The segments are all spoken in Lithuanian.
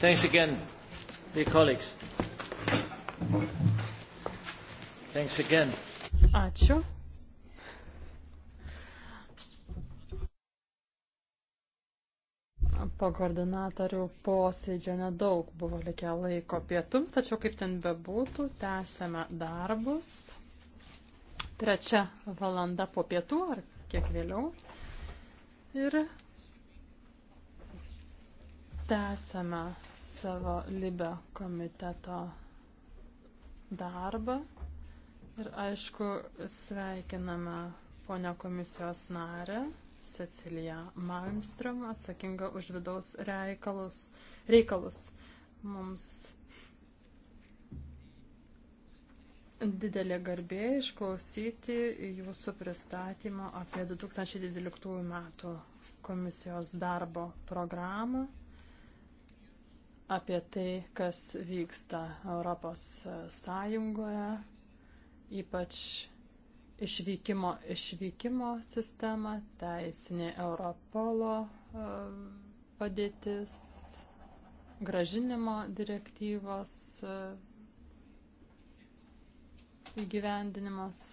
Thanks again, dear colleagues. Thanks again. Ačiū. po koordinatorių posėdžio nedaug buvo likę laiko pietums, tačiau kaip ten bebūtų, tęsėme darbus. Trečia valanda po pietų ar kiek vėliau. Ir Tęsame savo Libio komiteto darbą ir aišku sveikiname ponę komisijos narę Cecilija Malmström, atsakinga už vidaus reikalus. reikalus. Mums didelė garbė išklausyti jūsų pristatymą apie 2012 metų komisijos darbo programą apie tai, kas vyksta Europos Sąjungoje, ypač išvykimo, išvykimo sistemą, teisinė Europolo e, padėtis, gražinimo direktyvos e, įgyvendinimas.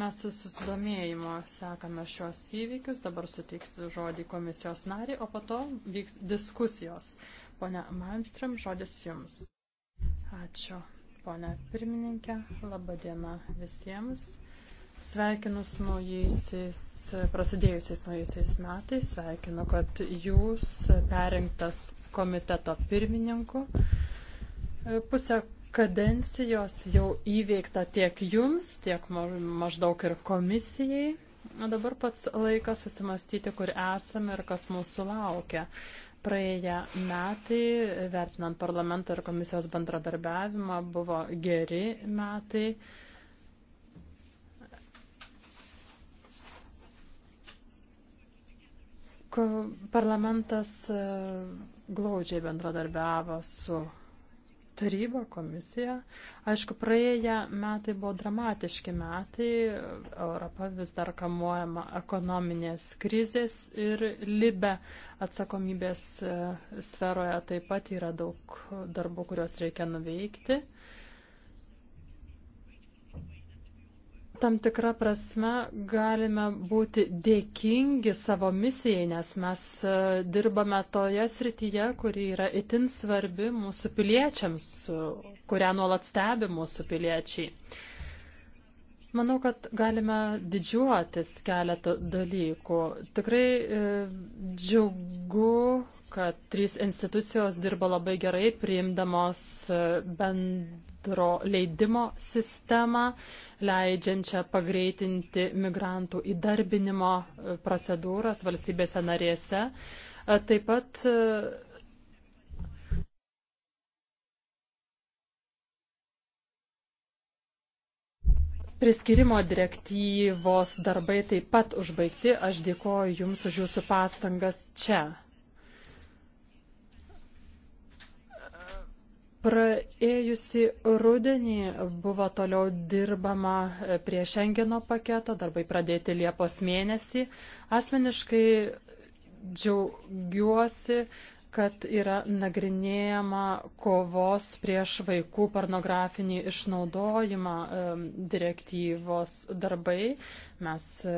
Mes su susidomėjimu sekame šios įvykius, dabar suteiksiu žodį komisijos nariai, o po to vyks diskusijos. Pone Malmström, žodis Jums. Ačiū, pone pirmininkė. Labadiena visiems. Sveikinu su naujaisiais, prasidėjusiais naujaisiais metais, sveikinu, kad jūs perinktas komiteto pirmininku. Pusę kadencijos jau įveikta tiek jums, tiek maždaug ir komisijai. O dabar pats laikas susimastyti, kur esame ir kas mūsų laukia praėję metai, vertinant parlamento ir komisijos bendradarbiavimą, buvo geri metai. Parlamentas e, glaudžiai bendradarbiavo su taryba, komisija. Aišku, praėję metai buvo dramatiški metai, Europa vis dar kamuojama ekonominės krizės ir libe atsakomybės e, sferoje taip pat yra daug darbų, kuriuos reikia nuveikti. tam tikrą prasme galime būti dėkingi savo misijai, nes mes e, dirbame toje srityje, kuri yra itin svarbi mūsų piliečiams, kurią nuolat stebi mūsų piliečiai. Manau, kad galime didžiuotis keletų dalykų. Tikrai e, džiugu, kad trys institucijos dirba labai gerai, priimdamos e, bendro leidimo sistemą, leidžiančią pagreitinti migrantų įdarbinimo e, procedūras valstybėse narėse. E, taip pat e, Priskirimo direktyvos darbai taip pat užbaigti. Aš dėkoju Jums už Jūsų pastangas čia. Praėjusi rudenį buvo toliau dirbama prie Šengeno paketo, darbai pradėti Liepos mėnesį. Asmeniškai džiaugiuosi, kad yra nagrinėjama kovos prieš vaikų pornografinį išnaudojimą direktyvos darbai. Mes e,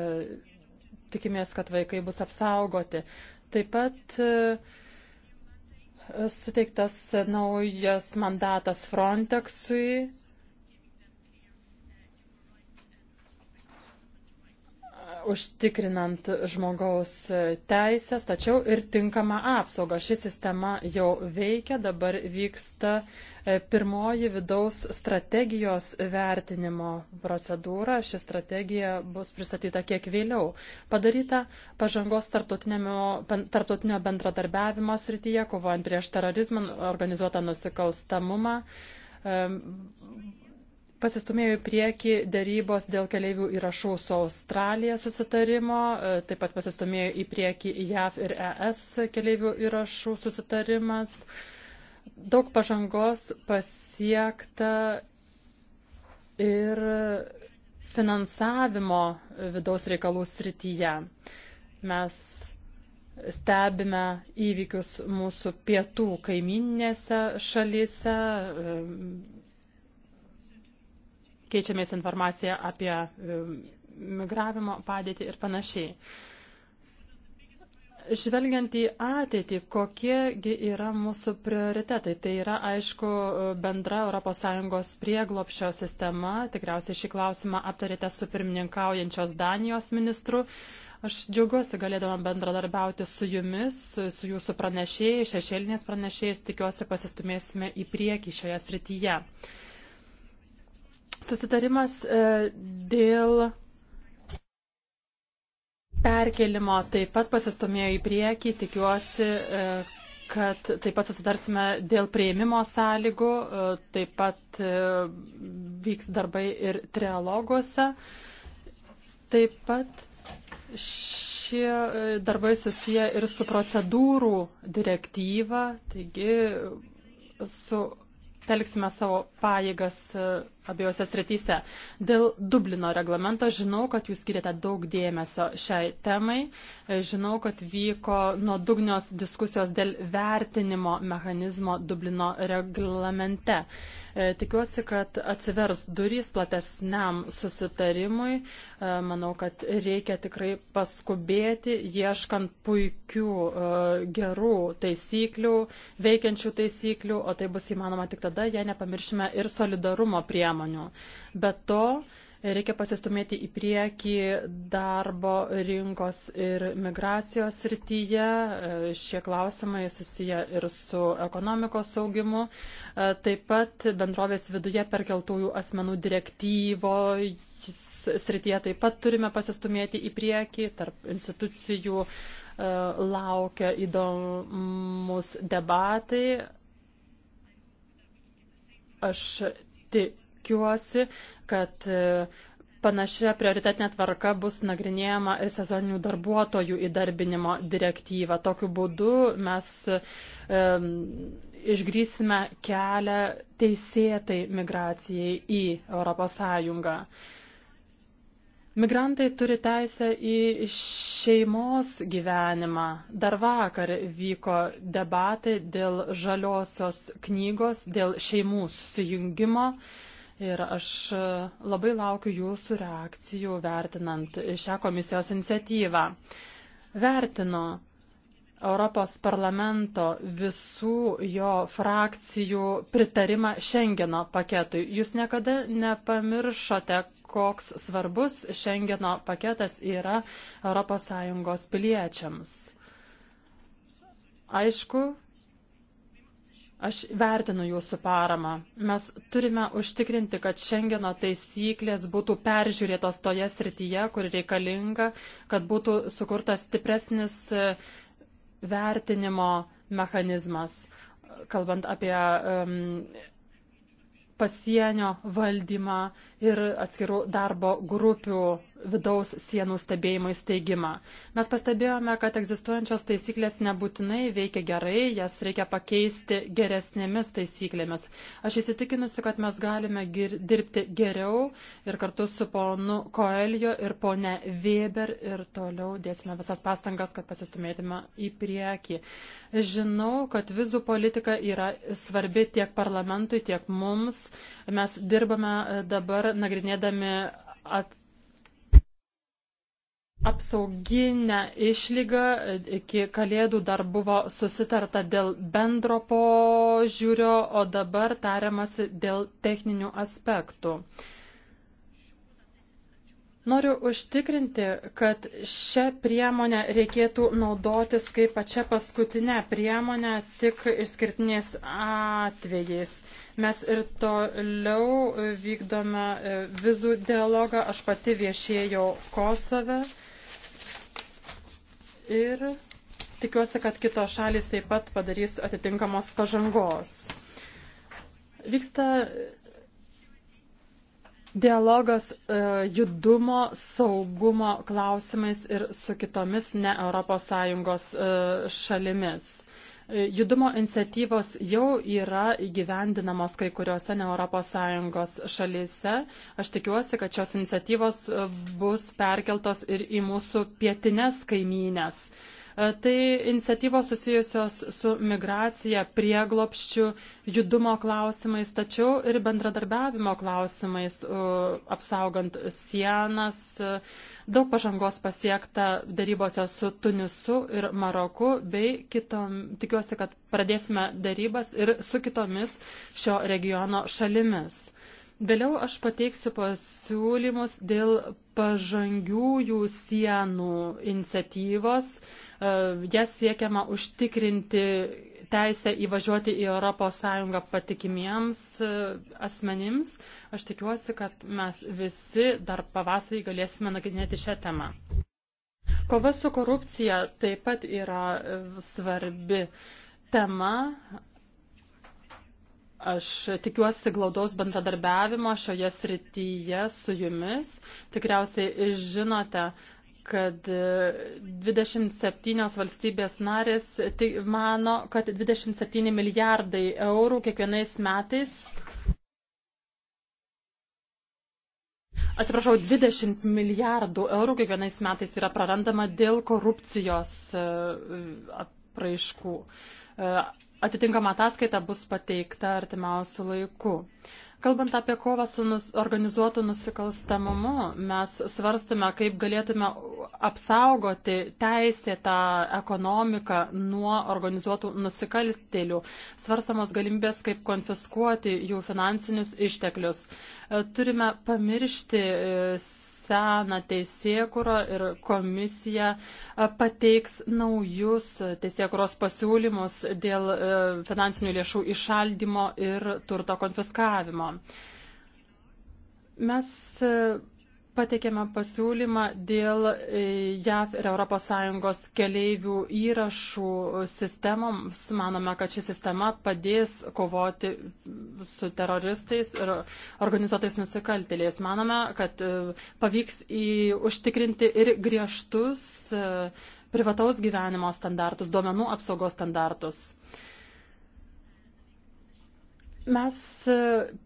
tikimės, kad vaikai bus apsaugoti. Taip pat e, suteiktas naujas mandatas Frontexui užtikrinant žmogaus teisės, tačiau ir tinkamą apsaugą. Ši sistema jau veikia, dabar vyksta e, pirmoji vidaus strategijos vertinimo procedūra. Ši strategija bus pristatyta kiek vėliau. Padaryta pažangos tarptautinio bendradarbiavimo srityje, kovojant prieš terorizmą, organizuotą nusikalstamumą e, Pasistumėjo į priekį dėrybos dėl keliaivių įrašų su Australija susitarimo, e, taip pat pasistumėjo į priekį JAV ir ES keliaivių įrašų susitarimas. Daug pažangos pasiekta ir finansavimo vidaus reikalų srityje. Mes stebime įvykius mūsų pietų kaiminėse šalyse, keičiamės informaciją apie um, migravimo padėtį ir panašiai. Žvelgiant į ateitį, kokiegi yra mūsų prioritetai? Tai yra, aišku, bendra ES prieglopšio sistema. Tikriausiai šį klausimą aptarėte su pirmininkaujančios Danijos ministru. Aš džiaugiuosi galėdama bendradarbiauti su jumis, su jūsų pranešėjais, šešėlinės pranešėjais. Tikiuosi pasistumėsime į priekį šioje srityje. Uh, Susitarimas e, dėl perkelimo taip pat pasistumėjo į priekį, tikiuosi, e, kad taip pat susidarsime dėl prieimimo sąlygų, e, taip pat vyks darbai ir trialoguose. Taip pat šie darbai susiję ir su procedūrų direktyva, taigi su telksime savo pajėgas abiejose srityse. Dėl Dublino reglamento žinau, kad jūs skiriate daug dėmesio šiai temai. E, žinau, kad vyko nuodugnios diskusijos dėl vertinimo mechanizmo Dublino reglamente. E, tikiuosi, kad atsivers durys platesniam susitarimui. E, manau, kad reikia tikrai paskubėti, ieškant puikių, gerų taisyklių, veikiančių taisyklių, o tai bus įmanoma tik tada, jei nepamiršime ir solidarumo priemonės priemonių. Be to, reikia pasistumėti į priekį darbo rinkos ir migracijos srityje. Šie klausimai susiję ir su ekonomikos saugimu. Taip pat bendrovės viduje perkeltųjų asmenų direktyvoje srityje taip pat turime pasistumėti į priekį tarp institucijų e, laukia įdomus debatai. Aš tikiu tikiuosi, kad e, panašia prioritetinė tvarka bus nagrinėjama ir sezoninių darbuotojų įdarbinimo direktyva. Tokiu būdu mes um, e, išgrįsime kelią teisėtai migracijai į ES. Migrantai turi teisę į šeimos gyvenimą. Dar vakar vyko debatai dėl žaliosios knygos, dėl šeimų susijungimo. Uh, Ir aš e, labai laukiu jūsų reakcijų vertinant šią komisijos iniciatyvą. Vertino Europos parlamento visų jo frakcijų pritarimą Šengeno paketui. Jūs niekada nepamiršote, koks svarbus Šengeno paketas yra ES piliečiams. Aišku, Aš vertinu jūsų paramą. Mes turime užtikrinti, kad Šengeno taisyklės būtų peržiūrėtos toje srityje, kur reikalinga, kad būtų sukurtas stipresnis e, vertinimo mechanizmas, kalbant apie um, pasienio valdymą ir atskirų darbo grupių vidaus sienų stebėjimo įsteigimą. Mes pastebėjome, kad egzistuojančios taisyklės nebūtinai veikia gerai, jas reikia pakeisti geresnėmis taisyklėmis. Aš įsitikinusi, kad mes galime gir, dirbti geriau ir kartu su ponu Koelio ir pone Weber ir toliau dėsime visas pastangas, kad pasistumėtume į priekį. Žinau, kad vizų politika yra svarbi tiek parlamentui, tiek mums. Mes dirbame e, dabar nagrinėdami at apsauginę išlygą iki kalėdų dar buvo susitarta dėl bendro požiūrio, o dabar tariamasi dėl techninių aspektų. Noriu užtikrinti, kad šią priemonę reikėtų naudotis kaip pačią paskutinę priemonę tik išskirtiniais atvejais. Mes ir toliau vykdome e, vizų dialogą. Aš pati viešėjau Kosove ir tikiuosi, kad kitos šalis taip pat padarys atitinkamos pažangos. Vyksta dialogas e, judumo, saugumo klausimais ir su kitomis ne ES e, šalimis. Judumo iniciatyvos jau yra įgyvendinamos kai kuriuose ne ES šalyse. Aš tikiuosi, kad šios iniciatyvos bus perkeltos ir į mūsų pietinės kaimynės. E, tai iniciatyvos susijusios su migracija, prieglopščių, judumo klausimais, tačiau ir bendradarbiavimo klausimais, apsaugant sienas. Daug pažangos pasiekta darybose su Tunisu ir Maroku, bei kitom, tikiuosi, kad pradėsime darybas ir su kitomis šio regiono šalimis. Vėliau aš pateiksiu pasiūlymus dėl pažangiųjų sienų iniciatyvos, uh, E, jas siekiama užtikrinti teisę įvažiuoti į ES patikimiems e, asmenims. Aš tikiuosi, kad mes visi dar pavasarį galėsime nagrinėti šią temą. Kova su korupcija taip pat yra e, svarbi tema. Aš tikiuosi glaudaus bendradarbiavimo šioje srityje su jumis. Tikriausiai žinote, kad 27 e, valstybės narės tai mano, kad 27 milijardai eurų kiekvienais metais. Atsiprašau, 20 milijardų eurų kiekvienais metais yra prarandama dėl korupcijos e, apraiškų. E, atitinkama ataskaita bus pateikta artimiausių laikų. Kalbant apie kovą su nus, organizuotu nusikalstamumu, mes svarstume, kaip galėtume apsaugoti teisėtą ekonomiką nuo organizuotų nusikalstėlių. Svarstamos galimybės, kaip konfiskuoti jų finansinius išteklius. E, turime pamiršti e, seną teisėkurą ir komisija pateiks naujus teisėkuros pasiūlymus dėl e, finansinių lėšų išaldymo ir turto konfiskavimo. Mes e, pateikėme pasiūlymą dėl e, JAV ir ES keleivių įrašų sistemoms. Manome, kad ši sistema padės kovoti su teroristais ir organizuotais nusikaltėliais. Manome, kad e, pavyks į, užtikrinti ir griežtus e, privataus gyvenimo standartus, duomenų apsaugos standartus. Uh, Mes e,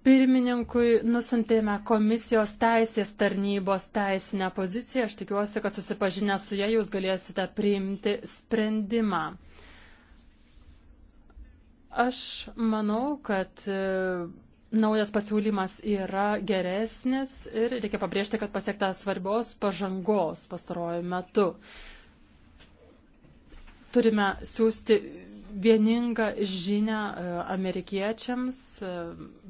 pirmininkui nusintėme komisijos teisės tarnybos teisinę poziciją. Aš tikiuosi, kad susipažinę su ją jūs galėsite priimti sprendimą. Aš manau, kad e, naujas pasiūlymas yra geresnis ir reikia pabrėžti, kad pasiekta svarbios pažangos pastarojų metu. Turime siūsti vieningą žinę e, amerikiečiams, e,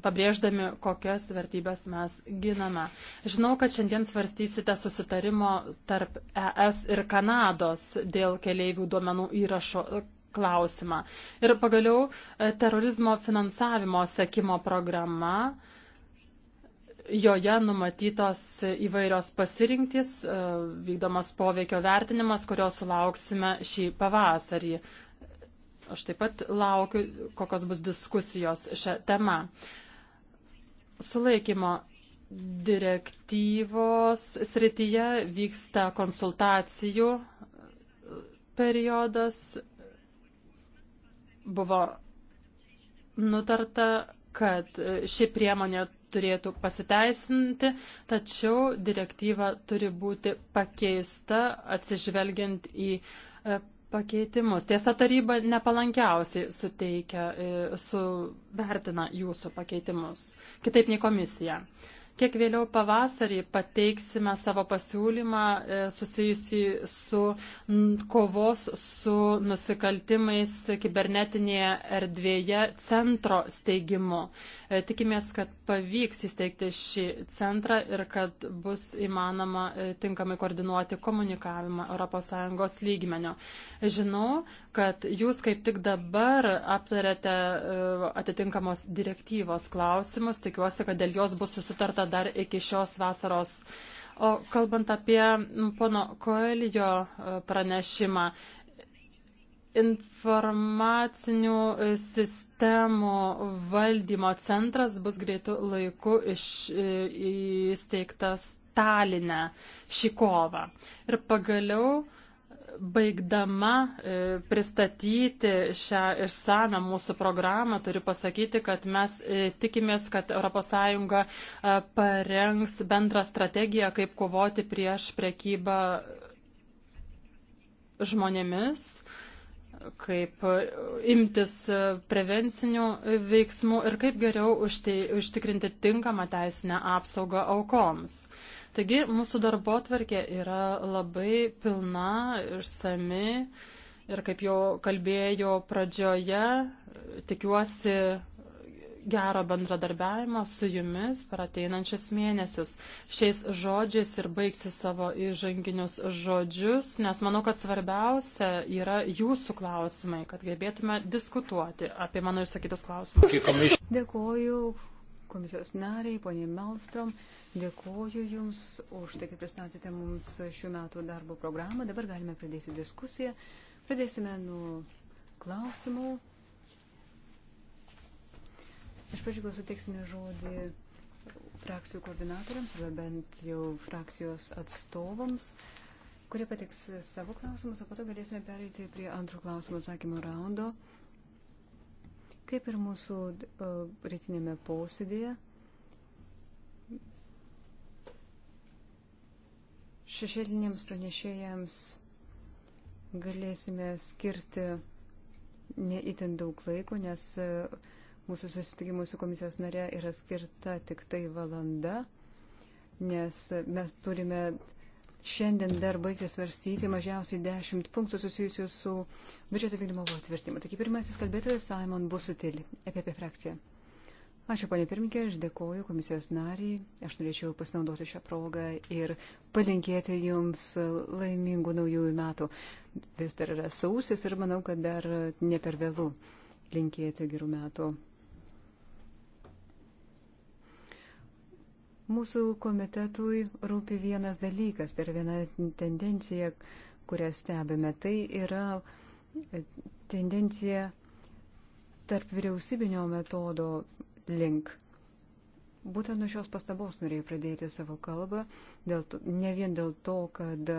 pabrėždami, kokias vertybės mes giname. Žinau, kad šiandien svarstysite susitarimo tarp ES ir Kanados dėl keleivių duomenų įrašo klausimą. Ir pagaliau e, terorizmo finansavimo sekimo programa. Joje numatytos įvairios pasirinktys, vykdomas poveikio vertinimas, kurio sulauksime šį pavasarį. Aš taip pat laukiu, kokios bus diskusijos šią temą. Sulaikymo direktyvos srityje vyksta konsultacijų periodas. Buvo nutarta, kad ši priemonė turėtų pasiteisinti, tačiau direktyva turi būti pakeista atsižvelgiant į pakeitimus. Tiesa, taryba nepalankiausiai suteikia, e, su, vertina jūsų pakeitimus, kitaip nei komisija. Kiek vėliau pavasarį pateiksime savo pasiūlymą e, susijusi su kovos su nusikaltimais kibernetinėje erdvėje centro steigimu. E, tikimės, kad pavyks įsteigti šį centrą ir kad bus įmanoma e, tinkamai koordinuoti komunikavimą ES lygmenio. Žinau, kad jūs kaip tik dabar aptarėte atitinkamos direktyvos klausimus. Tikiuosi, kad dėl jos bus susitarta dar iki šios vasaros. O kalbant apie pono Koelijo e, pranešimą, informacinių e, sistemų valdymo centras bus greitų laikų iš, e, įsteigtas Taline šį kovą. Ir pagaliau Baigdama e, pristatyti šią išsame mūsų programą, turiu pasakyti, kad mes e, tikimės, kad ES e, parengs bendrą strategiją, kaip kovoti prieš prekybą žmonėmis kaip imtis prevencinių veiksmų ir kaip geriau užtikrinti tinkamą teisinę apsaugą aukoms. Uh, Taigi mūsų darbo tvarkė yra labai pilna, išsami ir kaip jau kalbėjau pradžioje, tikiuosi gero bendradarbiavimo su jumis per ateinančius mėnesius. Šiais žodžiais ir baigsiu savo įžanginius žodžius, nes manau, kad svarbiausia yra jūsų klausimai, kad gebėtume diskutuoti apie mano išsakytus klausimus. Dėkuoju komisijos nariai, poniai Melstrom, dėkuoju Jums už tai, kad pristatėte mums šių metų darbo programą. Dabar galime pradėti diskusiją. Pradėsime nuo klausimų. Iš pradžių gal suteiksime žodį frakcijų koordinatoriams, arba bent jau frakcijos atstovams kurie patiks savo klausimus, o po to galėsime pereiti prie antro klausimo atsakymo raundo. Kaip ir mūsų e, rytinėme posėdėje, šešėliniams pranešėjams galėsime skirti neįtin daug laiko, nes e, mūsų susitikimui su komisijos nare yra skirta tik tai valanda, nes mes turime šiandien dar baigti svarstyti mažiausiai 10 punktų susijusių su biudžeto vykdymo patvirtinimu. Taigi pirmasis kalbėtojas Simon Busutil, EPP frakcija. Ačiū, ponė pirmininkė, aš dėkoju komisijos nariai. Aš norėčiau pasinaudoti šią progą ir palinkėti jums laimingų naujųjų metų. Vis dar yra sausis ir manau, kad dar ne per vėlų linkėti gerų metų Mūsų komitetui rūpi vienas dalykas, tai yra viena tendencija, kurią stebime. Tai yra tendencija tarp vyriausybinio metodo link. Būtent nuo šios pastabos norėjau pradėti savo kalbą, dėl to, ne vien dėl to, kad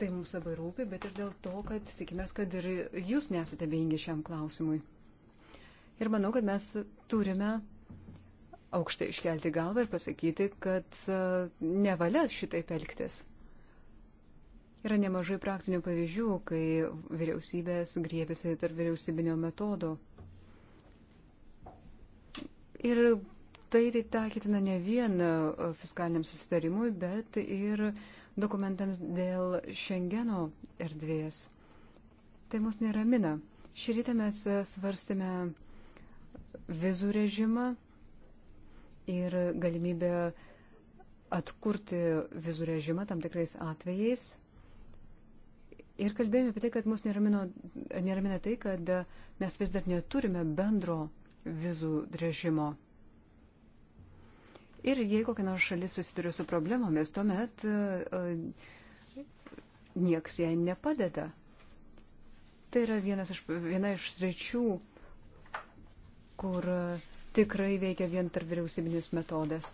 tai mums labai rūpi, bet ir dėl to, kad tikimės, kad ir jūs nesate beingi šiam klausimui. Ir manau, kad mes turime aukštai iškelti galvą ir pasakyti, kad e, nevalia šitaip elgtis. Yra nemažai praktinių pavyzdžių, kai vyriausybės griebėsi tarp vyriausybinio metodo. Ir tai tai taikytina ne vien e, fiskaliniam susitarimui, bet ir dokumentams dėl Šengeno erdvės. Tai mus neramina. Šį rytą mes e, svarstėme vizų režimą ir galimybė atkurti vizų režimą tam tikrais atvejais. Ir kalbėjome apie tai, kad mus neramino, neramina tai, kad mes vis dar neturime bendro vizų režimo. Ir jei kokia nors šalis susiduria su problemomis, tuomet e, nieks jai nepadeda. Tai yra vienas iš, viena iš sričių, kur uh, tikrai veikia vien tarp vyriausybinis metodas.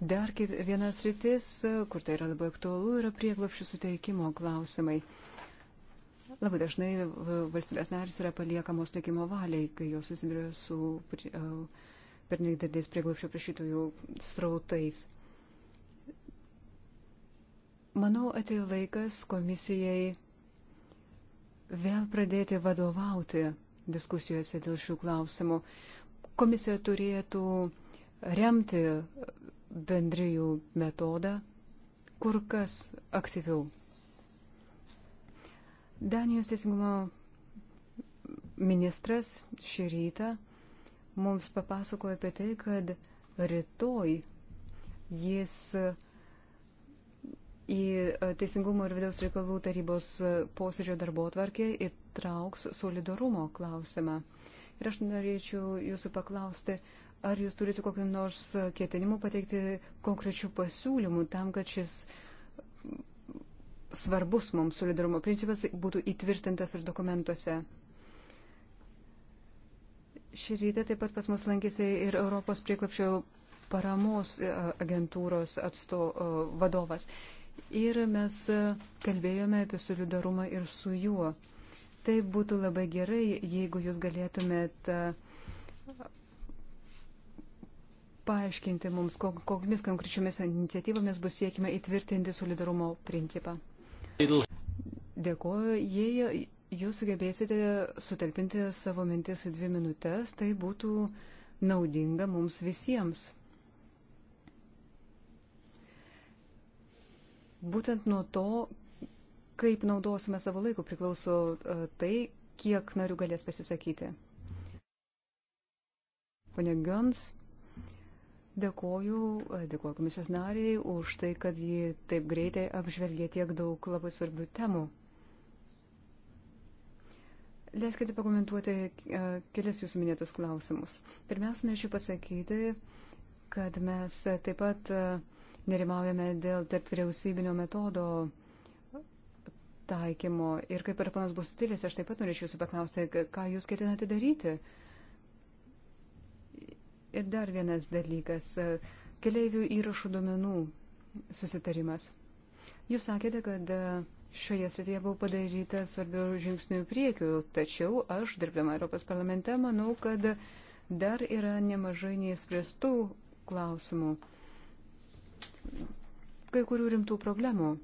Dar vienas rytis, kur tai yra labai aktualu, yra prieglapšių suteikimo klausimai. Labai dažnai valstybės narys yra paliekamos likimo valiai, kai jos susiduria su pernelyg dideliais prieglapšio prašytojų srautais. Manau, atėjo laikas komisijai vėl pradėti vadovauti diskusijose dėl šių klausimų. Komisija turėtų remti bendrijų metodą kur kas aktyviau. Danijos teisingumo ministras šį rytą mums papasakojo apie tai, kad rytoj jis į Teisingumo ir vidaus reikalų tarybos posėdžio darbo atvarkė įtrauks solidarumo klausimą. Ir aš norėčiau jūsų paklausti, ar jūs turite kokiu nors ketinimu pateikti konkrečių pasiūlymų tam, kad šis svarbus mums solidarumo principas būtų įtvirtintas ir dokumentuose. Šį rytą taip pat pas mus lankėsi ir Europos prieklapšio paramos e, agentūros atsto e, vadovas. Ir mes e, kalbėjome apie solidarumą ir su juo. Tai būtų labai gerai, jeigu jūs galėtumėt e, paaiškinti mums, kokiamis konkrečiomis iniciatyvomis bus siekime įtvirtinti solidarumo principą. Dėkuoju, jei jūs sugebėsite sutalpinti savo mintis į dvi minutės, tai būtų naudinga mums visiems. Būtent nuo to kaip naudosime savo laiko priklauso e, tai, kiek narių galės pasisakyti. Pone Gans, dėkoju, e, dėkoju komisijos nariai už tai, kad ji taip greitai apžvelgė tiek daug labai svarbių temų. Leiskite pakomentuoti e, kelias jūsų minėtus klausimus. Pirmiausia, norėčiau pasakyti, kad mes taip pat nerimaujame dėl tarp vyriausybinio metodo taikymo. Ir kaip ir panas bus stilis, aš taip pat norėčiau jūsų paklausti, ką jūs ketinate daryti. Ir dar vienas dalykas e, - keliaivių įrašų duomenų susitarimas. Jūs sakėte, kad e, šioje srityje buvo padaryta svarbių žingsnių į priekių, tačiau aš, dirbdama Europos parlamente, manau, kad dar yra nemažai neįspręstų klausimų, kai kurių rimtų problemų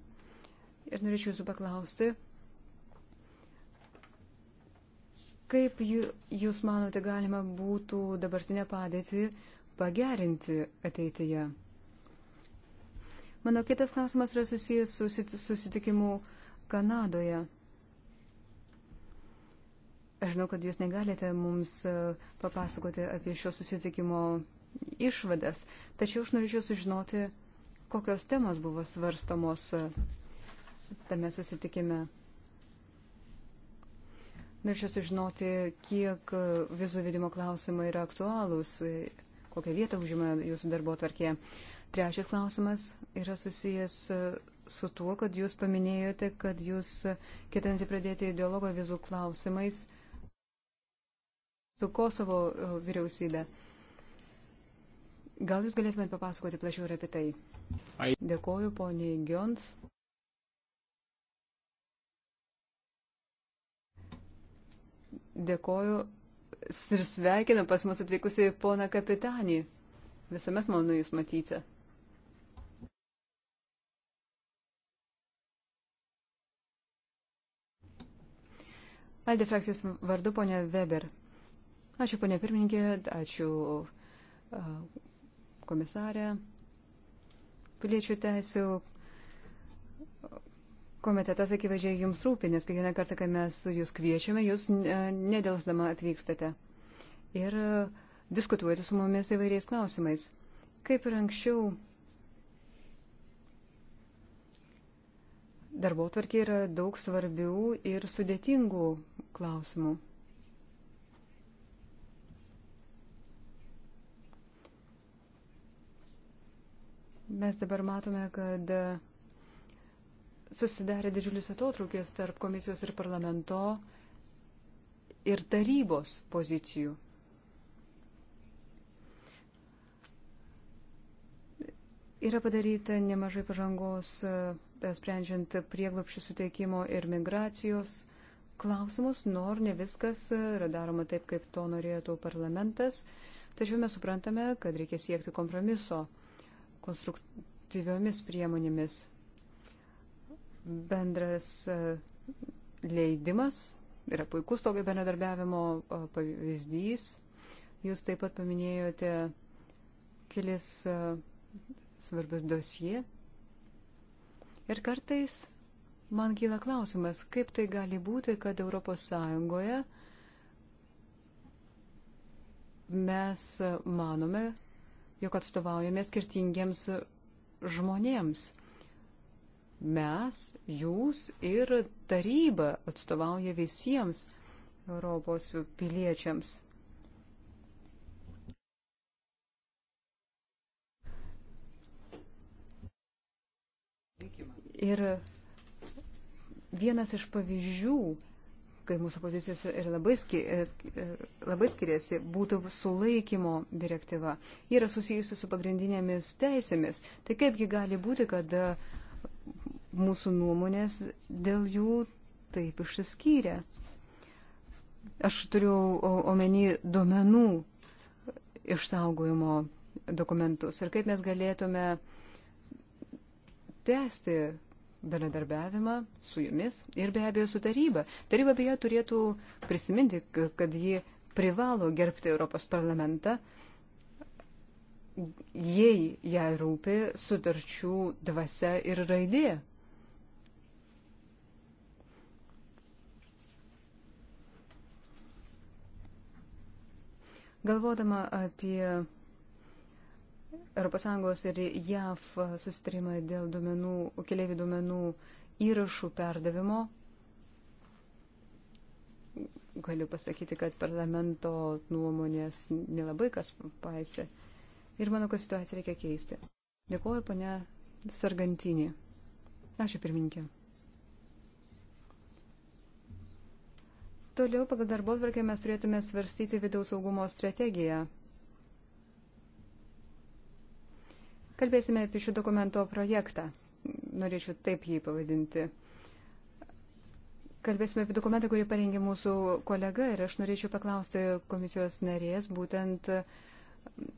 ir norėčiau jūsų paklausti, kaip jūs manote galima būtų dabartinę padėtį pagerinti ateityje? Mano kitas klausimas yra susijęs su susitikimu Kanadoje. Aš žinau, kad jūs negalite mums e, papasakoti apie šio susitikimo išvadas, tačiau aš norėčiau sužinoti, kokios temos buvo svarstomos e, tame susitikime. Norėčiau sužinoti, kiek vizų vedimo klausimai yra aktualūs, kokią vietą užima jūsų darbo tvarkė. Trečias klausimas yra susijęs su tuo, kad jūs paminėjote, kad jūs ketinate pradėti dialogą vizų klausimais su Kosovo e, vyriausybė. Gal jūs galėtumėte papasakoti plačiau ir apie tai? Dėkoju, poniai Gions. dėkoju ir sveikinu pas mus atvykusi poną kapitanį. Visuomet malonu Jūs matyti. Aldė frakcijos vardu ponia Weber. Ačiū ponia pirmininkė, ačiū komisarė. Piliečių teisų komitetas akivaizdžiai jums rūpi, nes kiekvieną kartą, kai mes jūs kviečiame, jūs e, nedelsdama atvykstate ir e, diskutuojate su mumis įvairiais klausimais. Kaip ir anksčiau, darbo tvarkė yra daug svarbių ir sudėtingų klausimų. Mes dabar matome, kad susidarė didžiulis atotrukis tarp komisijos ir parlamento ir tarybos pozicijų. Yra padaryta nemažai pažangos e, e, sprendžiant prieglopšių suteikimo ir migracijos klausimus, nor ne viskas e, yra daroma taip, kaip to norėtų parlamentas. Tačiau mes suprantame, kad reikia siekti kompromiso konstruktyviomis priemonėmis. Bendras e, leidimas yra puikus tokio bendradarbiavimo e, pavyzdys. Jūs taip pat paminėjote kelis e, svarbius dosie. Ir kartais man kyla klausimas, kaip tai gali būti, kad ES mes manome, jog atstovaujame skirtingiems žmonėms mes, jūs ir taryba atstovauja visiems Europos piliečiams. Ir vienas iš pavyzdžių, kai mūsų pozicijos ir labai, ski, labai skiriasi, būtų sulaikymo direktyva. Ji yra susijusi su pagrindinėmis teisėmis. Tai kaipgi gali būti, kad uh, mūsų nuomonės dėl jų taip išsiskyrė. Aš turiu omeny duomenų išsaugojimo dokumentus ir kaip mes galėtume tęsti bendradarbiavimą su jumis ir be abejo su taryba. Taryba beje turėtų prisiminti, kad ji privalo gerbti Europos parlamentą, jei jai rūpi sutarčių dvasia ir raidė. Galvodama apie ES ir JAV susitarimą dėl duomenų, keliaivių duomenų įrašų perdavimo, galiu pasakyti, kad parlamento nuomonės nelabai kas paisė. Ir manau, kad situaciją reikia keisti. Dėkuoju, ponia Sargantinė. Ačiū, pirmininkė. Toliau pagal darbo atvarkę mes turėtume svarstyti vidaus saugumo strategiją. Kalbėsime apie šio dokumento projektą. Norėčiau taip jį pavadinti. Kalbėsime apie dokumentą, kurį parengė mūsų kolega ir aš norėčiau paklausti komisijos narės būtent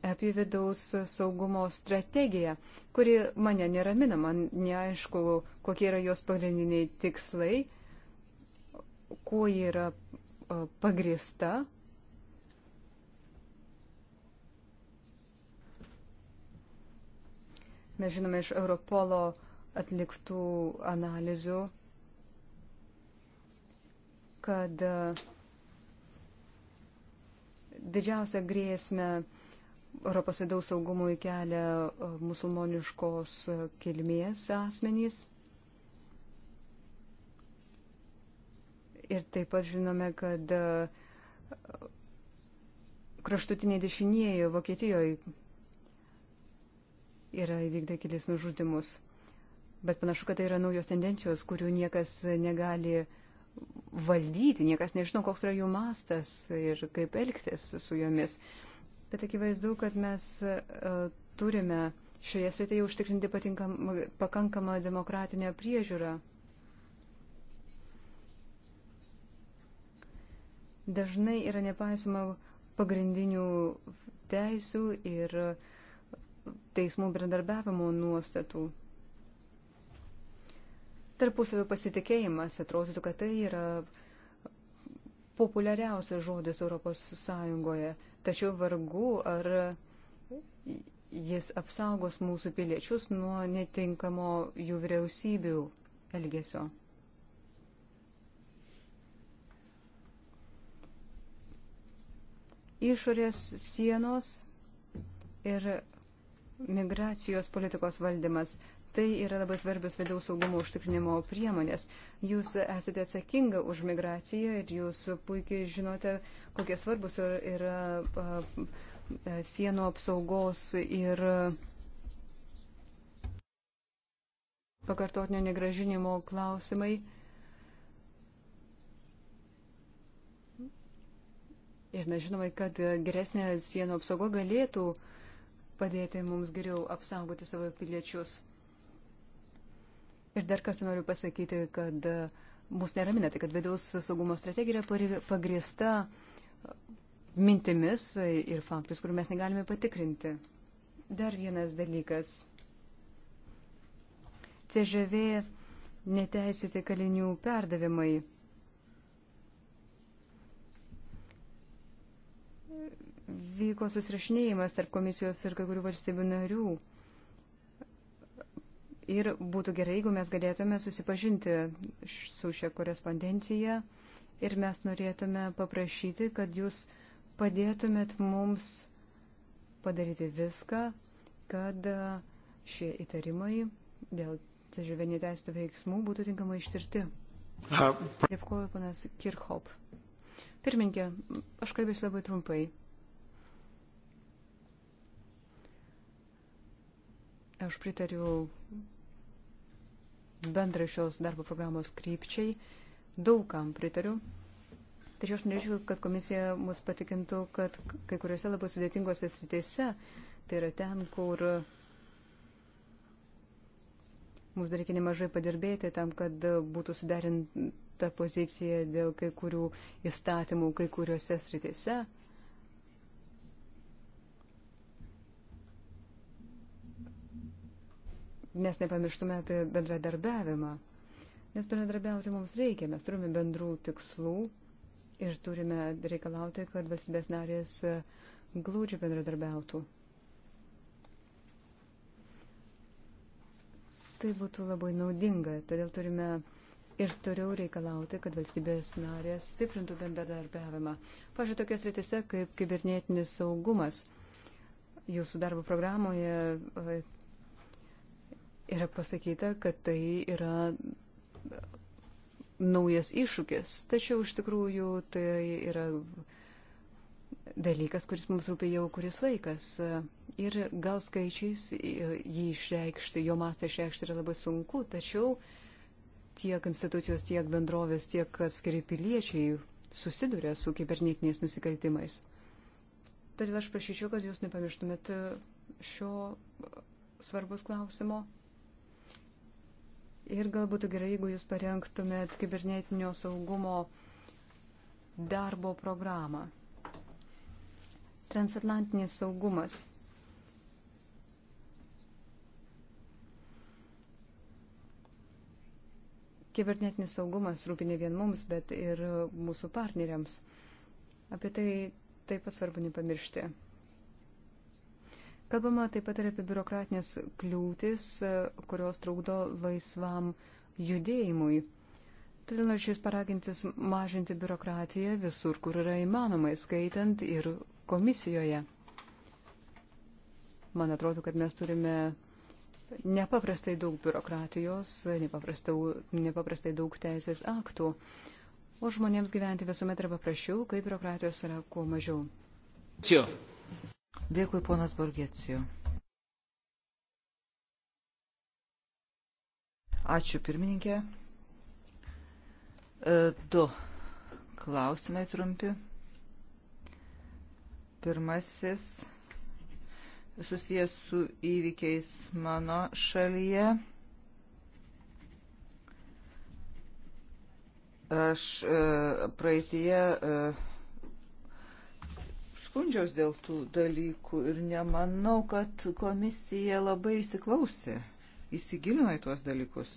apie vidaus saugumo strategiją, kuri mane neramina, man neaišku, kokie yra jos pagrindiniai tikslai kuo ji yra pagrįsta. Mes žinome iš Europolo atliktų analizių, kad didžiausią grėsmę Europos vidaus saugumui kelia musulmoniškos kilmės asmenys. Ir taip pat žinome, kad e, kraštutiniai dešinieji Vokietijoje yra įvykdę kelis nužudimus. Bet panašu, kad tai yra naujos tendencijos, kurių niekas negali valdyti, niekas nežino, koks yra jų mastas ir kaip elgtis su jomis. Bet akivaizdu, kad mes e, turime šioje srityje užtikrinti patinkam, pakankamą demokratinę priežiūrą. dažnai yra nepaisoma pagrindinių teisų ir teismų bendarbiavimo nuostatų. Tarpusavio pasitikėjimas atrodytų, kad tai yra populiariausias žodis Europos Sąjungoje, tačiau vargu ar jis apsaugos mūsų piliečius nuo netinkamo jų vyriausybių elgesio. išorės sienos ir migracijos politikos valdymas. Tai yra labai svarbios vidaus saugumo užtikrinimo priemonės. Jūs esate atsakinga už migraciją ir jūs puikiai žinote, kokie svarbus yra, yra sienų apsaugos ir pakartotinio negražinimo klausimai. Ir mes žinome, kad geresnė sienų apsauga galėtų padėti mums geriau apsaugoti savo piliečius. Ir dar kartą noriu pasakyti, kad mūsų neramina tai, kad vidaus saugumo strategija yra pagrįsta mintimis ir faktais, kurių mes negalime patikrinti. Dar vienas dalykas. CŽV neteisėti kalinių perdavimai vyko susirašinėjimas tarp komisijos ir kai kurių valstybių narių. Ir būtų gerai, jeigu mes galėtume susipažinti su šia korespondencija ir mes norėtume paprašyti, kad jūs padėtumėt mums padaryti viską, kad šie įtarimai dėl atsižvelgiant į teisėtų veiksmų būtų tinkamai ištirti. Dėkuoju, panas Kirchhop. Pirminkė, aš kalbėsiu labai trumpai. Aš pritariu bendrai šios darbo programos krypčiai, daugam pritariu. Tačiau aš norėčiau, kad komisija mus patikintų, kad kai kuriuose labai sudėtingose sritėse, tai yra ten, kur mums dar reikia nemažai padirbėti tam, kad būtų suderint ta pozicija dėl kai kurių įstatymų kai kuriuose sritise. Nes nepamirštume apie bendradarbiavimą. Nes bendradarbiauti mums reikia, mes turime bendrų tikslų ir turime reikalauti, kad valstybės narės e, glaudžiai bendradarbiautų. Tai būtų labai naudinga, todėl turime ir toliau reikalauti, kad valstybės narės stiprintų bendradarbiavimą. Pavyzdžiui, tokias rytise kaip kibernetinis saugumas. Jūsų darbo programoje e, yra pasakyta, kad tai yra naujas iššūkis, tačiau iš tikrųjų tai yra dalykas, kuris mums rūpė jau kuris laikas. Ir gal skaičiais e, jį išreikšti, jo mastą išreikšti yra labai sunku, tačiau uh, tiek institucijos, tiek bendrovės, tiek atskiri piliečiai susiduria su kibernetiniais nusikaltimais. Todėl aš prašyčiau, kad jūs nepamirštumėte šio svarbus klausimo. Ir galbūt gerai, jeigu jūs parengtumėt kibernetinio saugumo darbo programą. Transatlantinis saugumas Kibernetinis saugumas rūpi ne vien mums, bet ir mūsų partneriams. Apie tai taip pat svarbu nepamiršti. Kalbama taip pat ir apie biurokratinės kliūtis, kurios trukdo laisvam judėjimui. Todėl norėčiau jūs paragintis mažinti biurokratiją visur, kur yra įmanoma, skaitant ir komisijoje. Man atrodo, kad mes turime nepaprastai daug biurokratijos, nepaprastai, nepaprastai daug teisės aktų, o žmonėms gyventi visuomet yra paprasčiau, kai biurokratijos yra kuo mažiau. Čia. Dėkui, ponas Borgėcijo. Ačiū, pirmininkė. E, du klausimai trumpi. Pirmasis susijęs su įvykiais mano šalyje. Aš e, praeitie e, skundžiaus dėl tų dalykų ir nemanau, kad komisija labai įsiklausė, įsigilino į tuos dalykus.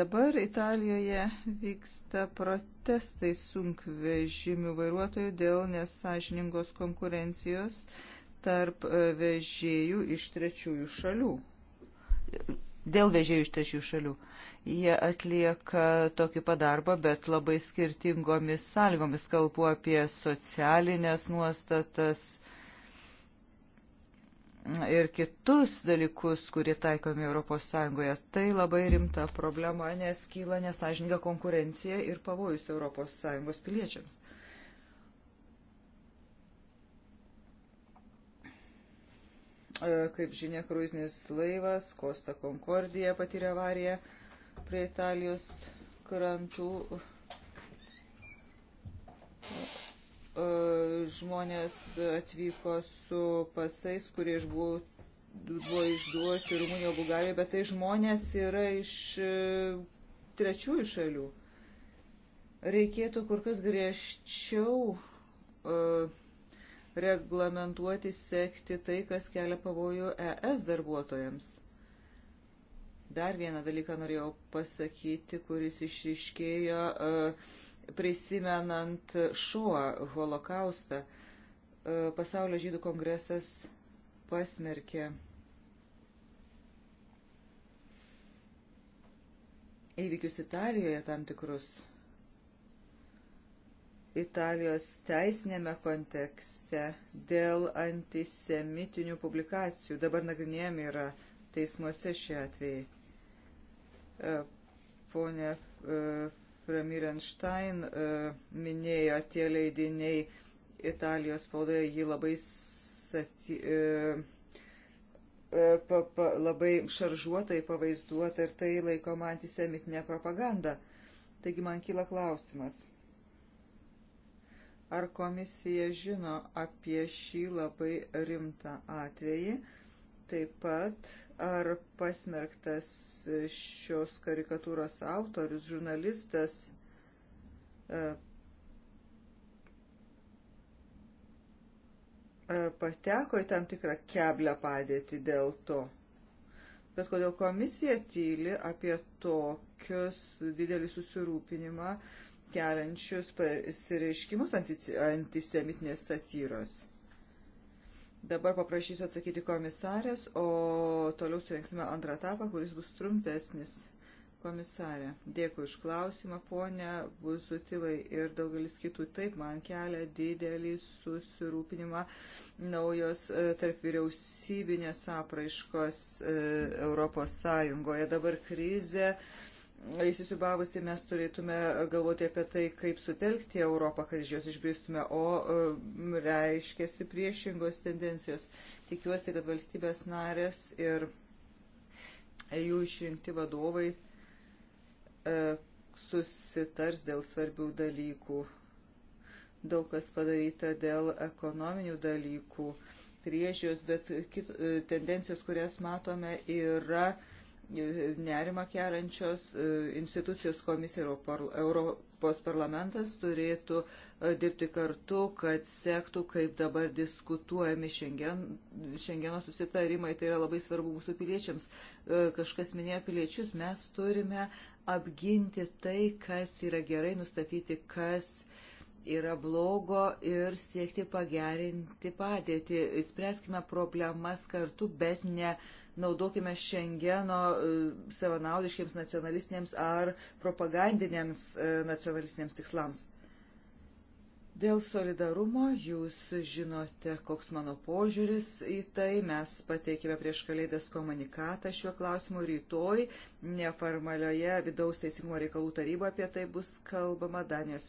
Dabar Italijoje vyksta protestai sunkvežimių vairuotojų dėl nesažiningos konkurencijos. Uh, tarp e, vežėjų iš trečiųjų šalių. Dėl vežėjų iš trečiųjų šalių. Jie atlieka tokį padarbą, bet labai skirtingomis sąlygomis. Kalbu apie socialinės nuostatas ir kitus dalykus, kurie taikomi ES. Tai labai rimta problema, nes kyla nesažininga konkurencija ir pavojus ES piliečiams. E, kaip žinia, kruizinis laivas Kosta Concordija patyrė avariją prie Italijos krantų. E, žmonės atvyko su pasais, kurie išbuvo buvo išduoti Rumunijoje, Bulgarijoje, bet tai žmonės yra iš e, trečiųjų šalių. Reikėtų kur kas griežčiau uh, reglamentuoti, sekti tai, kas kelia pavojų ES darbuotojams. Dar vieną dalyką norėjau pasakyti, kuris išriškėjo e, prisimenant šuo holokaustą. E, Pasaulio žydų kongresas pasmerkė įvykius Italijoje tam tikrus Italijos teisinėme kontekste dėl antisemitinių publikacijų. Dabar nagrinėjami yra teismuose šie atvejai. E, Pone Framirenštain e, minėjo tie leidiniai Italijos spaudoje, jį labai, sati, e, pa, pa, labai šaržuotai pavaizduota ir tai laikoma antisemitinė propaganda. Taigi man kyla klausimas Ar komisija žino apie šį labai rimtą atvejį? Taip pat, ar pasmerktas šios karikatūros autorius, žurnalistas, e, e, pateko į tam tikrą keblę padėtį dėl to. Bet kodėl komisija tyli apie tokius didelį susirūpinimą keliančius pasireiškimus antisemitinės satyros. Dabar paprašysiu atsakyti komisarės, o toliau surinksime antrą etapą, kuris bus trumpesnis. Komisarė, dėkui už klausimą, ponia, bus sutilai ir daugelis kitų. Taip, man kelia didelį susirūpinimą naujos e, tarp vyriausybinės apraiškos e, Europos Sąjungoje. Dabar krizė. E, įsisubavusi, mes turėtume galvoti apie tai, kaip sutelkti Europą, kad iš jos išbristume, o reiškiasi priešingos tendencijos. Tikiuosi, kad valstybės narės ir jų išrinkti vadovai e, susitars dėl svarbių dalykų. Daug kas padaryta dėl ekonominių dalykų priežios, bet kit, e, tendencijos, kurias matome, yra uh, E, nerima kerančios e, institucijos komisija Europos parlamentas turėtų e, dirbti kartu, kad sektų, kaip dabar diskutuojami šengen, šengeno susitarimai. Tai yra labai svarbu mūsų piliečiams. Kažkas minėjo piliečius, mes turime apginti tai, kas yra gerai, nustatyti, kas yra blogo ir siekti pagerinti padėtį. Spręskime problemas kartu, bet ne uh, naudokime Šengeno e, savanaudiškiams nacionalistiniams ar propagandiniams e, nacionalistiniams tikslams. Dėl solidarumo jūs žinote, koks mano požiūris į tai. Mes pateikėme prieš kalėdas komunikatą šiuo klausimu rytoj. Neformalioje vidaus teisingumo reikalų taryboje apie tai bus kalbama. Danijos,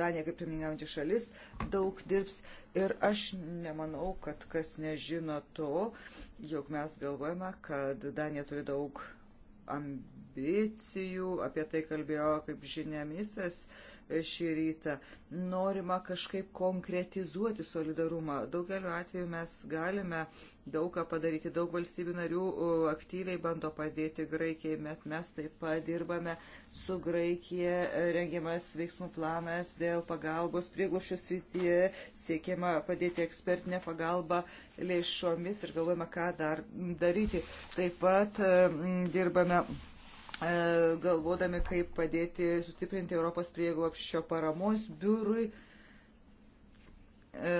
Danija, kaip pirmininkaujanti šalis, daug dirbs. Ir aš nemanau, kad kas nežino to, jog mes galvojame, kad Danija turi daug ambicijų. Apie tai kalbėjo, kaip žinia, ministras šį rytą. Norima kažkaip konkretizuoti solidarumą. Daugeliu atveju mes galime daug ką padaryti. Daug valstybių narių aktyviai bando padėti Graikijai, bet mes taip pat dirbame su Graikija, rengiamas veiksmų planas dėl pagalbos prieglopščio srityje, siekiama padėti ekspertinę pagalbą lėšomis ir galvojame, ką dar daryti. Taip pat dirbame. E, galvodami, kaip padėti sustiprinti Europos prieglopščio paramos biurui. E, e,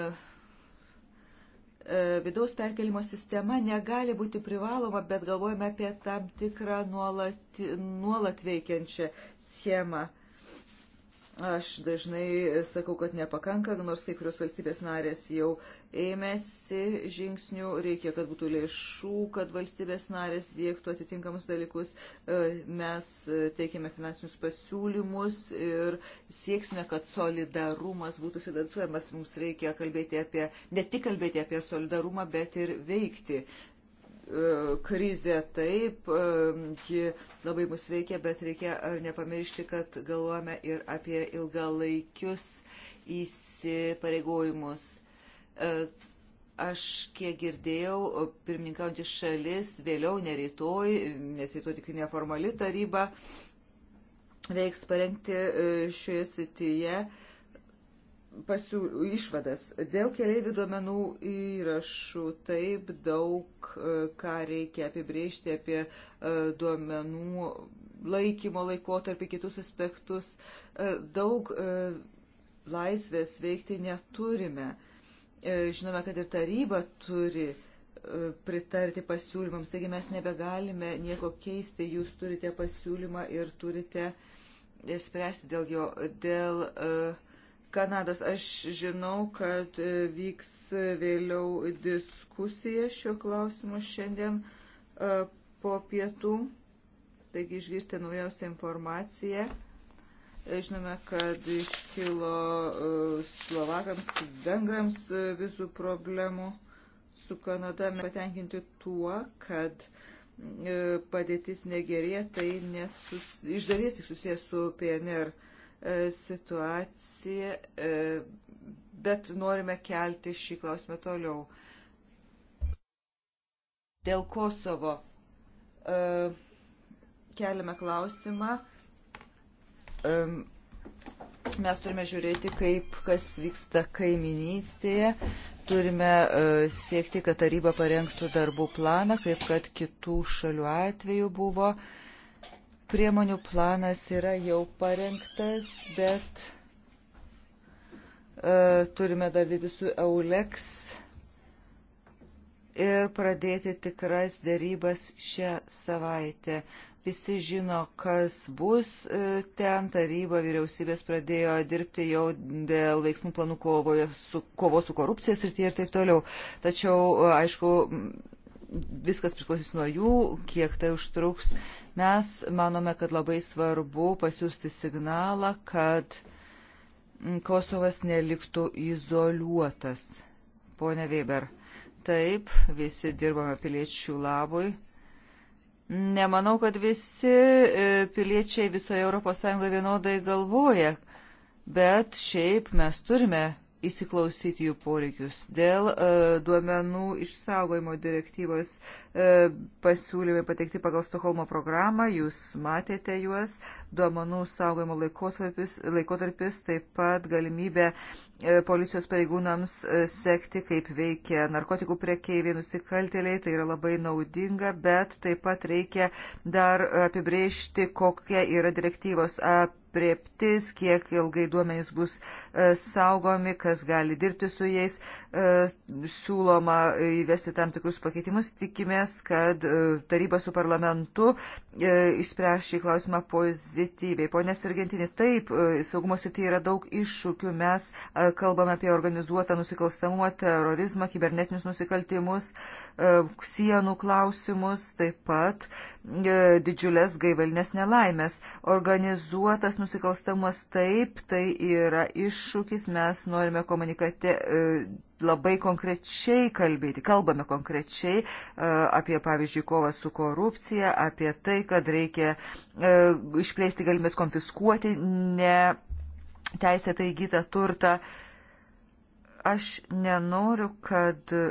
vidaus perkelimo sistema negali būti privaloma, bet galvojame apie tam tikrą nuolat, nuolat veikiančią schemą. Aš dažnai sakau, kad nepakanka, nors kai kurios valstybės narės jau ėmėsi žingsnių, reikia, kad būtų lėšų, kad valstybės narės dėktų atitinkamus dalykus. E, mes teikėme finansinius pasiūlymus ir sieksime, kad solidarumas būtų finansuojamas. Mums reikia kalbėti apie, ne tik kalbėti apie solidarumą, bet ir veikti. E, krizė taip, e, ji labai mus veikia, bet reikia e, nepamiršti, kad galvojame ir apie ilgalaikius įsipareigojimus. Aš kiek girdėjau, pirmininkaujantį šalis vėliau, ne rytoj, nes rytoj tik neformali taryba veiks parengti šioje srityje pasiū, išvadas. Dėl keliaivių duomenų įrašų taip daug, e, ką reikia apibriežti apie e, duomenų laikymo laikotarpį, kitus aspektus. E, daug laisvės veikti neturime. Žinome, kad ir taryba turi pritarti pasiūlymams, taigi mes nebegalime nieko keisti, jūs turite pasiūlymą ir turite spręsti dėl jo, dėl uh, Kanados. Aš žinau, kad e, vyks vėliau diskusija šiuo klausimu šiandien e, po pietų. Taigi išgirsti naujausią informaciją. E, žinome, kad iškilo slovakams, vengrams visų problemų su Kanada. Patenkinti tuo, kad padėtis negerėja, tai nesus... iš dalies susijęs su PNR E, situaciją, e, bet norime kelti šį klausimą toliau. Dėl Kosovo e, keliame klausimą. Mes turime žiūrėti, kaip kas vyksta kaiminystėje. Turime siekti, kad taryba parengtų darbų planą, kaip kad kitų šalių atveju buvo. Uh, Priemonių planas yra jau parengtas, bet e, turime dar dirbti su EULEX ir pradėti tikras dėrybas šią savaitę. Visi žino, kas bus e, ten. Taryba vyriausybės pradėjo dirbti jau dėl veiksmų planų kovoje su, kovo su korupcijas ir tie ir taip toliau. Tačiau, e, aišku, viskas priklausys nuo jų, kiek tai užtruks. Mes manome, kad labai svarbu pasiūsti signalą, kad Kosovas neliktų izoliuotas. Pone Weber, taip, visi dirbame piliečių labui. Nemanau, kad visi e, piliečiai visoje ES vienodai galvoja, bet šiaip mes turime įsiklausyti jų poreikius. Dėl e, duomenų išsaugojimo direktyvos E, pasiūlymai pateikti pagal Stokholmo programą, jūs matėte juos, duomenų saugojimo laikotarpis, laikotarpis taip pat galimybė e, policijos pareigūnams e, sekti, kaip veikia narkotikų priekeiviai, nusikaltėliai, tai yra labai naudinga, bet taip pat reikia dar apibrėžti, kokia yra direktyvos apreptis, kiek ilgai duomenys bus saugomi, kas gali dirbti su jais. Siūloma įvesti tam tikrus pakeitimus, tikimės tikimės, kad e, taryba su parlamentu e, išspręs šį klausimą pozityviai. Pone Sergentini, taip, e, saugumo srityje yra daug iššūkių. Mes kalbame apie organizuotą nusikalstamumą, terorizmą, kibernetinius nusikaltimus, sienų klausimus, taip pat didžiulės gaivalinės nelaimės. Organizuotas nusikalstamumas taip, tai yra iššūkis. Mes norime komunikate labai konkrečiai kalbėti. Kalbame konkrečiai e, apie, pavyzdžiui, kovą su korupcija, apie tai, kad reikia e, išplėsti galimės konfiskuoti neteisėtai įgytą turtą. Aš nenoriu, kad e,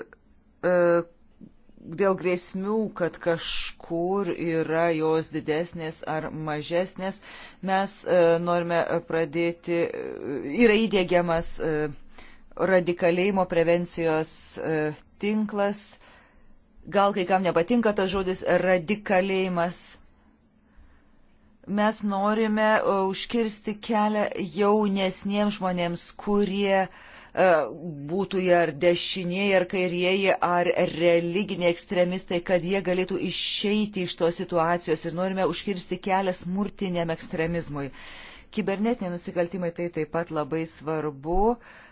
dėl grėsmių, kad kažkur yra jos didesnės ar mažesnės, mes norime pradėti, yra įdėgiamas radikalėjimo prevencijos e, tinklas. Gal kai kam nepatinka tas žodis radikalėjimas. Mes norime e, užkirsti kelią jaunesniems žmonėms, kurie e, būtų jie ar dešinieji, ar kairieji, ar religiniai ekstremistai, kad jie galėtų išeiti iš tos situacijos ir norime užkirsti kelią smurtiniam ekstremizmui. Kibernetiniai nusikaltimai tai taip pat labai svarbu. Uh,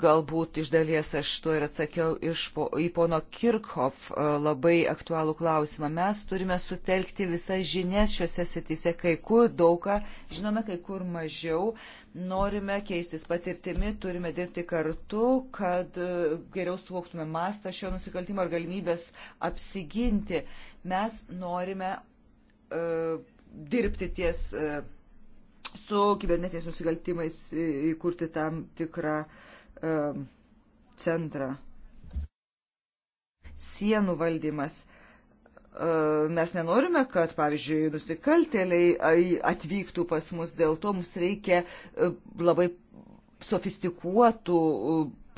Galbūt iš dalies aš tuo ir atsakiau iš po, į pono Kirchhoff e, labai aktualų klausimą. Mes turime sutelkti visas žinias šiuose sitise, kai kur daugą, žinome, kai kur mažiau, norime keistis patirtimi, turime dirbti kartu, kad e, geriau suvoktume mastą šio nusikaltimo ir galimybės apsiginti. Mes norime uh, dirbti ties. Uh, su kibernetiniais nusikaltimais įkurti tam tikrą uh, E, centrą. Sienų valdymas. E, mes nenorime, kad, pavyzdžiui, nusikaltėliai atvyktų pas mus, dėl to mums reikia e, labai sofistikuotų,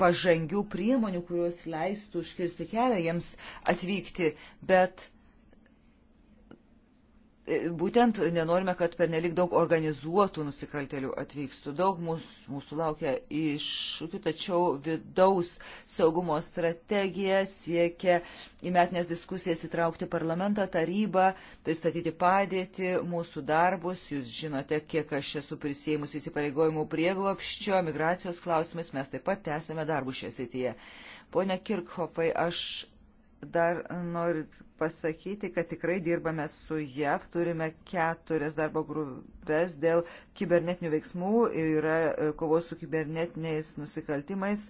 pažangių priemonių, kurios leistų užkirsti kelią jiems atvykti, bet E, būtent nenorime, kad per nelik daug organizuotų nusikaltelių atvykstų. Daug mūsų, mūsų laukia iššūkių, tačiau vidaus saugumo strategija siekia į metinės diskusijas įtraukti parlamentą, tarybą, pristatyti padėti, mūsų darbus. Jūs žinote, kiek aš esu prisėjimus įsipareigojimų prieglopščio, migracijos klausimais, mes taip pat tęsime darbus šią srityje. Pone Kirkhofai, aš dar noriu pasakyti, kad tikrai dirbame su JAV, turime keturias darbo grupės dėl kibernetinių veiksmų, yra e, kovos su kibernetiniais nusikaltimais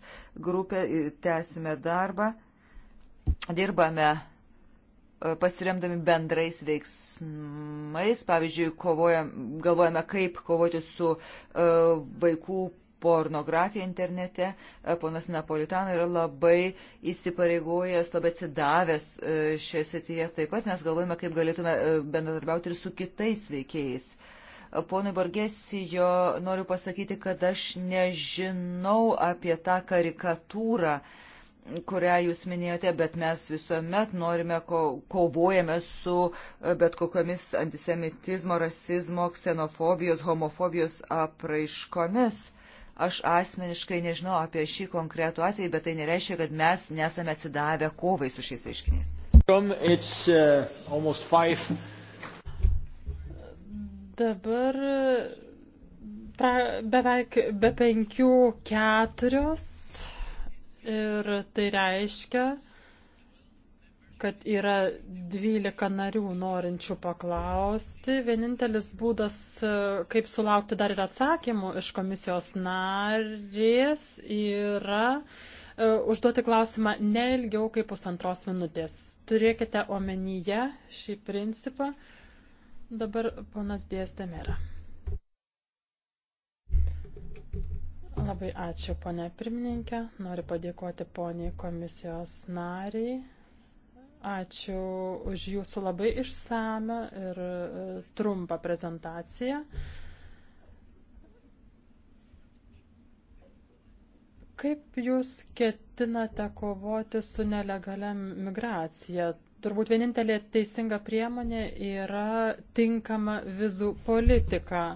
grupė, tęsime darbą, dirbame e, pasiremdami bendrais veiksmais, pavyzdžiui, kovojam, galvojame, kaip kovoti su uh, vaikų pornografiją internete. E, ponas Napolitano yra labai įsipareigojęs, labai atsidavęs e, šioje srityje. Taip pat mes galvojame, kaip galėtume e, bendradarbiauti ir su kitais veikėjais. Ponui Borgesijo noriu pasakyti, kad aš nežinau apie tą karikatūrą kurią jūs minėjote, bet mes visuomet norime, ko, kovojame su bet kokiamis antisemitizmo, rasizmo, ksenofobijos, homofobijos apraiškomis. Aš asmeniškai nežinau apie šį konkretų atvejį, bet tai nereiškia, kad mes nesame atsidavę kovai su šiais aiškiniais. Uh, Dabar uh, pra, beveik be penkių keturios ir tai reiškia, kad yra 12 narių norinčių paklausti. Vienintelis būdas, e, kaip sulaukti dar ir atsakymų iš komisijos narės, yra e, užduoti klausimą ne ilgiau kaip pusantros minutės. Turėkite omenyje šį principą. Dabar ponas Dėstemėra. Labai ačiū, ponė pirmininkė. Noriu padėkoti poniai komisijos nariai Ačiū už jūsų labai išsame ir e, trumpą prezentaciją. Kaip jūs ketinate kovoti su nelegalia migracija? Turbūt vienintelė teisinga priemonė yra tinkama vizų politika.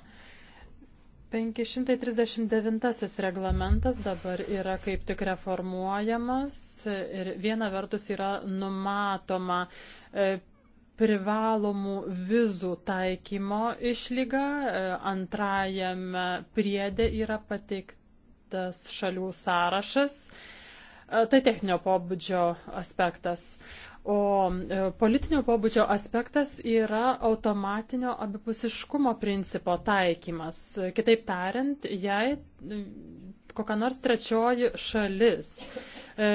539 reglamentas dabar yra kaip tik reformuojamas ir viena vertus yra numatoma e, privalomų vizų taikymo išlyga, e, antrajame priedė yra pateiktas šalių sąrašas. E, tai techninio pobūdžio aspektas. O e, politinio pobūdžio aspektas yra automatinio abipusiškumo principo taikymas. Kitaip tariant, jei e, kokia nors trečioji šalis e,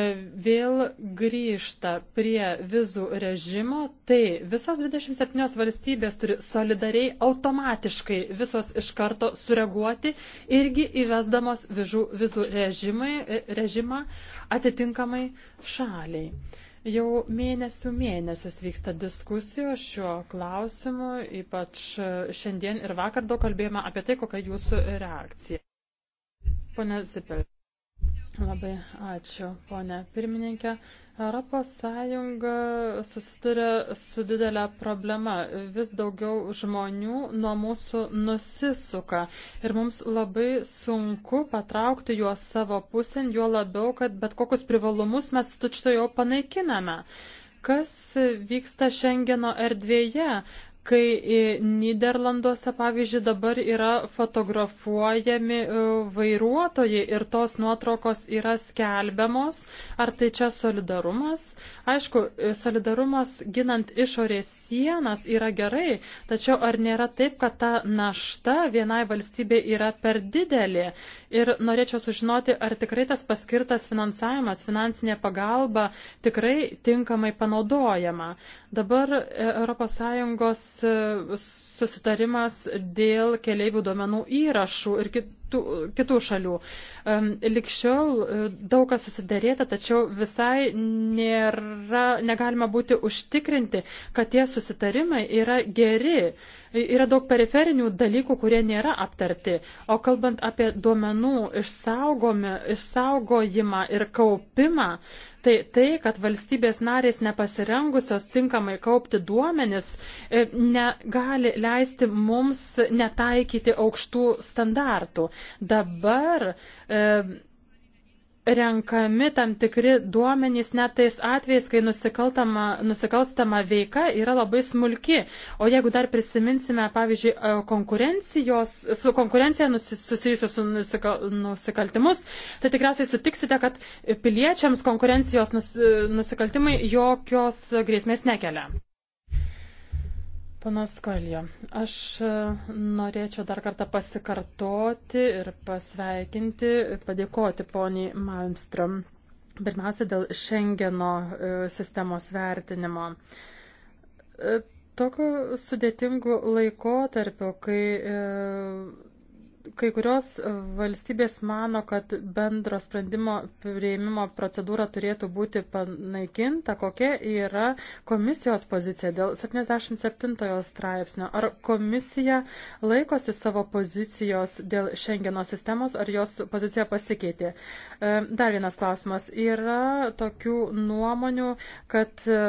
vėl grįžta prie vizų režimo, tai visos 27 valstybės turi solidariai automatiškai visos iš karto sureaguoti irgi įvesdamos vizų, vizų režimai, režimą atitinkamai šaliai. Jau mėnesių mėnesius vyksta diskusijos šiuo klausimu, ypač e, šiandien ir vakar daug kalbėjome apie tai, kokia jūsų reakcija. Pone Zipel. Labai ačiū, ponė pirmininkė. Europos Sąjunga susiduria su didelė problema. Vis daugiau žmonių nuo mūsų nusisuka ir mums labai sunku patraukti juos savo pusėn, juo labiau, kad bet kokius privalumus mes tučto jau panaikiname. Kas vyksta Šengeno erdvėje? kai Niderlanduose, pavyzdžiui, dabar yra fotografuojami e, vairuotojai ir tos nuotraukos yra skelbiamos, ar tai čia solidarumas? Aišku, e, solidarumas ginant išorės sienas yra gerai, tačiau ar nėra taip, kad ta našta vienai valstybė yra per didelė? Ir norėčiau sužinoti, ar tikrai tas paskirtas finansavimas, finansinė pagalba tikrai tinkamai panaudojama. Dabar ES E, susitarimas dėl keliaivių duomenų įrašų ir kitų, kitų šalių. Likščiau e, daug kas susidarėta, tačiau visai nėra, negalima būti užtikrinti, kad tie susitarimai yra geri. E, yra daug periferinių dalykų, kurie nėra aptarti. O kalbant apie duomenų išsaugojimą ir kaupimą, tai tai, kad valstybės narės nepasirengusios tinkamai kaupti duomenis, e, negali leisti mums netaikyti aukštų standartų. Dabar e, renkami tam tikri duomenys net tais atvejais, kai nusikalstama veika yra labai smulki. O jeigu dar prisiminsime, pavyzdžiui, e, konkurencijos, su konkurencija susijusios su nusikal, nusikaltimus, tai tikriausiai sutiksite, kad piliečiams konkurencijos nus, nusikaltimai jokios grėsmės nekelia. Panas Kolio, aš e, norėčiau dar kartą pasikartoti ir pasveikinti, padėkoti poniai Malmström. Pirmiausia, dėl Schengeno e, sistemos vertinimo. E, tokiu sudėtingu laikotarpiu, kai Kai kurios valstybės mano, kad bendro sprendimo prieimimo procedūra turėtų būti panaikinta. Kokia yra komisijos pozicija dėl 77 straipsnio? Ar komisija laikosi savo pozicijos dėl Schengeno sistemos, ar jos pozicija pasikeitė? E, dar vienas klausimas. Yra tokių nuomonių, kad e,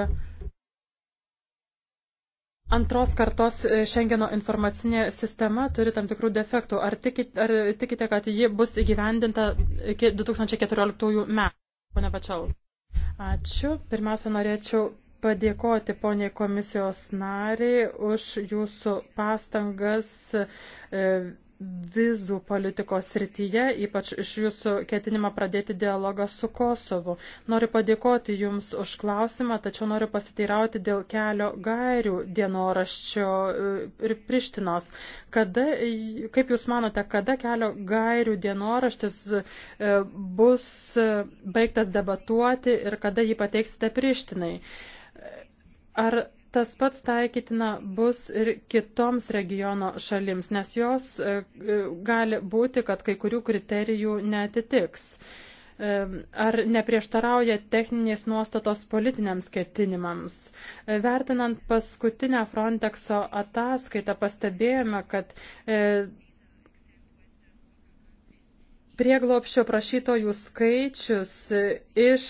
Antros kartos Šengeno e, informacinė sistema turi tam tikrų defektų. Ar, tikit, ar tikite, kad ji bus įgyvendinta iki 2014 metų? Pone Pačiau. Ačiū. Pirmiausia, norėčiau padėkoti poniai komisijos nariai už jūsų pastangas. E, vizų politikos srityje, ypač iš jūsų ketinimą pradėti dialogą su Kosovu. Noriu padėkoti Jums už klausimą, tačiau noriu pasiteirauti dėl kelio gairių dienoraščio e, ir Prištinos. Kada, e, kaip Jūs manote, kada kelio gairių dienoraštis e, bus baigtas debatuoti ir kada jį pateiksite Prištinai? Ar Tas pats taikytina bus ir kitoms regiono šalims, nes jos e, e, gali būti, kad kai kurių kriterijų netitiks. E, ar neprieštarauja techninės nuostatos politiniams ketinimams? Vertinant paskutinę Frontexo ataskaitą, pastebėjome, kad prieglopšio prašytojų skaičius iš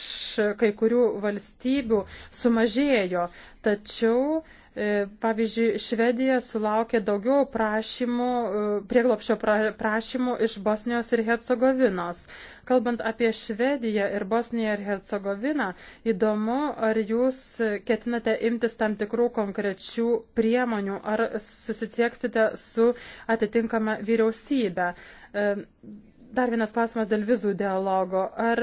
kai kurių valstybių sumažėjo, tačiau e, Pavyzdžiui, Švedija sulaukė daugiau prašymų, e, prieglopšio prašymų iš Bosnijos ir Hercegovinos. Kalbant apie Švediją ir Bosniją ir Hercegoviną, įdomu, ar jūs ketinate imtis tam tikrų konkrečių priemonių, ar susitieksite su atitinkama vyriausybė. E, Dar vienas klausimas dėl vizų dialogo. Ar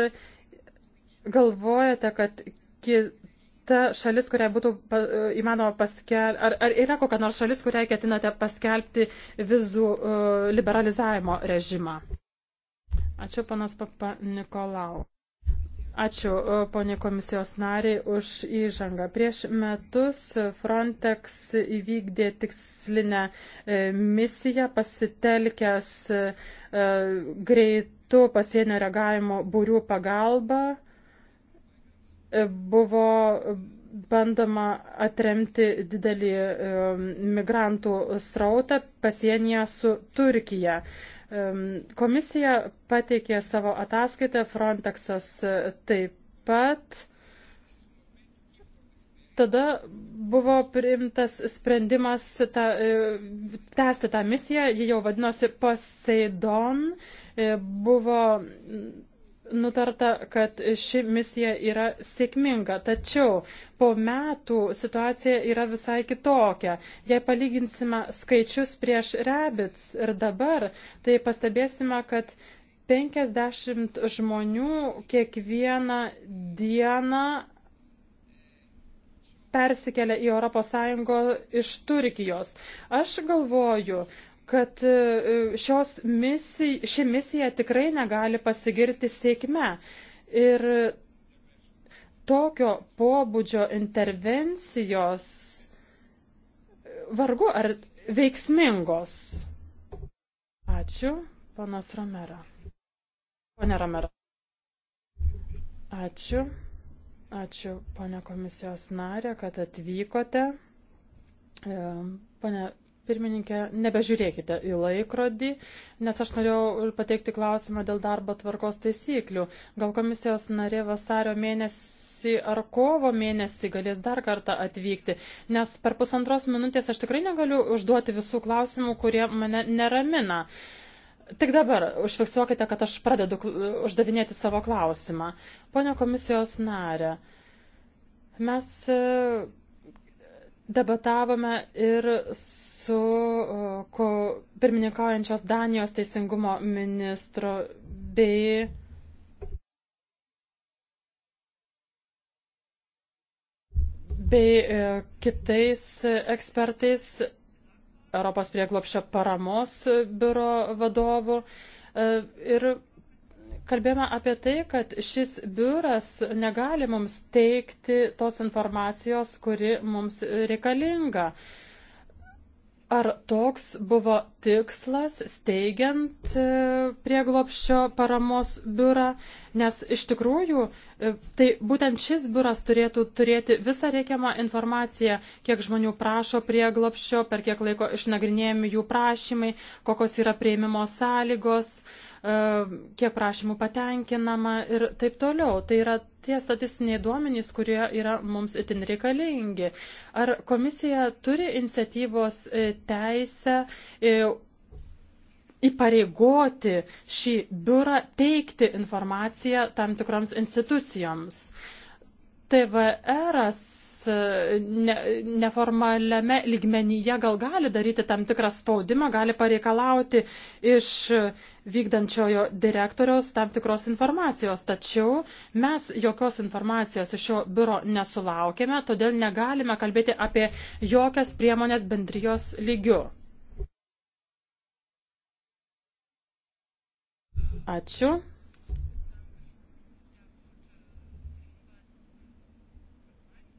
galvojate, kad kita šalis, kurią būtų e, įmanoma paskelbti, ar, ar yra kokia nors šalis, kuriai ketinate paskelbti vizų uh, liberalizavimo režimą? Ačiū, panas Papa Nikolau. Ačiū, e, ponė komisijos nariai, už įžangą. Prieš metus Frontex įvykdė tikslinę misiją pasitelkęs E, greitų pasienio reagavimo būrių pagalba e, buvo bandoma atremti didelį e, migrantų srautą pasienyje su Turkija. Komisija pateikė savo ataskaitą, Frontexas taip pat. Tada buvo priimtas sprendimas ta, e, tęsti tą misiją, ji jau vadinosi Poseidon. E, buvo nutarta, kad ši misija yra sėkminga. Tačiau po metų situacija yra visai kitokia. Jei palyginsime skaičius prieš Rebits ir dabar, tai pastebėsime, kad 50 žmonių kiekvieną dieną persikelia į ES iš Turkijos. Aš galvoju, kad e, šios misija, ši misija tikrai negali pasigirti sėkme. Ir tokio pobūdžio intervencijos vargu ar veiksmingos. Ačiū, panas Ramera. Pone Ramera. Ačiū. Ačiū, pane komisijos narė, kad atvykote. Pane pirmininkė, nebežiūrėkite į laikrodį, nes aš norėjau pateikti klausimą dėl darbo tvarkos taisyklių. Gal komisijos narė vasario mėnesį ar kovo mėnesį galės dar kartą atvykti, nes per pusantros minutės aš tikrai negaliu užduoti visų klausimų, kurie mane neramina. Uh, Tik dabar užfiksuokite, kad aš pradedu uždavinėti savo klausimą. Pone komisijos narė, mes e, debatavome ir su e, ko, pirmininkaujančios Danijos teisingumo ministro bei. bei e, kitais ekspertais Europos prieglopščio paramos biuro vadovu. E, ir kalbėjome apie tai, kad šis biuras negali mums teikti tos informacijos, kuri mums reikalinga. Ar toks buvo tikslas steigiant e, prieglopščio paramos biurą, nes iš tikrųjų e, tai būtent šis biuras turėtų turėti visą reikiamą informaciją, kiek žmonių prašo prieglopščio, per kiek laiko išnagrinėjami jų prašymai, kokios yra prieimimo sąlygos. Uh, E, kiek prašymų patenkinama ir taip toliau. Tai yra tie statistiniai duomenys, kurie yra mums itin reikalingi. Ar komisija turi iniciatyvos e, teisę e, įpareigoti šį biurą teikti informaciją tam tikroms institucijoms? TVR E, ne, neformaliame lygmenyje gal gali daryti tam tikrą spaudimą, gali pareikalauti iš vykdančiojo direktoriaus tam tikros informacijos. Tačiau mes jokios informacijos iš šio biuro nesulaukėme, todėl negalime kalbėti apie jokias priemonės bendrijos lygių. Ačiū.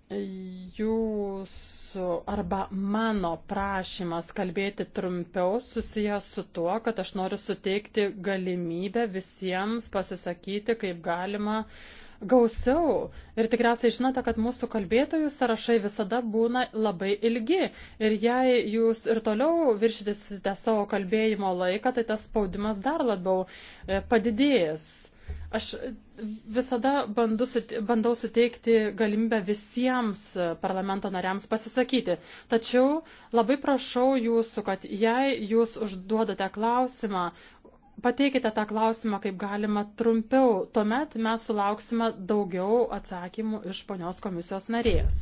jūsų arba mano prašymas kalbėti trumpiau susijęs su tuo, kad aš noriu suteikti galimybę visiems pasisakyti kaip galima gausiau. Ir tikriausiai žinote, kad mūsų kalbėtojų sąrašai visada būna labai ilgi. Ir jei jūs ir toliau viršytisite savo kalbėjimo laiką, tai tas spaudimas dar labiau e, padidėjęs. Aš visada bandu, bandau suteikti galimybę visiems parlamento nariams pasisakyti. Tačiau labai prašau jūsų, kad jei jūs užduodate klausimą, pateikite tą klausimą kaip galima trumpiau. Tuomet mes sulauksime daugiau atsakymų iš ponios komisijos narės.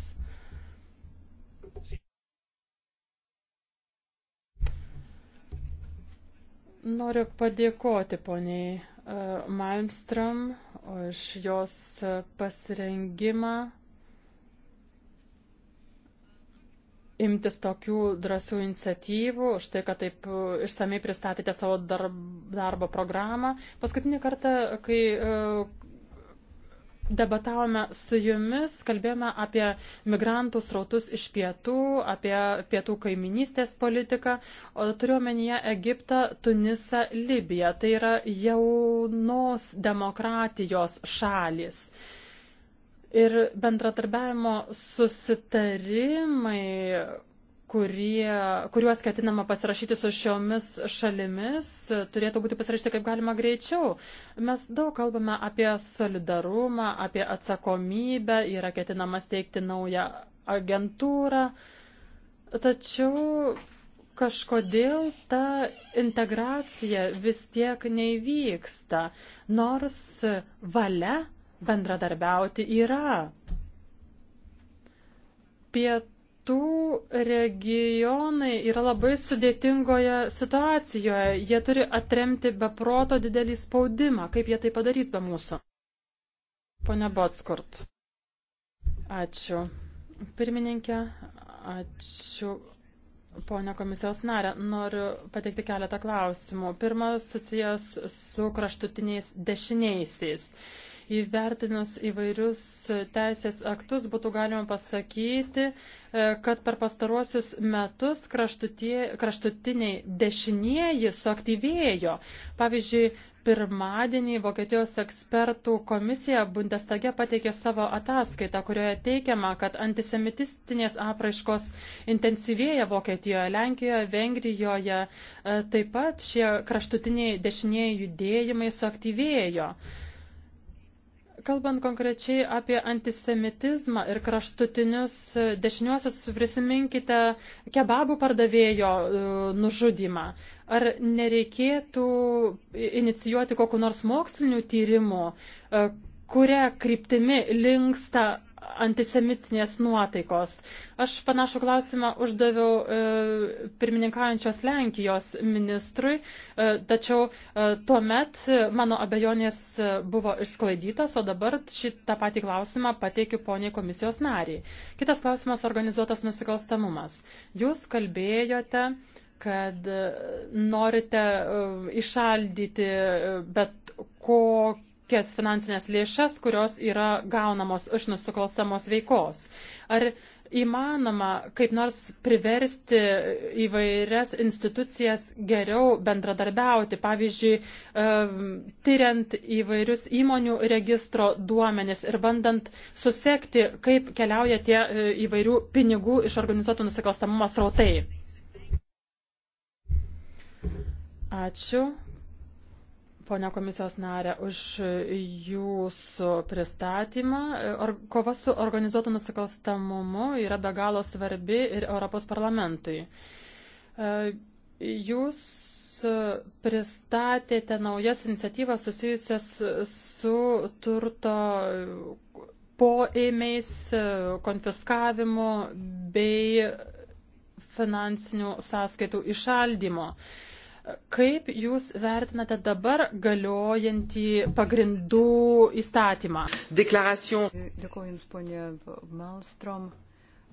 Noriu padėkoti poniai Malmström už jos pasirengimą imtis tokių drąsių iniciatyvų, už tai, kad taip išsamei pristatėte savo darb, darbo programą. Paskutinį kartą, kai debatavome su jumis, kalbėjome apie migrantų srautus iš pietų, apie pietų kaiminystės politiką, o turiuomenyje Egiptą, Tunisą, Libiją. Tai yra jaunos demokratijos šalis. Ir bendratarbiavimo susitarimai kurie, kuriuos ketinama pasirašyti su šiomis šalimis, turėtų būti pasirašyti kaip galima greičiau. Mes daug kalbame apie solidarumą, apie atsakomybę, yra ketinama steigti naują agentūrą, tačiau kažkodėl ta integracija vis tiek neįvyksta, nors valia bendradarbiauti yra. Piet pietų regionai yra labai sudėtingoje situacijoje. Jie turi atremti beproto didelį spaudimą. Kaip jie tai padarys be mūsų? Pone Botskurt. Ačiū. Pirmininkė, ačiū. Pone komisijos narė, noriu pateikti keletą klausimų. Pirmas susijęs su kraštutiniais dešiniaisiais. Uh, Įvertinus įvairius teisės aktus būtų galima pasakyti, e, kad per pastaruosius metus kraštutiniai dešinieji suaktyvėjo. Pavyzdžiui, Pirmadienį Vokietijos ekspertų komisija Bundestage pateikė savo ataskaitą, kurioje teikiama, kad antisemitistinės apraiškos intensyvėja Vokietijoje, Lenkijoje, Vengrijoje. E, taip pat šie kraštutiniai dešinieji judėjimai suaktyvėjo. Kalbant konkrečiai apie antisemitizmą ir kraštutinius e, dešiniuosius, prisiminkite kebabų pardavėjo e, nužudimą. Ar nereikėtų inicijuoti kokiu nors moksliniu tyrimu, e, kuria kryptimi linksta antisemitinės nuotaikos. Aš panašų klausimą uždaviau e, pirmininkaujančios Lenkijos ministrui, e, tačiau e, tuo met mano abejonės buvo išsklaidytos, o dabar šitą patį klausimą pateikiu poniai komisijos nariai. Kitas klausimas - organizuotas nusikalstamumas. Jūs kalbėjote kad norite e, išaldyti e, bet kokį tokias finansinės lėšas, kurios yra gaunamos iš nusikalstamos veikos. Ar įmanoma kaip nors priversti įvairias institucijas geriau bendradarbiauti, pavyzdžiui, tyriant įvairius įmonių registro duomenis ir bandant susekti, kaip keliauja tie e, įvairių pinigų iš organizuotų nusikalstamumo srautai. Ačiū, ponia komisijos narė, už jūsų pristatymą. Or, kova su organizuotu nusikalstamumu yra be galo svarbi ir Europos parlamentui. E, jūs pristatėte naujas iniciatyvas susijusias su turto poėmiais, konfiskavimu bei finansinių sąskaitų išaldymo. Uh, Kaip Jūs vertinate dabar galiojantį pagrindų įstatymą? Deklaracijų. Dėkuoju Jums, ponė Malstrom.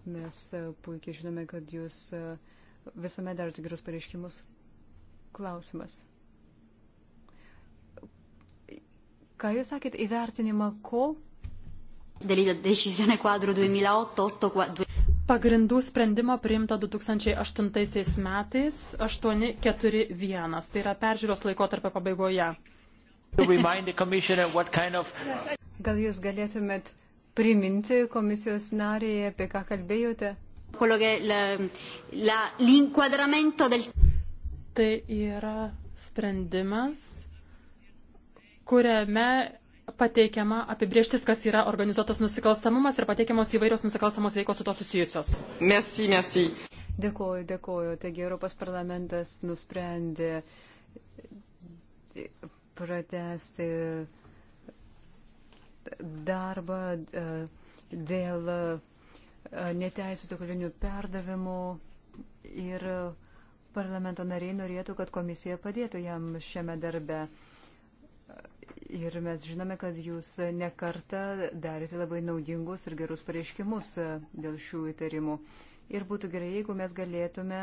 Mes e, puikiai žinome, kad Jūs e, visuomet darote gerus pareiškimus. Klausimas. Ką Jūs sakėt įvertinimą, ko? Dėl decizione quadro 2008. 8, pagrindų sprendimo priimta 2008 metais 841, tai yra peržiūros laikotarpio pabaigoje. Gal jūs galėtumėt priminti komisijos nariai, apie ką kalbėjote? Tai yra sprendimas, kuriame pateikiama apibrieštis, kas yra organizuotas nusikalstamumas ir pateikiamos įvairios nusikalstamos veikos su to susijusios. Merci, merci. Dėkuoju, dėkuoju. Taigi Europos parlamentas nusprendė pratesti darbą e, dėl e, neteisėtų kalinių perdavimų ir parlamento nariai norėtų, kad komisija padėtų jam šiame darbe. Ir mes žinome, kad jūs nekarta darėte labai naudingus ir gerus pareiškimus e, dėl šių įtarimų. Ir būtų gerai, jeigu mes galėtume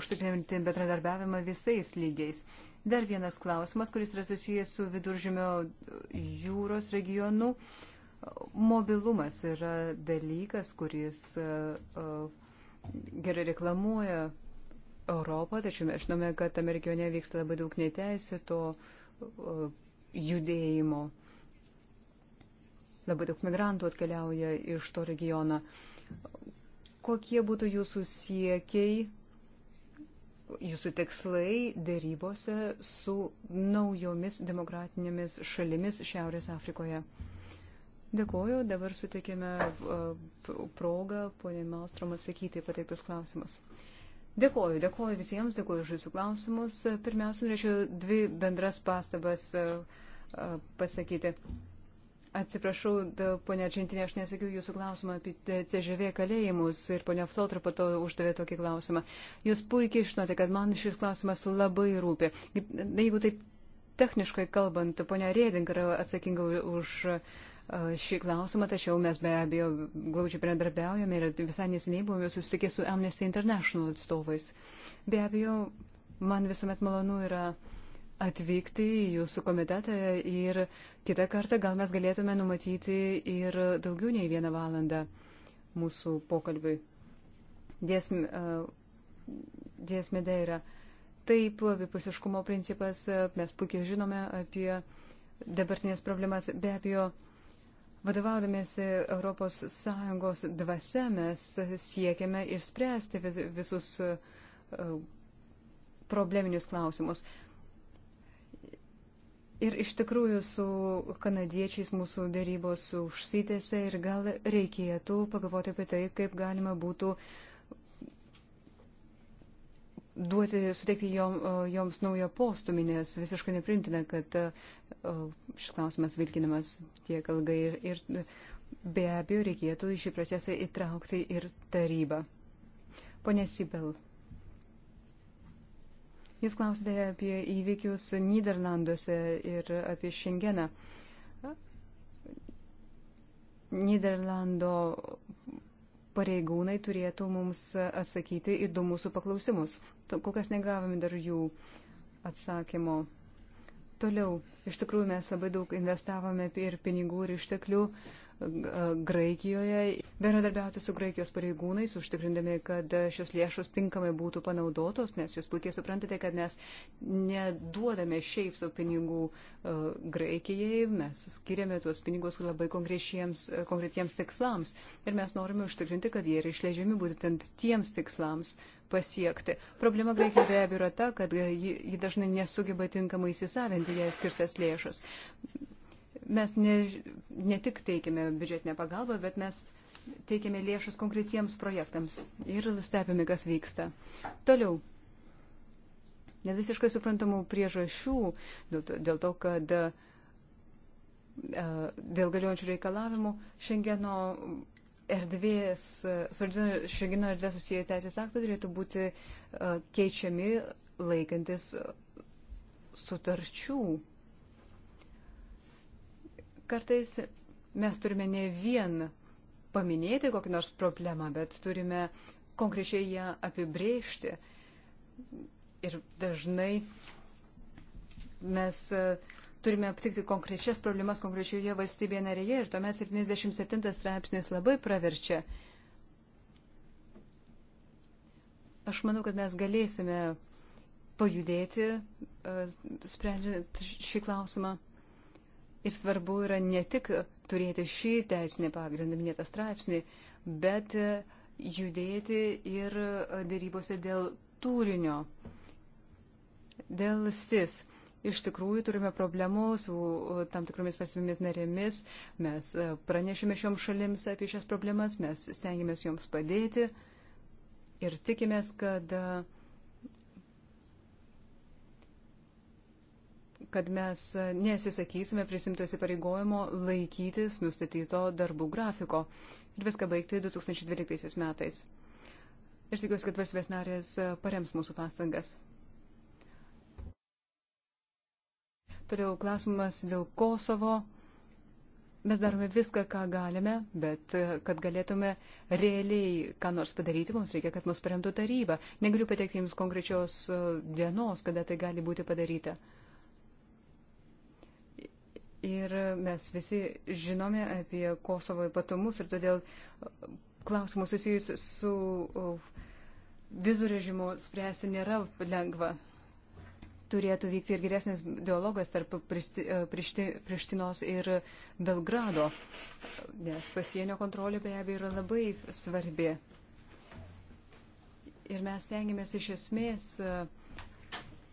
užtikrinti bendradarbiavimą visais lygiais. Dar vienas klausimas, kuris yra susijęs su viduržymio jūros regionu. Mobilumas yra dalykas, kuris e, e, gerai reklamuoja Europą, tačiau mes žinome, kad tame regione vyksta labai daug neteisėto judėjimo. Labai daug migrantų atkeliauja iš to regiono. Kokie būtų jūsų siekiai, jūsų tikslai dėrybose su naujomis demokratinėmis šalimis Šiaurės Afrikoje? Dėkuoju, dabar sutikime progą poniai Malstrom atsakyti pateiktus klausimus. Dėkuoju, dėkuoju visiems, dėkuoju už jūsų klausimus. Pirmiausia, norėčiau dvi bendras pastabas e, e, pasakyti. Atsiprašau, ponia Čentinė, aš nesakiau jūsų klausimą apie CŽV kalėjimus ir ponia Flotra po to uždavė tokį klausimą. Jūs puikiai žinote, kad man šis klausimas labai rūpi. Jeigu taip techniškai kalbant, ponia Rėding yra atsakinga už uh, šį klausimą, tačiau mes be abejo glaudžiai bendradarbiaujame ir visai neseniai buvome susitikę su Amnesty International atstovais. Be abejo, man visuomet malonu yra atvykti į jūsų komitetą ir kitą kartą gal mes galėtume numatyti ir daugiau nei vieną valandą mūsų pokalbiui. Dėsmėda yra taip, abipusiškumo principas, mes puikiai žinome apie dabartinės problemas, be abejo, Vadovaudamėsi ES dvasia mes siekiame išspręsti vis, visus e, probleminius klausimus. Ir iš tikrųjų su kanadiečiais mūsų dėrybos užsitėse ir gal reikėtų pagalvoti apie tai, kaip galima būtų uh, duoti, suteikti jom, e, joms naują postumį, nes visiškai neprimtina, kad e, šis klausimas vilkinamas tiek ilgai ir, ir be abejo reikėtų į šį procesą įtraukti ir tarybą. Pone Sibel, jūs klausite apie įvykius Niderlanduose ir apie Šengeną. Niderlando pareigūnai turėtų mums atsakyti į du mūsų paklausimus. Kol kas negavome dar jų atsakymo. Toliau, iš tikrųjų mes labai daug investavome ir pinigų ir išteklių uh, Graikijoje, bendradarbiauti su Graikijos pareigūnais, užtikrindami, kad šios lėšos tinkamai būtų panaudotos, nes jūs puikiai suprantate, kad mes neduodame šiaip savo pinigų e, Graikijai, mes skiriame tuos pinigus labai e, konkretiems tikslams ir mes norime užtikrinti, kad jie yra išleidžiami būtent tiems tikslams pasiekti. Problema Graikijoje be abejo yra ta, kad ji, ji dažnai nesugeba tinkamai įsisavinti jai skirtas lėšas mes ne, ne tik teikiame biudžetinę pagalbą, bet mes teikiame lėšas konkretiems projektams ir stebime, kas vyksta. Toliau. Nes visiškai suprantamų priežasčių, dėl to, dėl to kad e, dėl galiojančių reikalavimų Šengeno erdvės, Šengeno erdvės susiję teisės aktai turėtų būti e, keičiami laikantis sutarčių Kartais mes turime ne vien paminėti kokią nors problemą, bet turime konkrečiai ją apibrėžti. Ir dažnai mes e, turime aptikti konkrečias problemas konkrečioje valstybėje narėje ir tuomet 77 straipsnis labai praverčia. Aš manau, kad mes galėsime pajudėti, e, sprendžiant šį klausimą. Ir svarbu yra ne tik turėti šį teisinį pagrindą, minėtą straipsnį, bet e, judėti ir e, dėrybose dėl turinio, dėl SIS. Iš tikrųjų turime problemų su e, tam tikromis valstybėmis narėmis, mes pranešime šioms šalims apie šias problemas, mes stengiamės joms padėti ir tikimės, kad uh, kad mes nesisakysime prisimto įsipareigojimo laikytis nustatyto darbų grafiko ir viską baigti 2012 metais. Ir tikiuosi, kad valstybės narės parems mūsų pastangas. Toliau klausimas dėl Kosovo. Mes darome viską, ką galime, bet e, kad galėtume realiai ką nors padaryti, mums reikia, kad mus paremtų taryba. Negaliu pateikti Jums konkrečios e, dienos, kada tai gali būti padaryta. Ir mes visi žinome apie Kosovo ypatumus ir todėl klausimus susijusius su vizų režimu spręsti nėra lengva. Turėtų vykti ir geresnis dialogas tarp pristi, e, prišti, Prištinos ir Belgrado, nes pasienio kontrolė be abejo yra labai svarbi. Ir mes tengiamės iš esmės uh,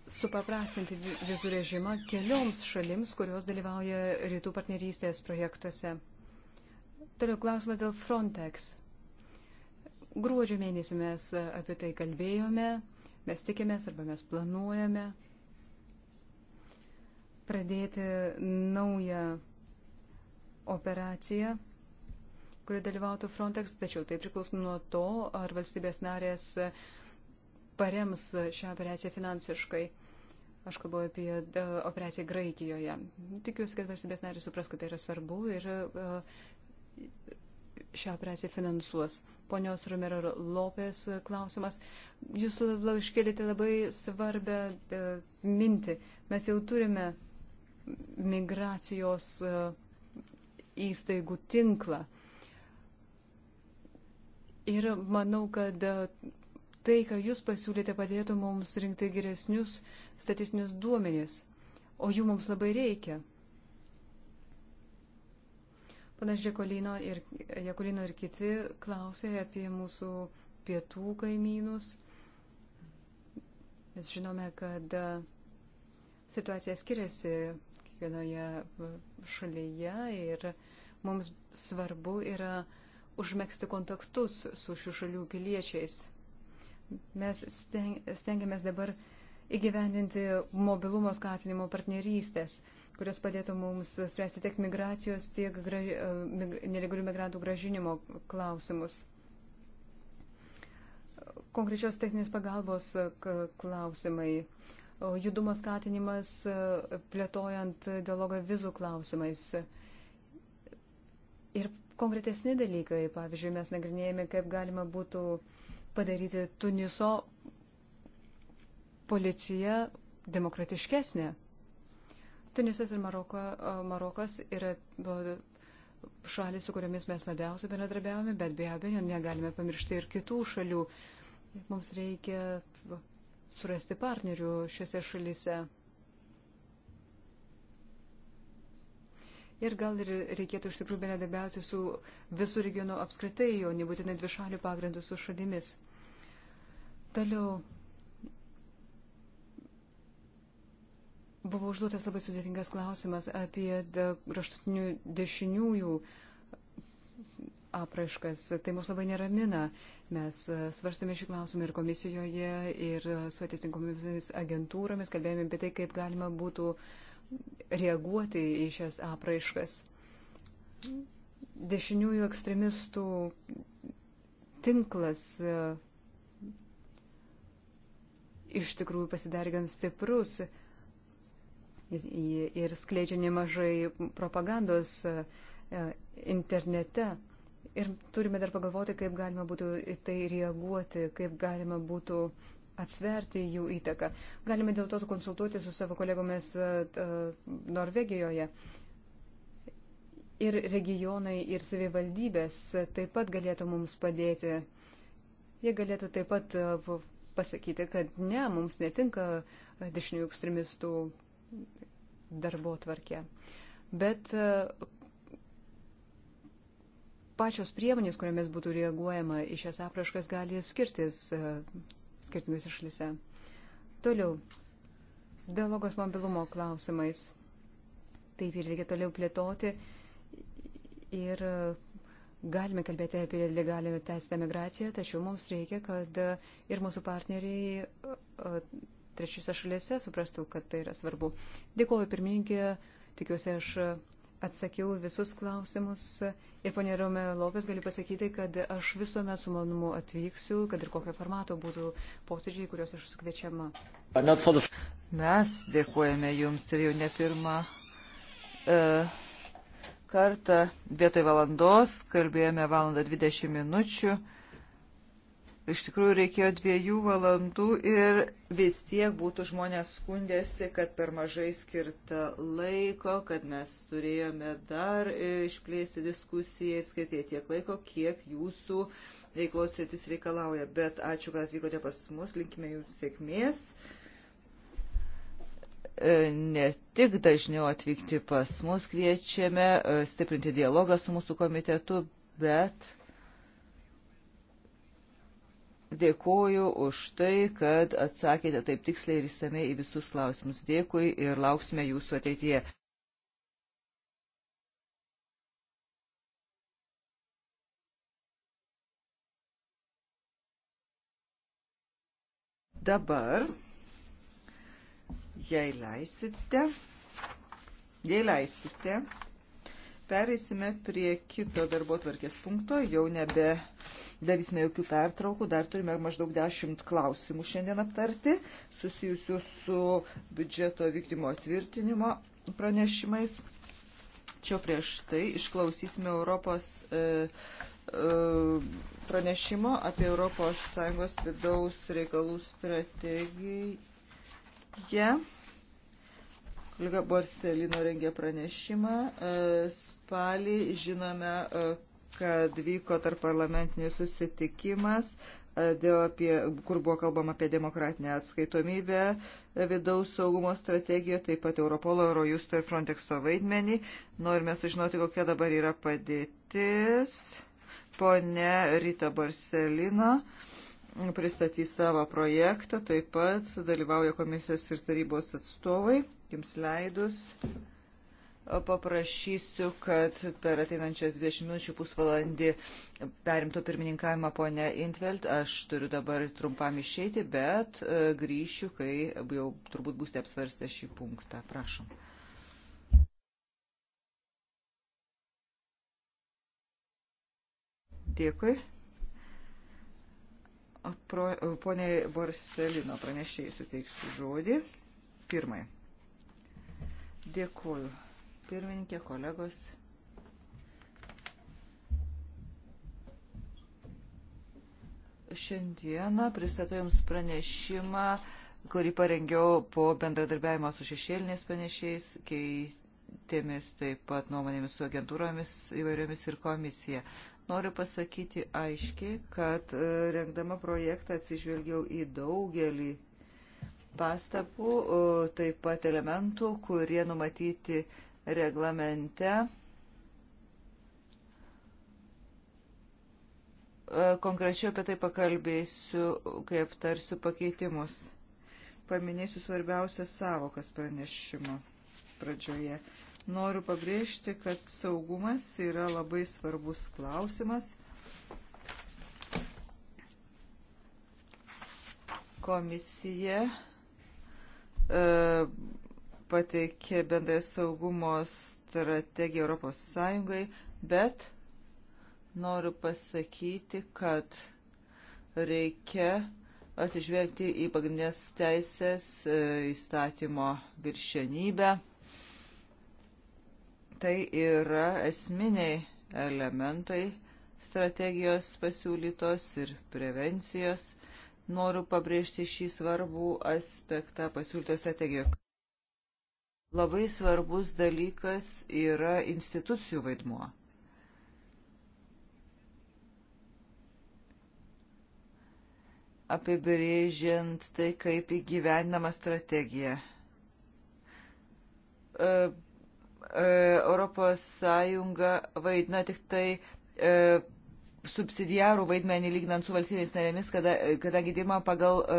supaprastinti vizų režimą kelioms šalims, kurios dalyvauja rytų partnerystės projektuose. Toliau klausimas dėl Frontex. Gruodžio mėnesį mes apie tai kalbėjome, mes tikimės arba mes planuojame pradėti naują operaciją, kuri dalyvautų Frontex, tačiau tai priklauso nuo to, ar valstybės narės uh, parems šią operaciją finansiškai. Aš kalbu apie e, operaciją Graikijoje. Tikiuosi, kad valstybės nariai supras, kad tai yra svarbu ir e, šią operaciją finansuos. Ponios Romero Lopės klausimas. Jūs iškėlėte labai svarbę e, mintį. Mes jau turime migracijos įstaigų tinklą. Ir manau, kad tai, ką jūs pasiūlėte, padėtų mums rinkti geresnius statistinius duomenys, o jų mums labai reikia. Panas Jekolino ir, Jekolino ir kiti klausė apie mūsų pietų kaimynus. Mes žinome, kad e, situacija skiriasi kiekvienoje e, šalyje ir mums svarbu yra užmėgsti kontaktus su šių šalių piliečiais. Mes stengiamės dabar įgyvendinti mobilumo skatinimo partnerystės, kurios padėtų mums spręsti tiek migracijos, tiek graž... nelegalių migrantų gražinimo klausimus. Konkrečios techninės pagalbos klausimai, judumo skatinimas, plėtojant dialogą vizų klausimais. Ir konkretesni dalykai, pavyzdžiui, mes nagrinėjame, kaip galima būtų uh, padaryti Tuniso policiją demokratiškesnė. Tunisas ir Maroko, Marokas yra šalis, su kuriomis mes labiausiai bendradarbiavome, bet be abejo negalime pamiršti ir kitų šalių. Mums reikia surasti partnerių šiuose šalyse. Ir gal ir reikėtų iš tikrųjų bendradarbiauti su visų regionu apskritai, o nebūtinai dvišalių pagrindų su šalimis. Toliau buvo užduotas labai sudėtingas klausimas apie kraštutinių dešiniųjų apraiškas. Tai mus labai neramina. Mes e, svarstame šį klausimą ir komisijoje, ir e, su atitinkomis agentūromis, kalbėjome apie tai, kaip galima būtų reaguoti į šias apraiškas. Dešiniųjų ekstremistų tinklas e, iš tikrųjų pasidarė gan stiprus ir skleidžia nemažai propagandos e, internete. Ir turime dar pagalvoti, kaip galima būtų į tai reaguoti, kaip galima būtų atsverti jų įtaką. Galime dėl to konsultuoti su savo kolegomis e, e, Norvegijoje. Ir regionai, ir savivaldybės taip pat galėtų mums padėti. Jie galėtų taip pat pasakyti, kad ne, mums netinka dešiniųjų ekstremistų darbo tvarkė. Bet e, pačios priemonės, kuriamis būtų reaguojama į šias apraškas, gali skirtis e, skirtingose šalise. Toliau, dialogos mobilumo klausimais. Taip ir reikia toliau plėtoti ir Galime kalbėti apie legalią tęstą migraciją, tačiau mums reikia, kad ir mūsų partneriai trečiose šalyse suprastų, kad tai yra svarbu. Dėkuoju pirmininkė, tikiuosi aš atsakiau visus klausimus. Ir ponė Rome Lopes galiu pasakyti, kad aš visuomet su manumu atvyksiu, kad ir kokio formato būtų posėdžiai, kuriuos aš sukviečiama. Mes dėkojame Jums ir tai jau ne pirmą. Uh e, kartą vietoj valandos, kalbėjome valandą 20 minučių. Iš tikrųjų reikėjo dviejų valandų ir vis tiek būtų žmonės skundėsi, kad per mažai skirta laiko, kad mes turėjome dar išplėsti diskusiją ir skirti tiek laiko, kiek jūsų veiklos sėtis reikalauja. Bet ačiū, kad atvykote pas mus, linkime jums sėkmės. E, ne tik dažniau atvykti pas mus kviečiame, e, stiprinti dialogą su mūsų komitetu, bet dėkoju už tai, kad atsakėte taip tiksliai ir įsamei į visus klausimus. Dėkui ir lauksime jūsų ateityje. Dabar jei leisite, jei leisite, pereisime prie kito darbo tvarkės punkto, jau nebe darysime jokių pertraukų, dar turime maždaug dešimt klausimų šiandien aptarti, susijusių su biudžeto vykdymo tvirtinimo pranešimais. Čia prieš tai išklausysime Europos e, e, pranešimo apie ES vidaus reikalų strategiją. Kolega Borselino rengė pranešimą. E, spalį žinome, e, kad vyko tarp parlamentinis susitikimas, e, dėl apie, kur buvo kalbama apie demokratinę atskaitomybę, vidaus saugumo strategiją, taip pat Europolo, Eurojusto ir Frontexo vaidmenį. Norime sužinoti, kokia dabar yra padėtis. Pone Rita Barcelino pristatys savo projektą, taip pat dalyvauja komisijos ir tarybos atstovai jums leidus paprašysiu, kad per ateinančias 20 minučių pusvalandį perimtų pirmininkavimą ponę Intveld. Aš turiu dabar trumpam išeiti, bet e, grįšiu, kai jau turbūt būsite apsvarstę šį punktą. Prašom. Dėkui. Poniai Borselino pranešėjai suteiksiu žodį. Pirmai. Dėkuoju. Pirmininkė, kolegos. Šiandieną pristatau Jums pranešimą, kurį parengiau po bendradarbiavimo su šešėliniais pranešėjais, keitėmis taip pat nuomonėmis su agentūromis įvairiomis ir komisija. Noriu pasakyti aiškiai, kad e, rengdama projektą atsižvelgiau į daugelį pastabų, taip pat elementų, kurie numatyti reglamente. E, konkrečiau apie tai pakalbėsiu, kai aptarsiu pakeitimus. Paminėsiu svarbiausias savokas pranešimo pradžioje. Noriu pabrėžti, kad saugumas yra labai svarbus klausimas. Komisija E, pateikė bendrąją saugumo strategiją Europos Sąjungai, bet noriu pasakyti, kad reikia atsižvelgti į pagrindinės teisės e, įstatymo viršenybę. Tai yra esminiai elementai strategijos pasiūlytos ir prevencijos Noriu pabrėžti šį svarbų aspektą pasiūlytos strategijoje. Labai svarbus dalykas yra institucijų vaidmuo. apibrėžiant tai, kaip įgyvendinama strategija. E, e, Europos Sąjunga vaidina tik tai e, subsidiarų vaidmenį lygnant su valstybės narėmis, kada, kadangi dirba pagal e,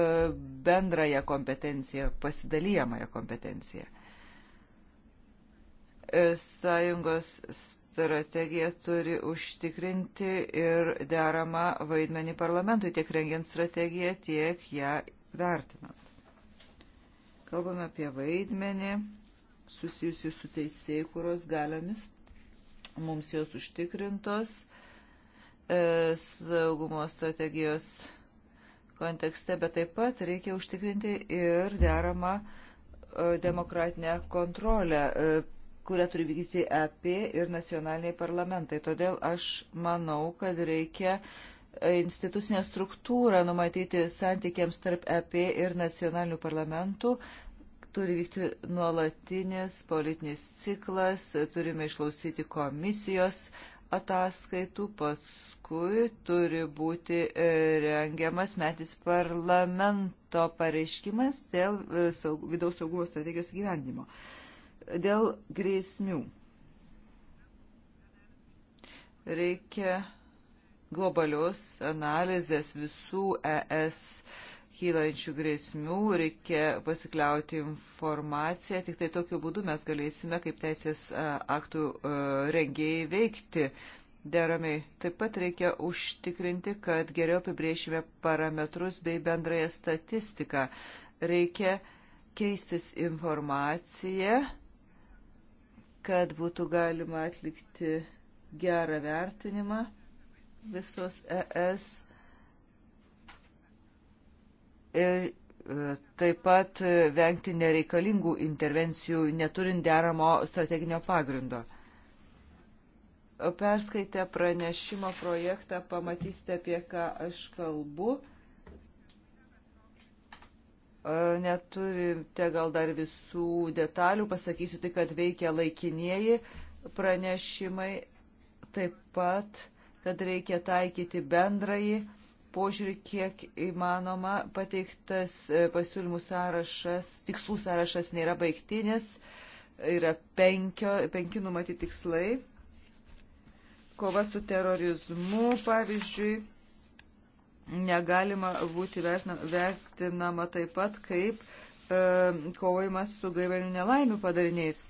bendrąją kompetenciją, pasidalyjamąją kompetenciją. E, sąjungos strategija turi užtikrinti ir deramą vaidmenį parlamentui, tiek rengiant strategiją, tiek ją vertinant. Kalbame apie vaidmenį susijusiu su teisėjai, kurios galiomis mums jos užtikrintos E, saugumo strategijos kontekste, bet taip pat reikia užtikrinti ir deramą e, demokratinę kontrolę, e, kurią turi vykdyti EP ir nacionaliniai parlamentai. Todėl aš manau, kad reikia institucinę struktūrą numatyti santykiams tarp EP ir nacionalinių parlamentų. Turi vykti nuolatinis politinis ciklas, turime išklausyti komisijos ataskaitų, paskui turi būti e, rengiamas metis parlamento pareiškimas dėl e, saug, vidaus saugumo strategijos gyvendimo, dėl grėsmių. Reikia globalios analizės visų ES kylančių grėsmių, reikia pasikliauti informaciją, tik tai tokiu būdu mes galėsime kaip teisės aktų rengėjai veikti deramai. Taip pat reikia užtikrinti, kad geriau apibriešime parametrus bei bendrąją statistiką. Reikia keistis informaciją, kad būtų galima atlikti gerą vertinimą visos ES ir e, taip pat vengti nereikalingų intervencijų, neturint deramo strateginio pagrindo. Perskaitę pranešimo projektą pamatysite, apie ką aš kalbu. E, neturite gal dar visų detalių, pasakysiu tik, kad veikia laikinieji pranešimai, taip pat, kad reikia taikyti bendrąjį požiūrį, kiek įmanoma, pateiktas e, pasiūlymų sąrašas, tikslų sąrašas nėra baigtinis, yra penkio, penki numatyti tikslai. Kova su terorizmu, pavyzdžiui, negalima būti vertinama, vertinama taip pat kaip e, kovojimas su gaivalinių nelaimių padariniais.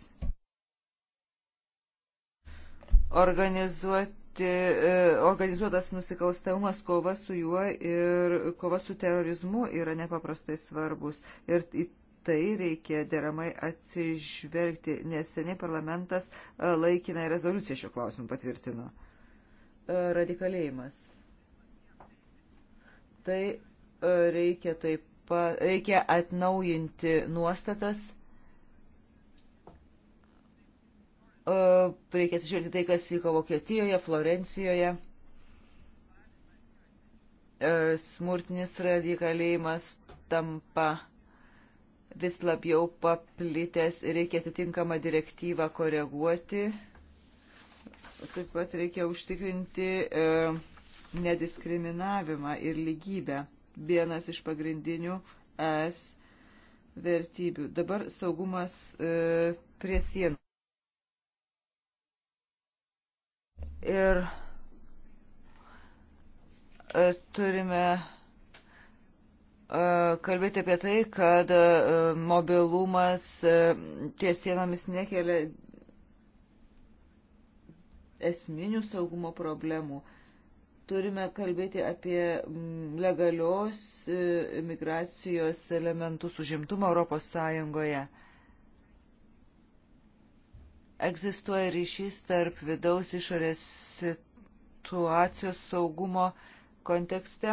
Organizuoti būti e, organizuotas nusikalstamumas, kova su juo ir kova su terorizmu yra nepaprastai svarbus. Ir į tai reikia deramai atsižvelgti, nes seniai parlamentas e, laikinai rezoliuciją šiuo klausimu patvirtino. E, radikalėjimas. Tai reikia taip pat, reikia atnaujinti nuostatas reikia atsižvelgti tai, kas vyko Vokietijoje, Florencijoje. E, smurtinis radikalėjimas tampa vis labiau paplitęs ir reikia atitinkamą direktyvą koreguoti. Taip pat reikia užtikrinti e, nediskriminavimą ir lygybę. Vienas iš pagrindinių es vertybių. Dabar saugumas e, prie sienų. ir e, turime e, kalbėti apie tai, kad e, mobilumas ties sienomis nekelia esminių saugumo problemų. Turime kalbėti apie mm, legalios migracijos elementus užimtumą Europos Sąjungoje egzistuoja ryšys tarp vidaus išorės situacijos saugumo kontekste.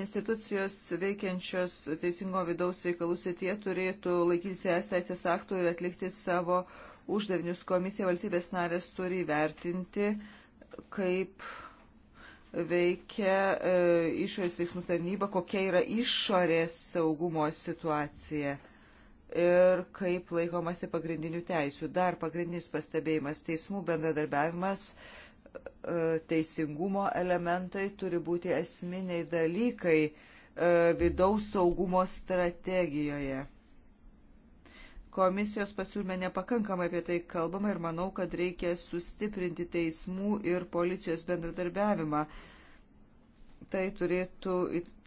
Institucijos veikiančios teisingo vidaus reikalų srityje turėtų laikytis es teisės aktų ir atlikti savo uždavinius. Komisija valstybės narės turi įvertinti, kaip veikia e, išorės veiksmų tarnyba, kokia yra išorės saugumo situacija ir kaip laikomasi pagrindinių teisių. Dar pagrindinis pastebėjimas - teismų bendradarbiavimas, e, teisingumo elementai turi būti esminiai dalykai e, vidaus saugumo strategijoje. Komisijos pasiūlyme nepakankamai apie tai kalbama ir manau, kad reikia sustiprinti teismų ir policijos bendradarbiavimą. Tai turėtų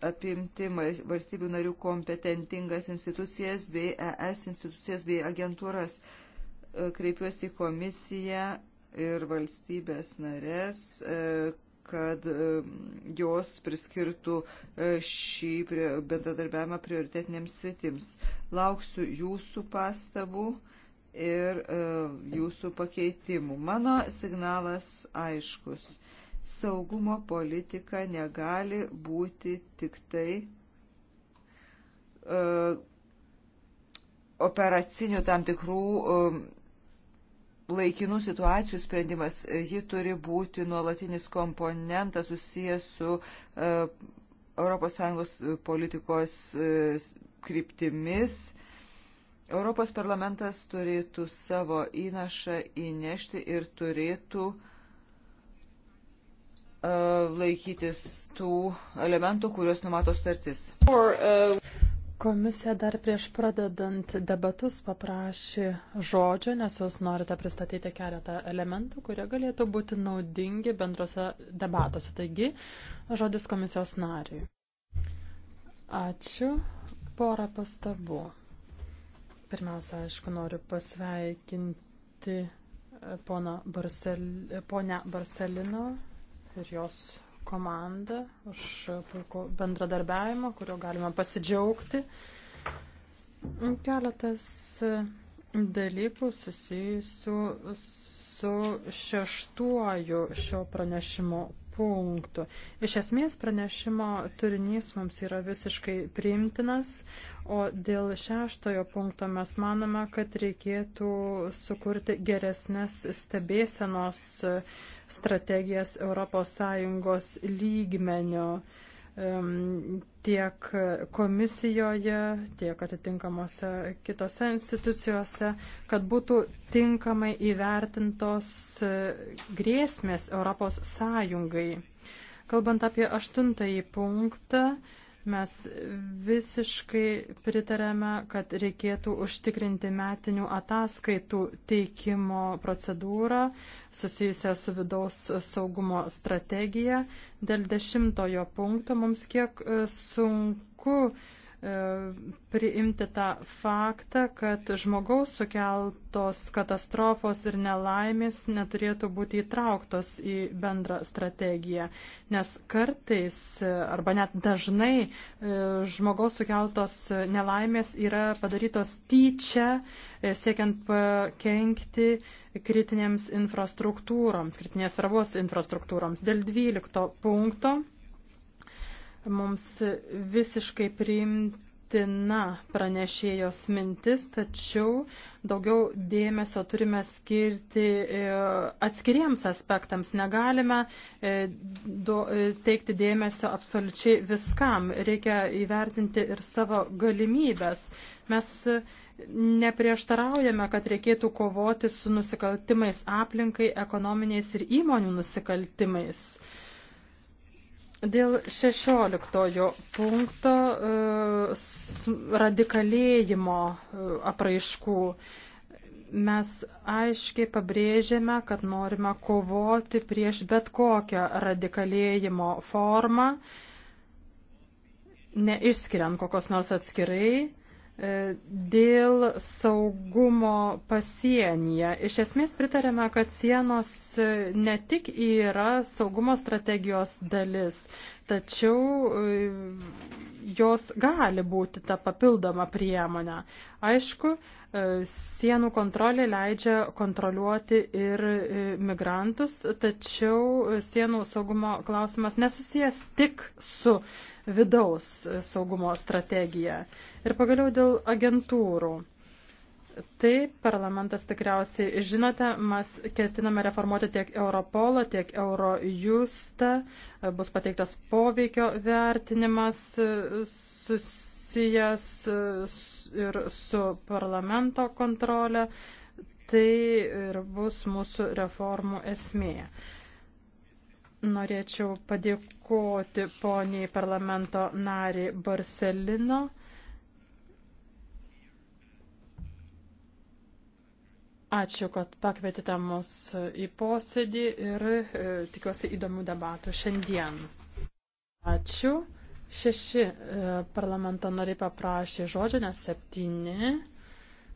apimti valstybių narių kompetentingas institucijas bei ES institucijas bei agentūras. E, kreipiuosi į komisiją ir valstybės narės, e, kad e, jos priskirtų šį bendradarbiavimą prioritetinėms sritims. Lauksiu jūsų pastabų ir jūsų pakeitimų. Mano signalas aiškus. Saugumo politika negali būti tik tai uh, operacinių tam tikrų um, laikinų situacijų sprendimas. Ji turi būti nuolatinis komponentas susijęs su uh, ES politikos uh, kryptimis. Europos parlamentas turėtų savo įnašą įnešti ir turėtų uh, E, laikytis tų elementų, kuriuos numato startis. Komisija dar prieš pradedant debatus paprašė žodžio, nes jūs norite pristatyti keletą elementų, kurie galėtų būti naudingi bendrose debatuose. Taigi, žodis komisijos nariui. Ačiū. Porą pastabų. Pirmiausia, aišku, noriu pasveikinti e, poną Barsel, e, ponę Barcelino ir jos komandą už puikų bendradarbiavimą, kurio galima pasidžiaugti. Keletas dalykų susijusių su šeštuoju šio pranešimo punktų. Iš esmės pranešimo turinys mums yra visiškai priimtinas, o dėl šeštojo punkto mes manome, kad reikėtų sukurti geresnės stebėsenos strategijas ES lygmenio tiek komisijoje, tiek atitinkamose kitose institucijose, kad būtų tinkamai įvertintos e, grėsmės Europos Sąjungai. Kalbant apie aštuntąjį punktą, Mes visiškai pritarėme, kad reikėtų užtikrinti metinių ataskaitų teikimo procedūrą susijusią su vidaus saugumo strategija. Dėl dešimtojo punkto mums kiek e, sunku E, priimti tą faktą, kad žmogaus sukeltos katastrofos ir nelaimės neturėtų būti įtrauktos į bendrą strategiją, nes kartais e, arba net dažnai e, žmogaus sukeltos nelaimės yra padarytos tyčia, siekiant pakenkti kritinėms infrastruktūroms, kritinės svarbos infrastruktūroms. Dėl 12 punkto Mums visiškai priimtina pranešėjos mintis, tačiau daugiau dėmesio turime skirti e, atskiriems aspektams. Negalime e, e, teikti dėmesio absoliučiai viskam. Reikia įvertinti ir savo galimybės. Mes neprieštaraujame, kad reikėtų kovoti su nusikaltimais aplinkai, ekonominiais ir įmonių nusikaltimais. Dėl šešioliktojo punkto e, radikalėjimo e, apraiškų mes aiškiai pabrėžėme, kad norime kovoti prieš bet kokią radikalėjimo formą, neišskiriant kokios nors atskirai. E, dėl saugumo pasienyje. Iš esmės pritarėme, kad sienos ne tik yra saugumo strategijos dalis, tačiau e, jos gali būti ta papildoma priemonė. Aišku, e, sienų kontrolė leidžia kontroliuoti ir migrantus, tačiau sienų saugumo klausimas nesusijęs tik su vidaus saugumo strategiją. Ir pagaliau dėl agentūrų. Taip, parlamentas tikriausiai žinote, mes ketiname reformuoti tiek Europolą, tiek Eurojustą, bus pateiktas poveikio vertinimas susijęs ir su parlamento kontrolė, tai ir bus mūsų reformų esmė. Norėčiau padėkoti poniai parlamento nariai Barcelino. Ačiū, kad pakvietėte mus į posėdį ir e, tikiuosi įdomių debatų šiandien. Ačiū. Šeši e, parlamento nariai paprašė žodžio, nes septyni.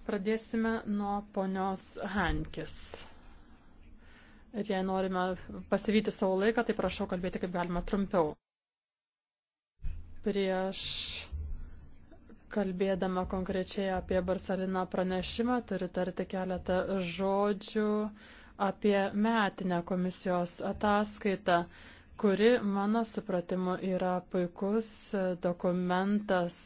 Pradėsime nuo ponios Hankis. Ir jei norime pasivyti savo laiką, tai prašau kalbėti kaip galima trumpiau. Prieš kalbėdama konkrečiai apie Barcelino pranešimą, turiu tarti keletą žodžių apie metinę komisijos ataskaitą, kuri, mano supratimu, yra puikus dokumentas,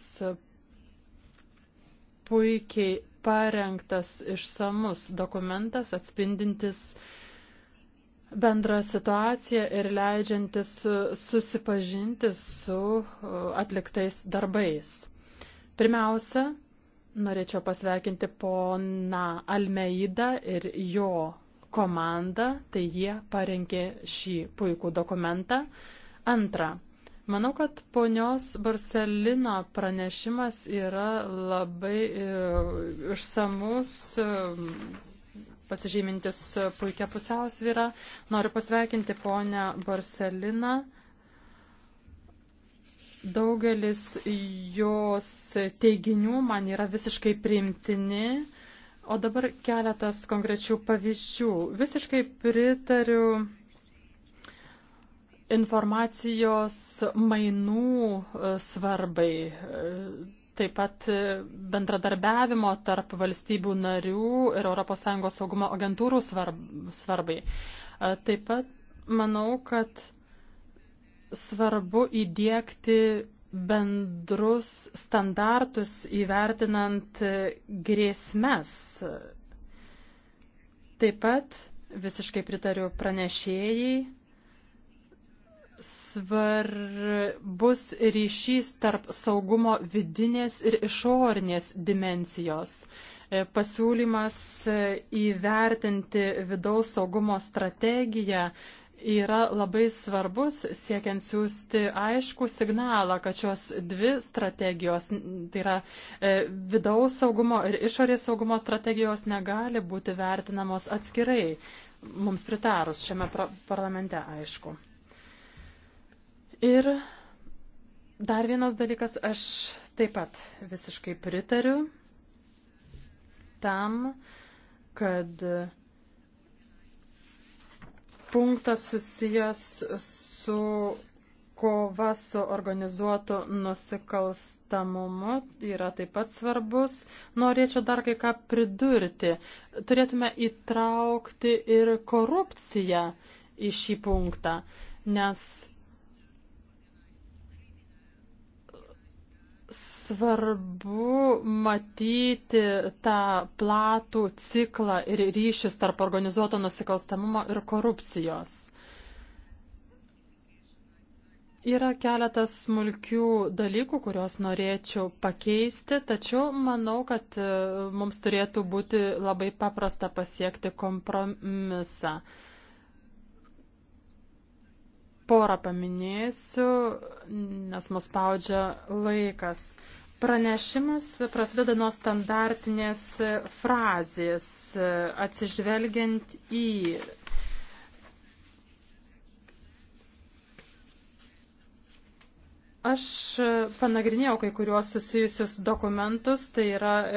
puikiai parengtas išsamus dokumentas atspindintis bendrą situaciją ir leidžiantis susipažinti su atliktais darbais. Pirmiausia, norėčiau pasveikinti poną Almeidą ir jo komandą, tai jie parengė šį puikų dokumentą. Antra, manau, kad ponios Barcelino pranešimas yra labai e, išsamus. E, pasižymintis puikia pusiausvyrą. Noriu pasveikinti ponę Barceliną. Daugelis jos teiginių man yra visiškai primtini. O dabar keletas konkrečių pavyzdžių. Visiškai pritariu informacijos mainų e, svarbai taip pat e, bendradarbiavimo tarp valstybių narių ir ES saugumo agentūrų svarbai. E, taip pat manau, kad svarbu įdėkti bendrus standartus įvertinant e, grėsmes. Taip pat visiškai pritariu pranešėjai svarbus ryšys tarp saugumo vidinės ir išorinės dimensijos. E, pasiūlymas e, įvertinti vidaus saugumo strategiją yra labai svarbus siekiant siūsti aišku signalą, kad šios dvi strategijos, tai yra e, vidaus saugumo ir išorės saugumo strategijos, negali būti vertinamos atskirai, mums pritarus šiame parlamente, aišku. Ir dar vienas dalykas, aš taip pat visiškai pritariu tam, kad punktas susijęs su kova su organizuotu nusikalstamumu yra taip pat svarbus. Norėčiau dar kai ką pridurti. Turėtume įtraukti ir korupciją į šį punktą, nes svarbu matyti tą platų ciklą ir ryšius tarp organizuoto nusikalstamumo ir korupcijos. Yra keletas smulkių dalykų, kuriuos norėčiau pakeisti, tačiau manau, kad e, mums turėtų būti labai paprasta pasiekti kompromisą porą paminėsiu, nes mus spaudžia laikas. Pranešimas prasideda nuo standartinės frazės, atsižvelgiant į Aš panagrinėjau kai kuriuos susijusius dokumentus, tai yra e,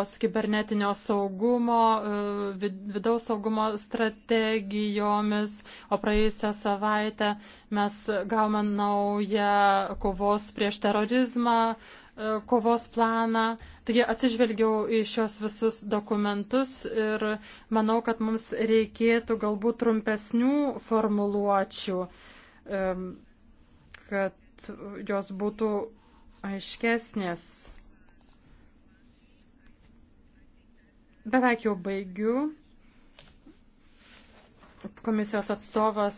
ES kibernetinio saugumo, e, vidaus saugumo strategijomis, o praėjusią savaitę mes gavome naują kovos prieš terorizmą, e, kovos planą. Taigi atsižvelgiau į šios visus dokumentus ir manau, kad mums reikėtų galbūt trumpesnių formuluočių, e, kad jos būtų aiškesnės. Beveik jau baigiu. Komisijos atstovas,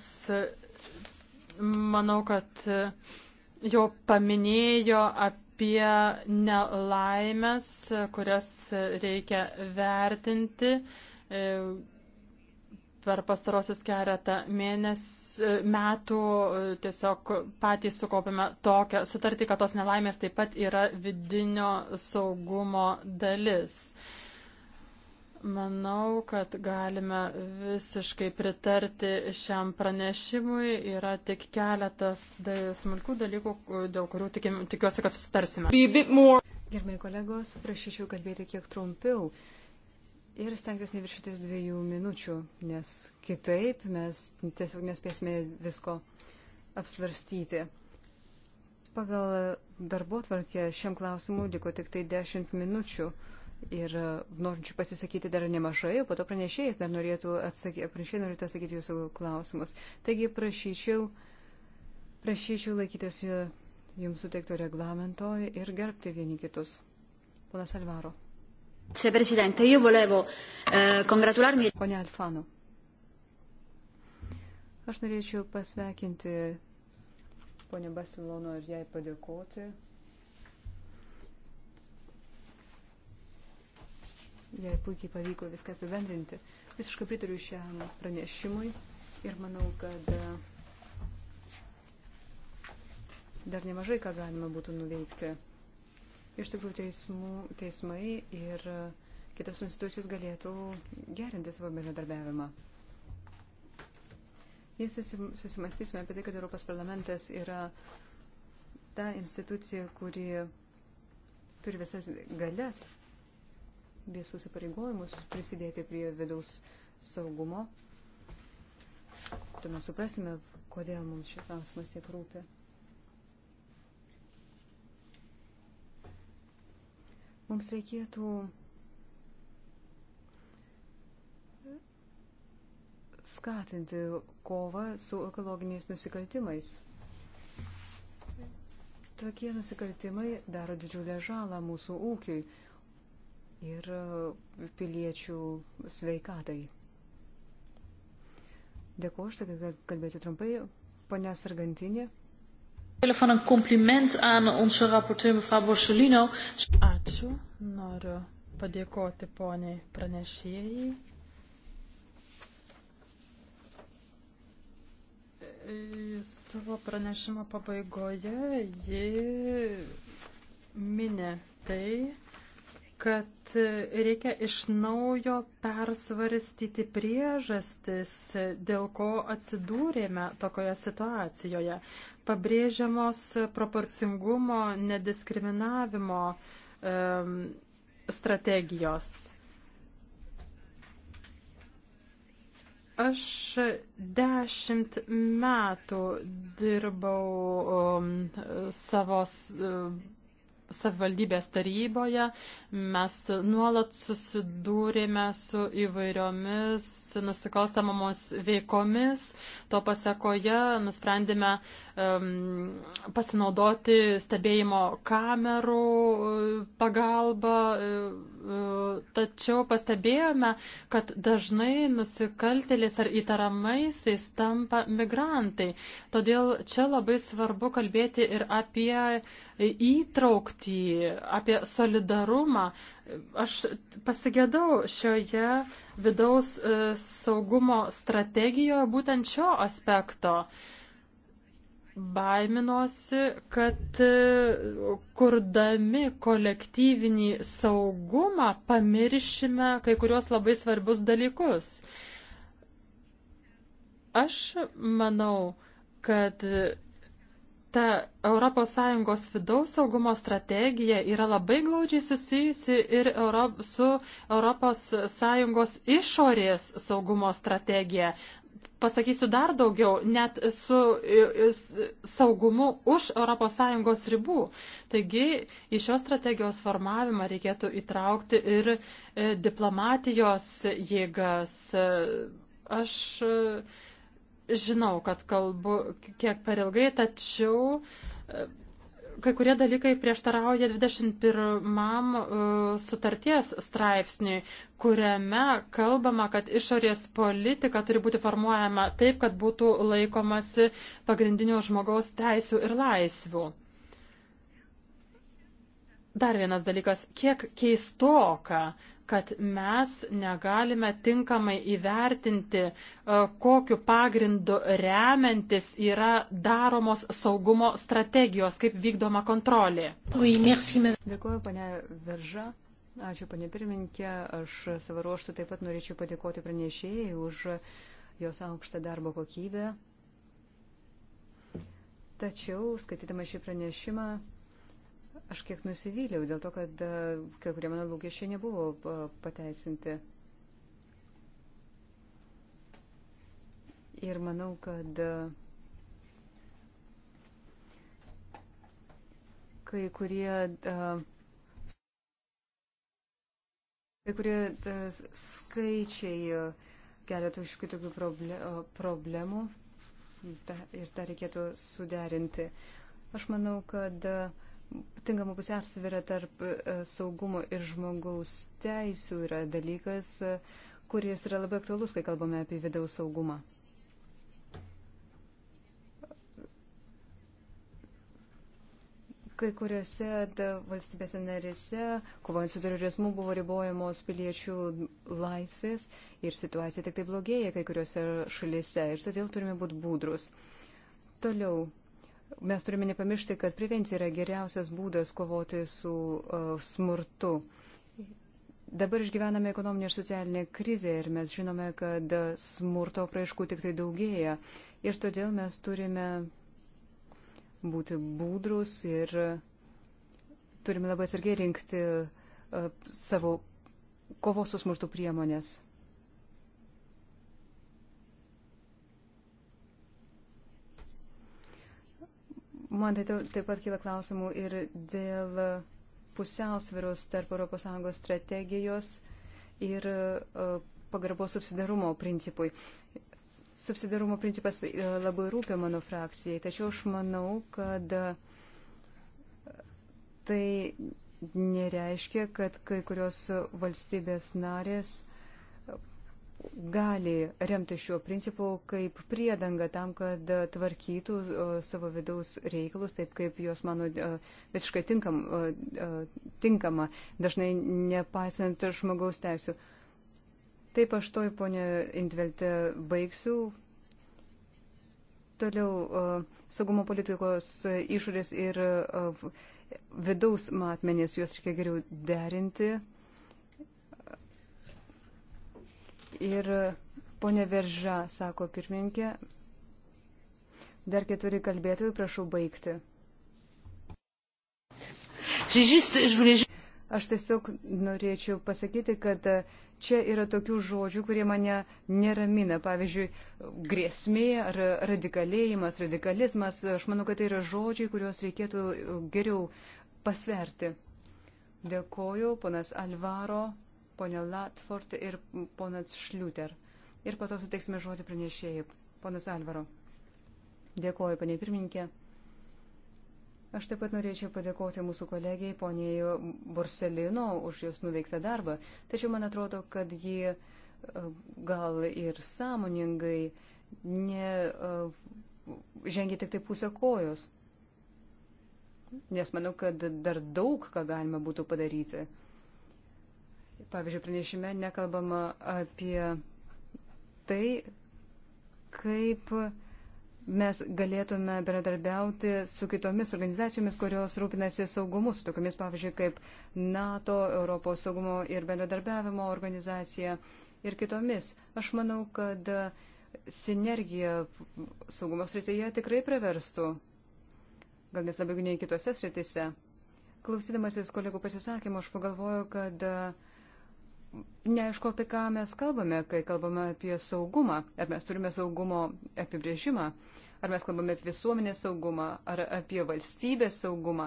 manau, kad jau paminėjo apie nelaimės, kurias reikia vertinti e, per pastarosius keletą mėnesių e, metų e, tiesiog patys sukaupėme tokią sutartį, kad tos nelaimės taip pat yra vidinio saugumo dalis. Uh, manau, kad galime visiškai pritarti šiam pranešimui. Yra tik keletas smulkių dalykų, dėl kurių tikim, tikiuosi, kad susitarsime. Gerbėjai kolegos, prašyčiau kalbėti kiek trumpiau. Ir stengtis neviršytis dviejų minučių, nes kitaip mes tiesiog nespėsime visko apsvarstyti. Pagal darbo tvarkę šiam klausimui liko tik tai 10 minučių. Ir e, norinčių pasisakyti dar nemažai, o po to pranešėjas dar norėtų atsakyti, pranešėjai norėtų atsakyti jūsų klausimus. Taigi prašyčiau, prašyčiau laikytis e, jums suteikto reglamento ir gerbti vieni kitus. Ponas Alvaro. Grazie Presidente, io volevo eh, congratularmi. Pone Alfano. Aš norėčiau pasveikinti ponę Basilonų ir jai padėkoti. jai puikiai pavyko viską apibendrinti. Visiškai pritariu šiam pranešimui ir manau, kad e, dar nemažai ką galima būtų nuveikti. Iš tikrųjų, teismų, teismai ir e, kitos institucijos galėtų gerinti savo bendradarbiavimą. Jei susimastysime apie tai, kad Europos parlamentas yra ta institucija, kuri turi visas galias visus įpareigojimus prisidėti prie vidaus saugumo, tuomet suprasime, kodėl mums šis klausimas tiek rūpi. Mums reikėtų skatinti kovą su ekologiniais nusikaltimais. Tokie nusikaltimai daro didžiulę žalą mūsų ūkiui ir e, piliečių sveikatai. Dėkuoju, tai, kad kalbėti trumpai, ponia Sargantinė. Van een compliment aan onze rapporteur mevrouw Borsellino. Ačiū, noriu padėkoti poniai pranešėjai. Savo pranešimo pabaigoje ji minė tai, kad reikia iš naujo persvarstyti priežastis, dėl ko atsidūrėme tokioje situacijoje. Pabrėžiamos proporcingumo, nediskriminavimo um, strategijos. Aš dešimt metų dirbau um, savo um, savivaldybės taryboje mes nuolat susidūrėme su įvairiomis nusikalstamamos veikomis. To pasakoje nusprendėme um, pasinaudoti stebėjimo kamerų e, pagalba, e, e, tačiau pastebėjome, kad dažnai nusikaltėlis ar įtaramaisiais tampa migrantai. Todėl čia labai svarbu kalbėti ir apie įtraukti kryptį, apie solidarumą. Aš pasigėdau šioje vidaus e, saugumo strategijoje būtent šio aspekto. Baiminosi, kad e, kurdami kolektyvinį saugumą pamiršime kai kurios labai svarbus dalykus. Aš manau, kad ta ES vidaus saugumo strategija yra labai glaudžiai susijusi ir Euro, su ES išorės saugumo strategija. Pasakysiu dar daugiau, net su saugumu už ES ribų. Taigi į šios strategijos formavimą reikėtų įtraukti ir e, diplomatijos jėgas. Aš e, žinau, kad kalbu kiek per ilgai, tačiau e, kai kurie dalykai prieštarauja 21 e, sutarties straipsniui, kuriame kalbama, kad išorės politika turi būti formuojama taip, kad būtų laikomasi pagrindinių žmogaus teisų ir laisvių. Dar vienas dalykas, kiek keistoka, kad mes negalime tinkamai įvertinti, e, kokiu pagrindu remiantis yra daromos saugumo strategijos, kaip vykdoma kontrolė. Oui, merci, Dėkuoju, pane Verža. Ačiū, panė pirmininkė. Aš savo ruoštų taip pat norėčiau padėkoti pranešėjai už jos aukštą darbo kokybę. Tačiau, skaitydama šį pranešimą, Aš kiek nusivyliau dėl to, kad e, kai kurie mano lūkesčiai nebuvo e, pateisinti. Ir manau, kad e, kai kurie, kai kurie skaičiai keletų iš kitokių problemų ir tą reikėtų suderinti. Aš manau, kad uh, tinkamų pusiausvyrą tarp e, saugumo ir žmogaus teisų yra dalykas, e, kuris yra labai aktualus, kai kalbame apie vidaus saugumą. Kai kuriuose valstybėse narėse, kovojant su terorizmu, buvo ribojamos piliečių laisvės ir situacija tik tai blogėja kai kuriuose šalyse ir todėl turime būti būdrus. Toliau Mes turime nepamiršti, kad prevencija yra geriausias būdas kovoti su uh, smurtu. Dabar išgyvename ekonominę ir socialinę krizę ir mes žinome, kad smurto praaiškų tik tai daugėja. Ir todėl mes turime būti būdrus ir turime labai atsargiai rinkti e, savo kovos su smurtu priemonės. Man tai taip pat kyla klausimų ir dėl pusiausviros tarp ES strategijos ir e, pagarbos subsidarumo principui. Subsidarumo principas e, labai rūpia mano frakcijai, tačiau aš manau, kad e, tai nereiškia, kad kai kurios valstybės narės gali remti šiuo principu kaip priedanga tam, kad tvarkytų savo vidaus reikalus taip, kaip jos mano visiškai tinkam, tinkama, dažnai nepaisant žmogaus teisų. Taip aš toj, ponė Indvelte, baigsiu. Toliau saugumo politikos išorės ir vidaus matmenės, juos reikia geriau derinti. Ir ponė Verža, sako pirmininkė, dar keturi kalbėtojai, prašau baigti. Aš tiesiog norėčiau pasakyti, kad čia yra tokių žodžių, kurie mane neramina. Pavyzdžiui, grėsmė ar radikalėjimas, radikalizmas. Aš manau, kad tai yra žodžiai, kuriuos reikėtų geriau pasverti. Dėkoju, ponas Alvaro ponia Latford ir ponas Šliuter. Ir po to suteiksime žodį pranešėjai, ponas Alvaro. Dėkoju, panė pirmininkė. Aš taip pat norėčiau padėkoti mūsų kolegijai, poniai Borselino, už jos nuveiktą darbą. Tačiau man atrodo, kad ji e, gal ir sąmoningai ne, e, žengia tik tai pusę kojos. Nes manau, kad dar daug ką galima būtų padaryti. Pavyzdžiui, pranešime nekalbama apie tai, kaip mes galėtume bendradarbiauti su kitomis organizacijomis, kurios rūpinasi saugumu, su tokiamis, pavyzdžiui, kaip NATO, Europos saugumo ir bendradarbiavimo organizacija ir kitomis. Aš manau, kad sinergija saugumo srityje tikrai praverstų, gal net labiau nei kitose srityse. Klausydamasis kolegų pasisakymų, aš pagalvoju, kad uh, neaišku, apie ką mes kalbame, kai kalbame apie saugumą. Ar mes turime saugumo apibrėžimą, ar mes kalbame apie visuomenės saugumą, ar apie valstybės saugumą.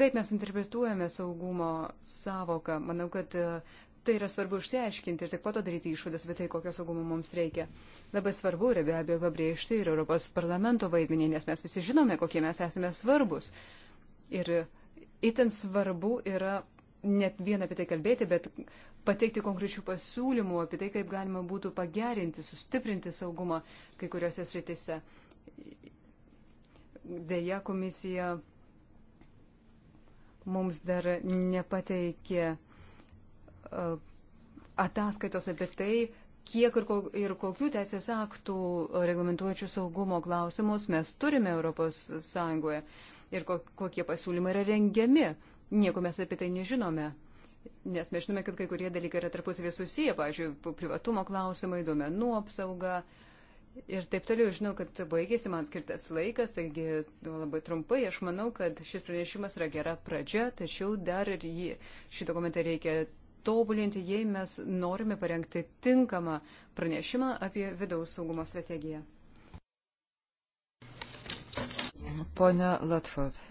Kaip mes interpretuojame saugumo savoką? Manau, kad e, tai yra svarbu išsiaiškinti ir tik po to daryti išvadas apie tai, kokio saugumo mums reikia. Labai svarbu yra be abejo pabrėžti ir Europos parlamento vaidmenį, nes mes visi žinome, kokie mes esame svarbus. Ir itin svarbu yra net vien apie tai kalbėti, bet pateikti konkrečių pasiūlymų apie tai, kaip galima būtų pagerinti, sustiprinti saugumą kai kuriuose sritise. Deja, komisija mums dar nepateikė e, ataskaitos apie tai, kiek ir, kok, ir kokių teisės aktų reglamentuojančių saugumo klausimus mes turime Europos Sąjungoje ir kokie pasiūlymai yra rengiami nieko mes apie tai nežinome. Nes mes žinome, kad kai kurie dalykai yra tarpusavį susiję, pavyzdžiui, privatumo klausimai, duomenų apsauga ir taip toliau. Žinau, kad baigėsi man skirtas laikas, taigi labai trumpai aš manau, kad šis pranešimas yra gera pradžia, tačiau dar ir jį, šį dokumentą reikia tobulinti, jei mes norime parengti tinkamą pranešimą apie vidaus saugumo strategiją. Pone Latford.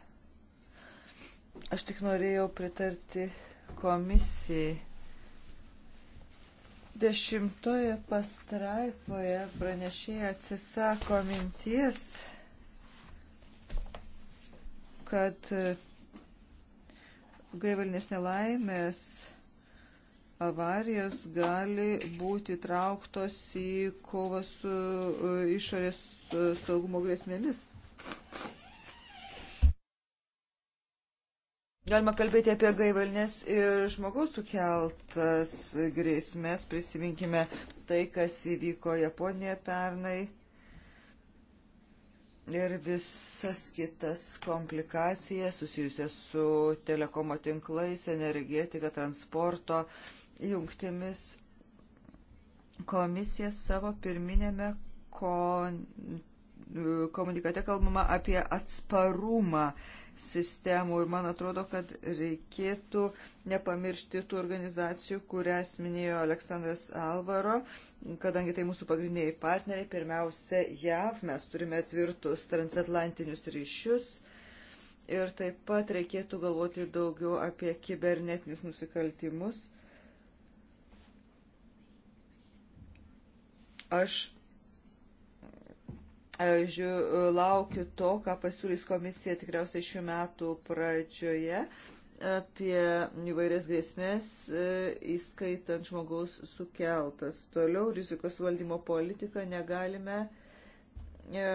Aš tik norėjau pritarti komisijai. Dešimtoje pastraipoje pranešėjai atsisako minties, kad gaivalinės nelaimės avarijos gali būti trauktos į kovą su e, išorės e, saugumo grėsmėmis. Galima kalbėti apie gaivalnes ir žmogaus sukeltas grėsmės. Prisiminkime tai, kas įvyko Japonijoje pernai ir visas kitas komplikacijas susijusias su telekomo tinklais, energetika, transporto jungtimis. Komisija savo pirminėme kon... komunikate kalbama apie atsparumą sistemų ir man atrodo, kad reikėtų nepamiršti tų organizacijų, kurias minėjo Aleksandras Alvaro, kadangi tai mūsų pagrindiniai partneriai, pirmiausia JAV, mes turime tvirtus transatlantinius ryšius. Ir taip pat reikėtų galvoti daugiau apie kibernetinius nusikaltimus. Aš E, laukiu to, ką pasiūlys komisija tikriausiai šių metų pradžioje apie įvairias grėsmės, e, įskaitant žmogaus sukeltas. Toliau rizikos valdymo politiką negalime e,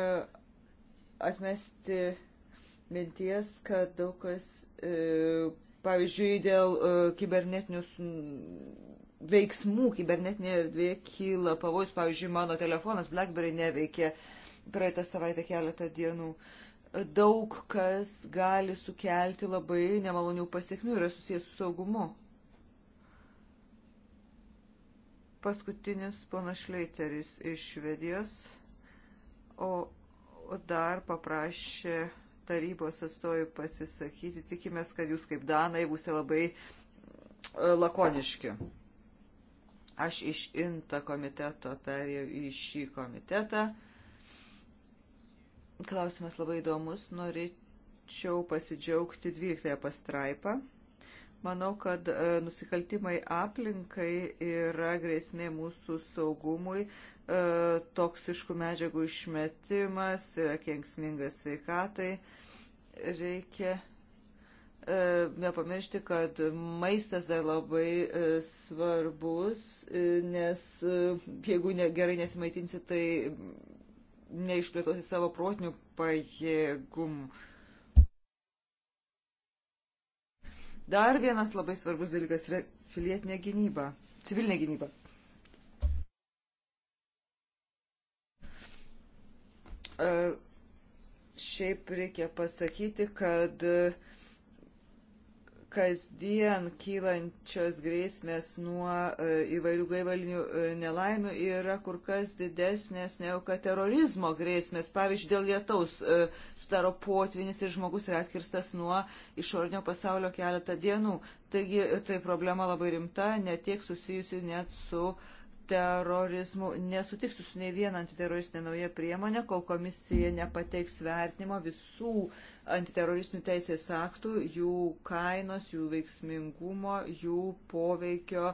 atmesti minties, kad daug kas, pavyzdžiui, dėl kibernetinių veiksmų kibernetinėje erdvėje kyla pavojus, pavyzdžiui, mano telefonas BlackBerry neveikia praeitą savaitę keletą dienų. Daug kas gali sukelti labai nemalonių pasiekmių yra susijęs su saugumu. Paskutinis ponas Šleiteris iš Švedijos, o, o dar paprašė tarybos atstovai pasisakyti. Tikimės, kad jūs kaip Danai būsite labai e, lakoniški. Aš iš INTA komiteto perėjau į šį komitetą. Klausimas labai įdomus. Norėčiau pasidžiaugti 12 pastraipą. Manau, kad e, nusikaltimai aplinkai yra grėsmė mūsų saugumui, e, toksiškų medžiagų išmetimas yra kenksmingas sveikatai. Reikia e, nepamiršti, kad maistas dar labai svarbus, nes jeigu gerai nesimaitinsi, tai neišplėtosi savo protinių pajėgumų. Dar vienas labai svarbus dalykas yra pilietinė gynyba, civilinė gynyba. E, šiaip reikia pasakyti, kad uh, kasdien kylančios grėsmės nuo e, įvairių gaivalinių e, nelaimių yra kur kas didesnės negu kad terorizmo grėsmės. Pavyzdžiui, dėl lietaus e, sudaro potvinis ir žmogus yra atkirstas nuo išorinio pasaulio keletą dienų. Taigi tai problema labai rimta, netiek susijusi net su uh, terorizmu nesutiksiu su ne viena antiteroristinė nauja priemonė, kol komisija nepateiks vertinimo visų antiteroristinių teisės aktų, jų kainos, jų veiksmingumo, jų poveikio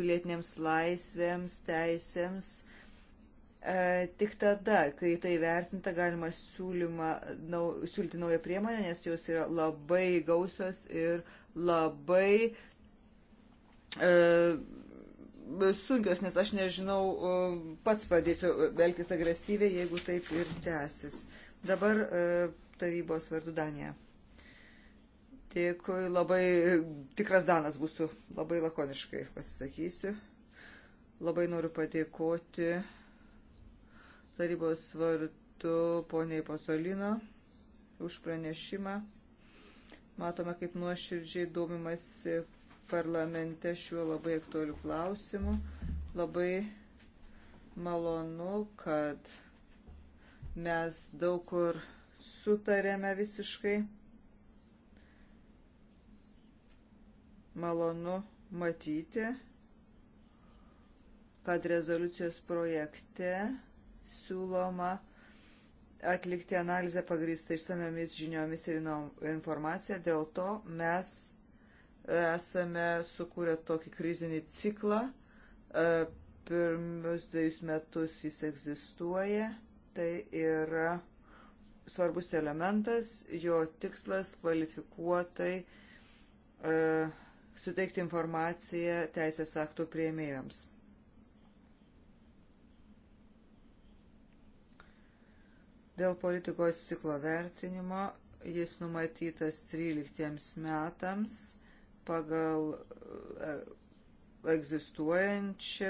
pilietinėms laisvėms, teisėms. E, tik tada, kai tai vertinta, galima siūlymą, nau, siūlyti naują priemonę, nes jos yra labai gausios ir labai e, sunkios, nes aš nežinau, pats padėsiu elgtis agresyviai, jeigu taip ir tęsis. Dabar e, tarybos vardu Danija. Dėkui, labai tikras Danas būsiu, labai lakoniškai pasisakysiu. Labai noriu padėkoti tarybos vardu poniai Pasolino už pranešimą. Matome, kaip nuoširdžiai domimasi parlamente šiuo labai aktualiu klausimu. Labai malonu, kad mes daug kur sutarėme visiškai. Malonu matyti, kad rezoliucijos projekte siūloma atlikti analizę pagrįstą išsamiomis žiniomis ir informaciją. Dėl to mes esame sukūrę tokį krizinį ciklą. E, pirmus dviejus metus jis egzistuoja. Tai yra svarbus elementas, jo tikslas kvalifikuotai e, suteikti informaciją teisės aktų prieimėjams. Dėl politikos ciklo vertinimo jis numatytas 13 metams pagal e, egzistuojantį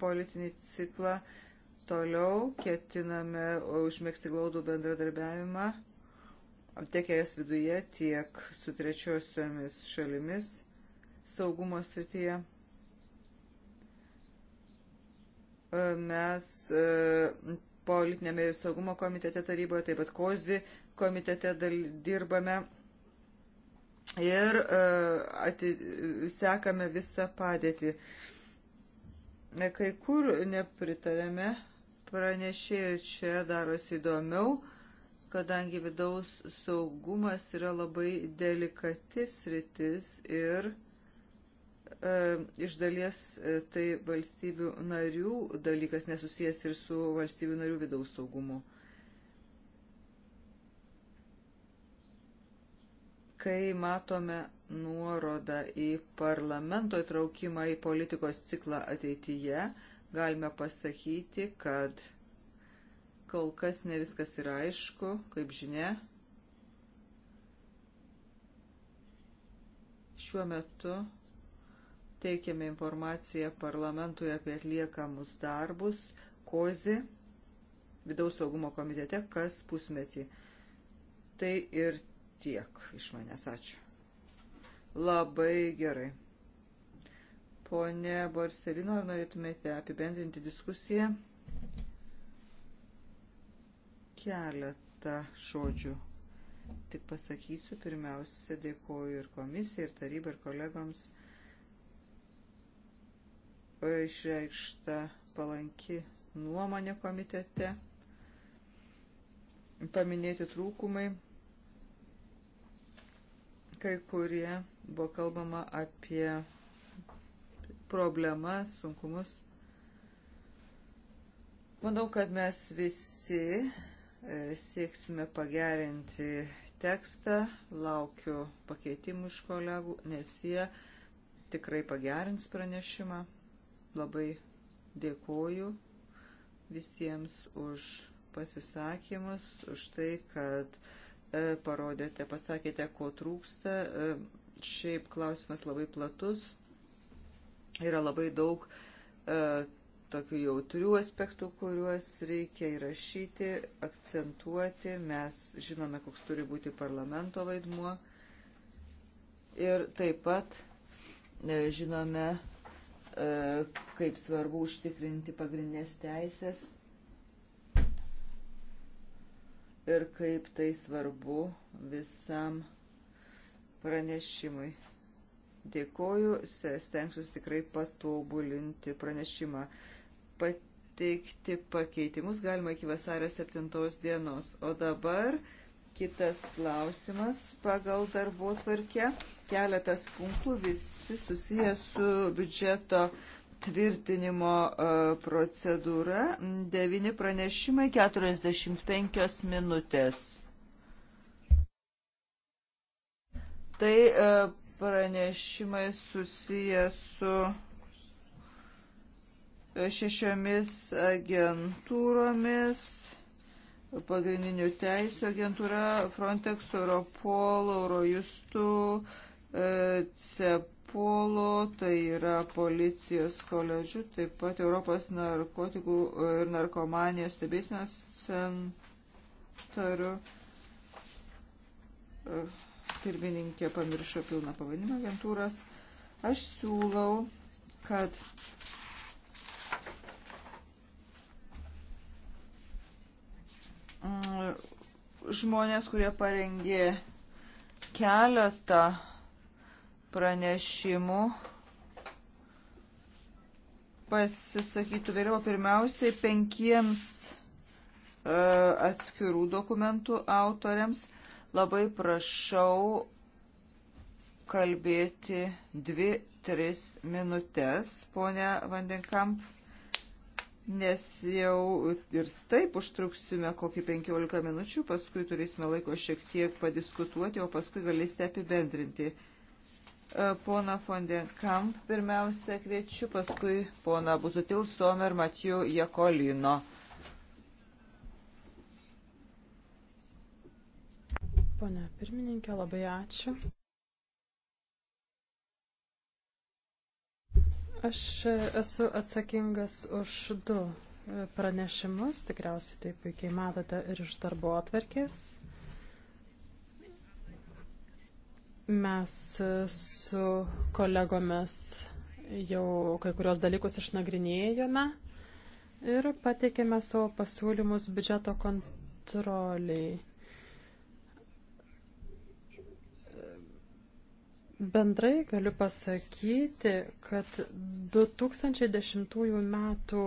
politinį ciklą. Toliau ketiname užmėgsti glaudų bendradarbiavimą tiek es viduje, tiek su trečiosiomis šalimis saugumo srityje. E, mes e, politinėme ir saugumo komitete taryboje, taip pat kozi komitete dal, dirbame ir e, ati, sekame visą padėtį. Kai kur nepritarėme pranešė ir čia darosi įdomiau, kadangi vidaus saugumas yra labai delikatis rytis ir e, iš dalies e, tai valstybių narių dalykas nesusijęs ir su valstybių narių vidaus saugumu. E, kai matome nuorodą į parlamento įtraukimą į politikos ciklą ateityje, galime pasakyti, kad kol kas ne viskas yra aišku, kaip žinia. Šiuo metu teikiame informaciją parlamentui apie atliekamus darbus kozi vidaus saugumo komitete kas pusmetį. Tai ir tiek iš manęs. Ačiū. Labai gerai. Pone Borselino, ar norėtumėte apibendrinti diskusiją? Keletą žodžių. Tik pasakysiu, pirmiausia, dėkoju ir komisijai, ir tarybai, ir kolegoms išreikšta palanki nuomonė komitete. Paminėti trūkumai kai kurie buvo kalbama apie problemas, sunkumus. Manau, kad mes visi e, sieksime pagerinti tekstą, laukiu pakeitimų iš kolegų, nes jie tikrai pagerins pranešimą. Labai dėkoju visiems už pasisakymus, už tai, kad E, parodėte, pasakėte, ko trūksta. E, šiaip klausimas labai platus. Yra labai daug e, tokių jautrių aspektų, kuriuos reikia įrašyti, akcentuoti. Mes žinome, koks turi būti parlamento vaidmuo. Ir taip pat žinome, kaip svarbu užtikrinti pagrindinės teisės ir kaip tai svarbu visam pranešimui. Dėkoju, stengsiuosi tikrai patobulinti pranešimą. Pateikti pakeitimus galima iki vasario 7 dienos. O dabar kitas klausimas pagal darbo tvarkę. Keletas punktų visi susijęs su biudžeto tvirtinimo e, procedūra. 9 pranešimai, 45 minutės. Tai e, pranešimai susiję su šešiomis agentūromis, pagrindinių teisų agentūra, Frontex, Europol, Eurojustų, e, CEP Europolo, tai yra policijos koledžių, taip pat Europos narkotikų ir narkomanijos stebėsinos centru. Pirmininkė pamiršo pilną pavadinimą agentūros. Aš siūlau, kad žmonės, kurie parengė keletą pranešimų pasisakytų vėliau pirmiausiai penkiems e, atskirų dokumentų autoriams. Labai prašau kalbėti dvi, tris minutės, ponia Vandenkamp, nes jau ir taip užtruksime kokį penkiolika minučių, paskui turėsime laiko šiek tiek padiskutuoti, o paskui galėsite apibendrinti. E, pona Fondenkamp pirmiausia kviečiu, paskui pona Buzutil Somer Matijų Jekolino. Pone pirmininkė, labai ačiū. Aš esu atsakingas už du pranešimus, tikriausiai taip puikiai matote ir iš darbo atverkės. Mes su kolegomis jau kai kurios dalykus išnagrinėjome ir pateikėme savo pasiūlymus biudžeto kontroliai. Bendrai galiu pasakyti, kad 2010 metų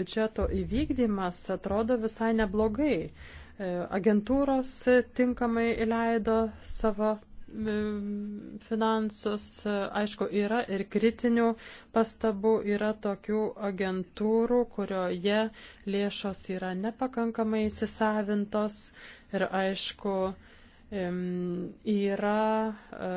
biudžeto įvykdymas atrodo visai neblogai. Agentūros tinkamai įleido savo finansus. Aišku, yra ir kritinių pastabų, yra tokių agentūrų, kurioje lėšos yra nepakankamai įsisavintos ir aišku, yra e,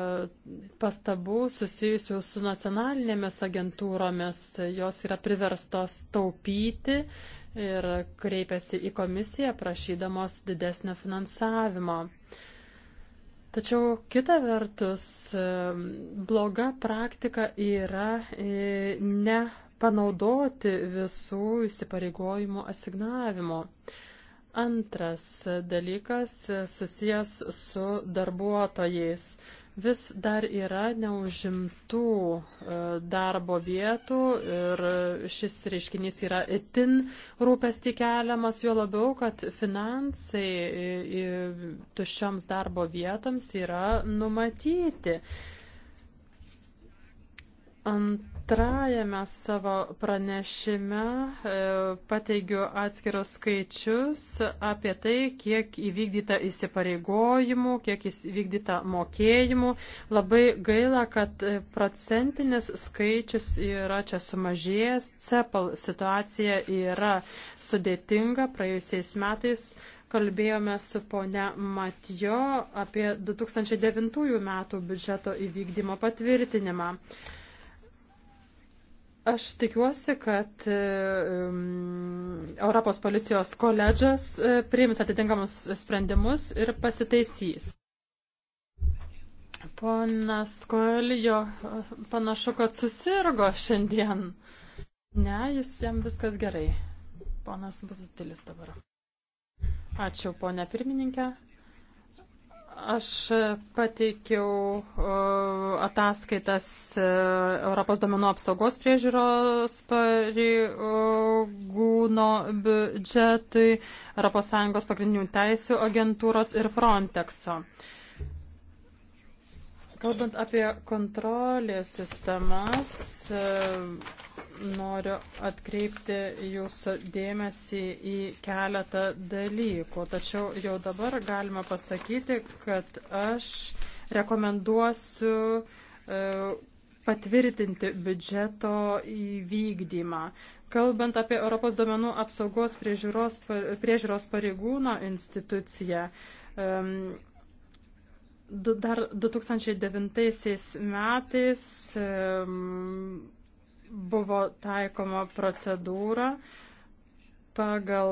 pastabų susijusių su nacionalinėmis agentūromis. Jos yra priverstos taupyti ir kreipiasi į komisiją prašydamos didesnio finansavimo. Tačiau kita vertus, bloga praktika yra e, nepanaudoti visų įsipareigojimų asignavimo. Antras dalykas e, susijęs su darbuotojais vis dar yra neužimtų e, darbo vietų ir šis reiškinys yra itin rūpestį keliamas, jo labiau, kad finansai e, e, tuščioms darbo vietoms yra numatyti. Ant Antrajame savo pranešime e, pateigiu atskirus skaičius apie tai, kiek įvykdyta įsipareigojimų, kiek įvykdyta mokėjimų. Labai gaila, kad e, procentinis skaičius yra čia sumažėjęs. CEPAL situacija yra sudėtinga. Praėjusiais metais kalbėjome su ponia Matijo apie 2009 metų biudžeto įvykdymo patvirtinimą. Aš tikiuosi, kad e, Europos policijos koledžas e, priims atitinkamus sprendimus ir pasitaisys. Ponas Koelijo e, panašu, kad susirgo šiandien. Ne, jis jam viskas gerai. Ponas Buzutilis dabar. Ačiū, ponė pirmininkė. Aš pateikiau ataskaitas e, Europos domenų apsaugos priežiūros pareigūno biudžetui, ES pagrindinių teisų agentūros ir Frontexo. Kalbant apie kontrolės sistemas, e, noriu atkreipti jūsų dėmesį į keletą dalykų, tačiau jau dabar galima pasakyti, kad aš rekomenduosiu e, patvirtinti biudžeto įvykdymą. Kalbant apie Europos duomenų apsaugos priežiūros, priežiūros pareigūno instituciją, dar 2009 metais buvo taikoma procedūra, pagal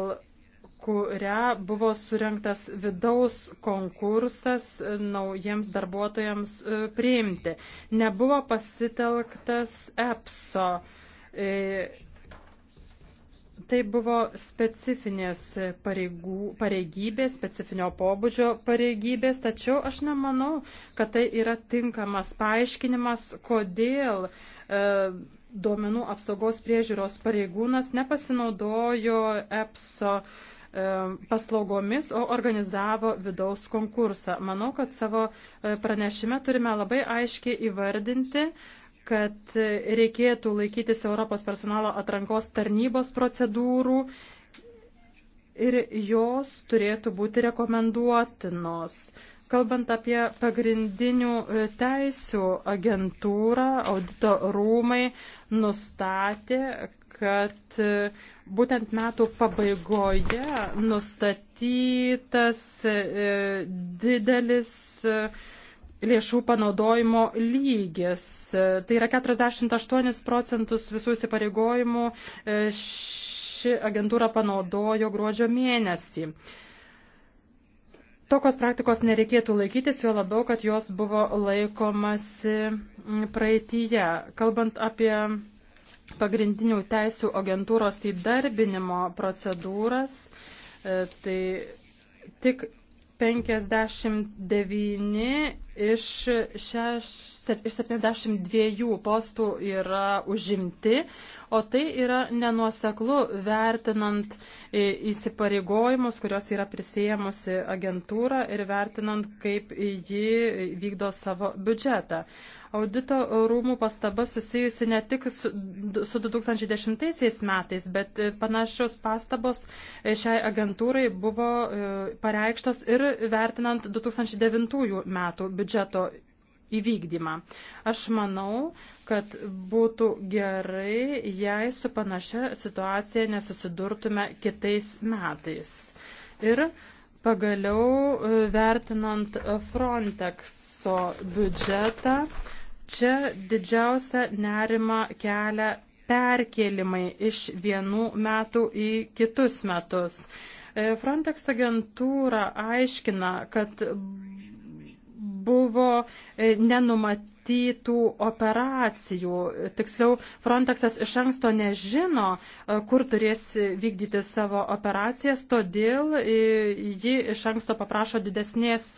kurią buvo surinktas vidaus konkursas naujiems darbuotojams e, priimti. Nebuvo pasitelktas EPSO. E, tai buvo specifinės pareigų, pareigybės, specifinio pobūdžio pareigybės, tačiau aš nemanau, kad tai yra tinkamas paaiškinimas, kodėl uh, E, duomenų apsaugos priežiūros pareigūnas nepasinaudojo EPSO e, paslaugomis, o organizavo vidaus konkursą. Manau, kad savo e, pranešime turime labai aiškiai įvardinti, kad reikėtų laikytis Europos personalo atrankos tarnybos procedūrų ir jos turėtų būti rekomenduotinos. Kalbant apie pagrindinių e, teisių agentūrą, audito rūmai nustatė, kad e, būtent metų pabaigoje nustatytas e, didelis lėšų panaudojimo lygis. Tai yra 48 procentus visų įsipareigojimų ši agentūra panaudojo gruodžio mėnesį. Tokios praktikos nereikėtų laikytis, jo labiau, kad jos buvo laikomasi praeitįje. Kalbant apie pagrindinių teisų agentūros įdarbinimo procedūras, e, tai tik 59 iš, šeš, iš 72 postų yra užimti, o tai yra nenuoseklu vertinant įsipareigojimus, kurios yra prisėjamusi agentūra ir vertinant, kaip ji vykdo savo biudžetą. Audito rūmų pastaba susijusi ne tik su, su 2010 metais, bet panašios pastabos šiai agentūrai buvo e, pareikštos ir vertinant 2009 metų biudžeto įvykdymą. Aš manau, kad būtų gerai, jei su panašia situacija nesusidurtume kitais metais. Ir pagaliau e, vertinant Frontexo biudžetą, čia didžiausia nerima kelia perkelimai iš vienų metų į kitus metus. E, Frontex agentūra aiškina, kad buvo e, nenumatytų operacijų. Tiksliau, Frontexas iš anksto nežino, e, kur turės vykdyti savo operacijas, todėl e, ji iš anksto paprašo didesnės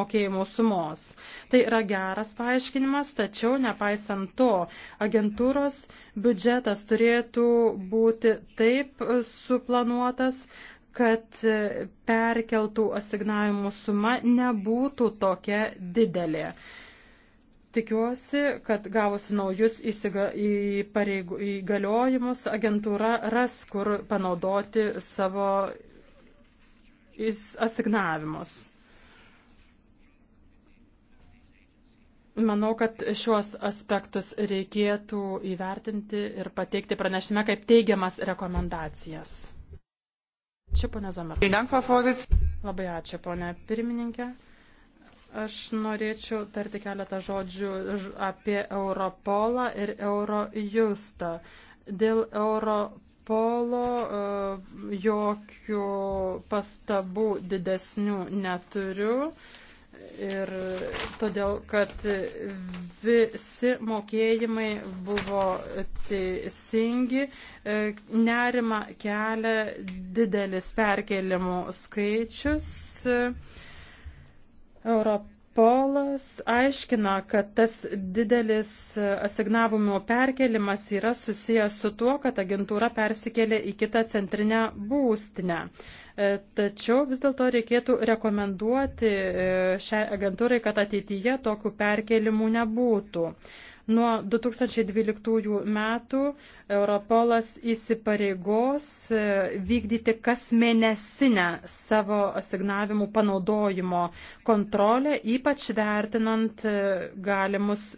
mokėjimo sumos. Tai yra geras paaiškinimas, tačiau nepaisant to, agentūros biudžetas turėtų būti taip suplanuotas, kad perkeltų asignavimų suma nebūtų tokia didelė. Tikiuosi, kad gavusi naujus įgaliojimus agentūra ras, kur panaudoti savo asignavimus. Manau, kad šiuos aspektus reikėtų įvertinti ir pateikti pranešime kaip teigiamas rekomendacijas. Čia ponė Zamer. Labai ačiū, ponė pirmininkė. Aš norėčiau tarti keletą žodžių apie Europolą ir Eurojustą. Dėl Europolo e, jokių pastabų didesnių neturiu ir todėl, kad visi mokėjimai buvo teisingi, e, nerima kelia didelis perkelimų skaičius. E, Europolas aiškina, kad tas didelis asignavimo perkelimas yra susijęs su tuo, kad agentūra persikėlė į kitą centrinę būstinę. E, tačiau vis dėlto reikėtų rekomenduoti e, šiai agentūrai, kad ateityje tokių perkelimų nebūtų. Nuo 2012 metų Europolas įsipareigos e, vykdyti kasmėnesinę savo asignavimų panaudojimo kontrolę, ypač vertinant galimus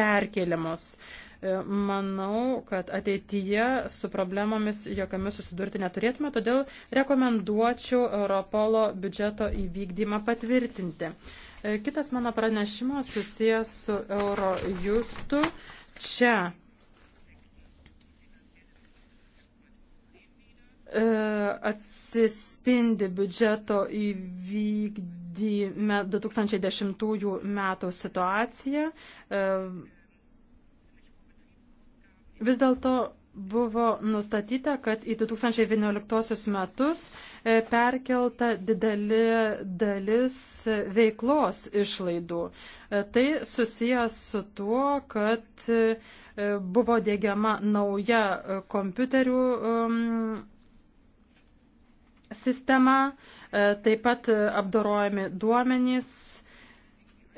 perkelimus. E, manau, kad ateityje su problemomis jokiamis susidurti neturėtume, todėl rekomenduočiau Europolo biudžeto įvykdymą patvirtinti. E, kitas mano pranešimas susijęs su Eurojustu. Čia e, atsispindi biudžeto įvykdyme 2010 metų situacija. Vis dėlto buvo nustatyta, kad į 2011 metus e, perkelta didelė dalis veiklos išlaidų. E, tai susijęs su tuo, kad e, buvo dėgiama nauja kompiuterių um, sistema, taip pat apdorojami duomenys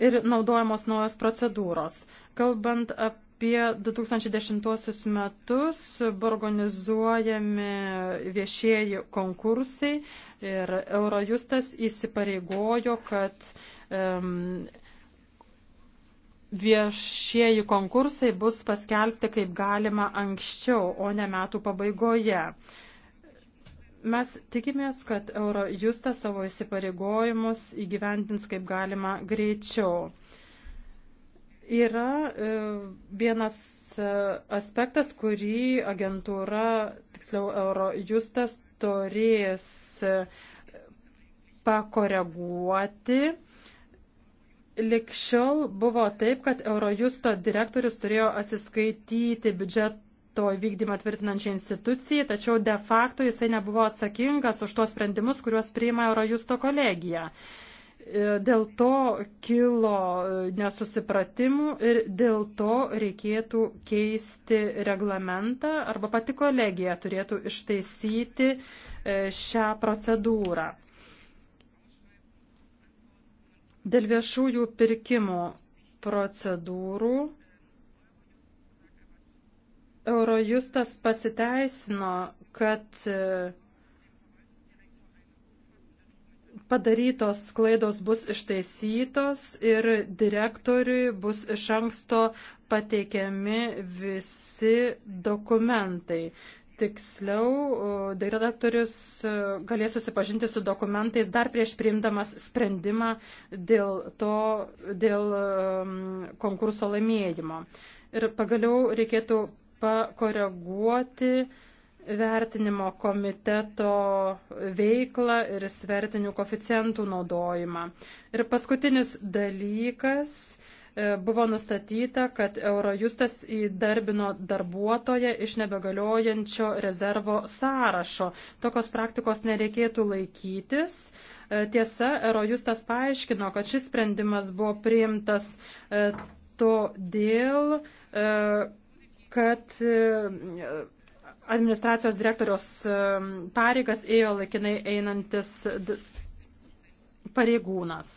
ir naudojamos naujos procedūros. Kalbant apie apie 2010 metus buvo organizuojami viešieji konkursai ir Eurojustas įsipareigojo, kad um, viešieji konkursai bus paskelbti kaip galima anksčiau, o ne metų pabaigoje. Mes tikimės, kad Eurojustas savo įsipareigojimus įgyvendins kaip galima greičiau. Yra e, vienas e, aspektas, kurį agentūra, tiksliau Eurojustas, turės e, pakoreguoti. Likščiol buvo taip, kad Eurojusto direktorius turėjo atsiskaityti biudžeto vykdymą tvirtinančią instituciją, tačiau de facto jisai nebuvo atsakingas už tuos sprendimus, kuriuos priima Eurojusto kolegija. Uh, E, dėl to kilo e, nesusipratimų ir dėl to reikėtų keisti reglamentą arba pati kolegija turėtų ištaisyti e, šią procedūrą. Dėl viešųjų pirkimų procedūrų Eurojustas pasiteisino, kad padarytos klaidos bus ištaisytos ir direktoriui bus iš anksto pateikiami visi dokumentai. Tiksliau, direktorius e, galės susipažinti su dokumentais dar prieš priimdamas sprendimą dėl, to, dėl konkurso laimėjimo. Ir pagaliau reikėtų pakoreguoti uh, vertinimo komiteto veiklą ir svertinių koficientų naudojimą. Ir paskutinis dalykas e, buvo nustatyta, kad Eurojustas įdarbino darbuotoją iš nebegaliojančio rezervo sąrašo. Tokios praktikos nereikėtų laikytis. E, tiesa, Eurojustas paaiškino, kad šis sprendimas buvo priimtas e, todėl, kad administracijos direktoriaus pareigas ėjo laikinai einantis pareigūnas.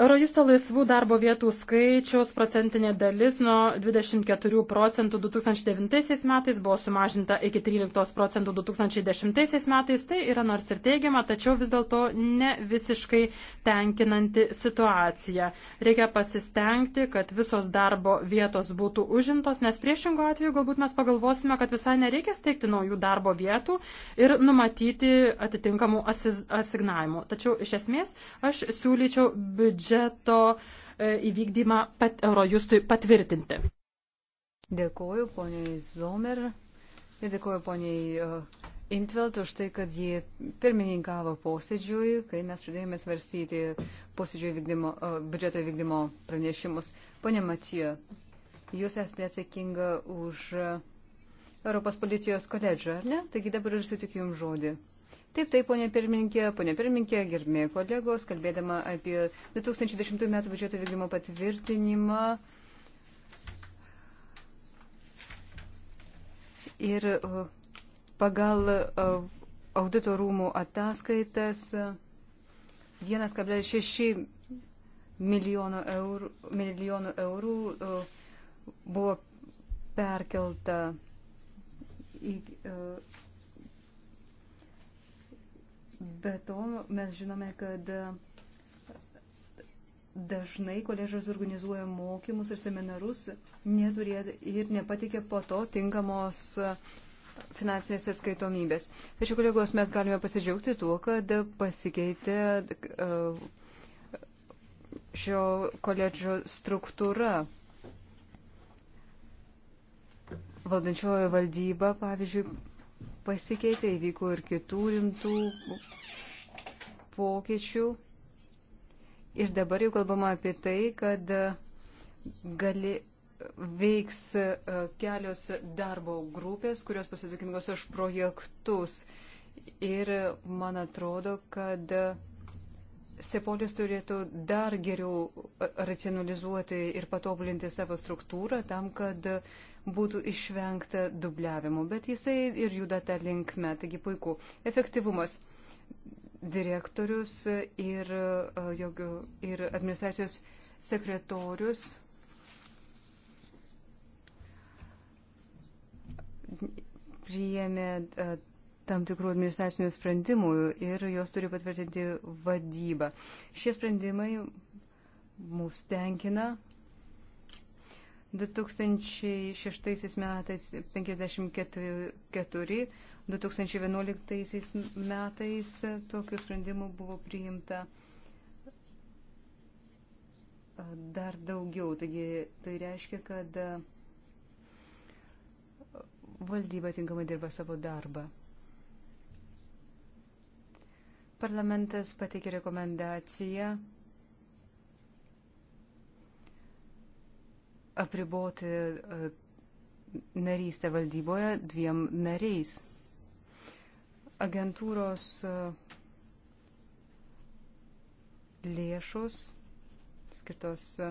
Eurojusto laisvų darbo vietų skaičiaus procentinė dalis nuo 24 procentų 2009 metais buvo sumažinta iki 13 procentų 2010 metais. Tai yra nors ir teigiama, tačiau vis dėlto ne visiškai tenkinanti situacija. Reikia pasistengti, kad visos darbo vietos būtų užimtos, nes priešingo atveju galbūt mes pagalvosime, kad visai nereikia steigti naujų darbo vietų ir numatyti atitinkamų asignavimų. Tačiau iš esmės aš siūlyčiau biudžetą biudžeto e, įvykdymą pat Eurojustui patvirtinti. Dėkuoju poniai Zomer ir dėkuoju poniai e, Intvelt už tai, kad ji pirmininkavo posėdžiui, kai mes pradėjome svarstyti posėdžio vykdymo, e, biudžeto vykdymo pranešimus. Pone Matijo, jūs esate atsakinga už Europos policijos koledžą, ar ne? Taigi dabar ir sutikiu jums žodį. Taip, taip, ponė pirmininkė, ponė pirmininkė, gerbėjai kolegos, kalbėdama apie 2010 m. biudžeto vykdymo patvirtinimą. Ir uh, pagal uh, audito rūmų ataskaitas 1,6 milijonų eurų, milijonų eurų uh, buvo perkelta į, Be to, mes žinome, kad dažnai koledžas organizuoja mokymus ir seminarus neturė, ir nepatikė po to tinkamos finansinės atskaitomybės. Tačiau, kolegos, mes galime pasidžiaugti tuo, kad pasikeitė e, šio koledžo struktūra. Valdančiojo valdyba, pavyzdžiui, pasikeitė, įvyko ir kitų rimtų pokyčių. Ir dabar jau kalbama apie tai, kad gali, veiks e, kelios darbo grupės, kurios pasisakingos už projektus. Ir man atrodo, kad Sepolis turėtų dar geriau e, racionalizuoti ir patobulinti savo struktūrą tam, kad būtų išvengta dubliavimo, bet jisai ir juda tą linkmę, taigi puiku. Efektyvumas. Direktorius ir, e, ir administracijos sekretorius priėmė e, tam tikrų administracinių sprendimų ir jos turi patvirtinti vadybą. Šie sprendimai mūsų tenkina, 2006 metais 54, 2011 metais tokių sprendimų buvo priimta dar daugiau. Taigi tai reiškia, kad valdyba tinkamai dirba savo darbą. Parlamentas pateikė rekomendaciją apriboti e, narystę valdyboje dviem nariais. Agentūros e, lėšos skirtos e,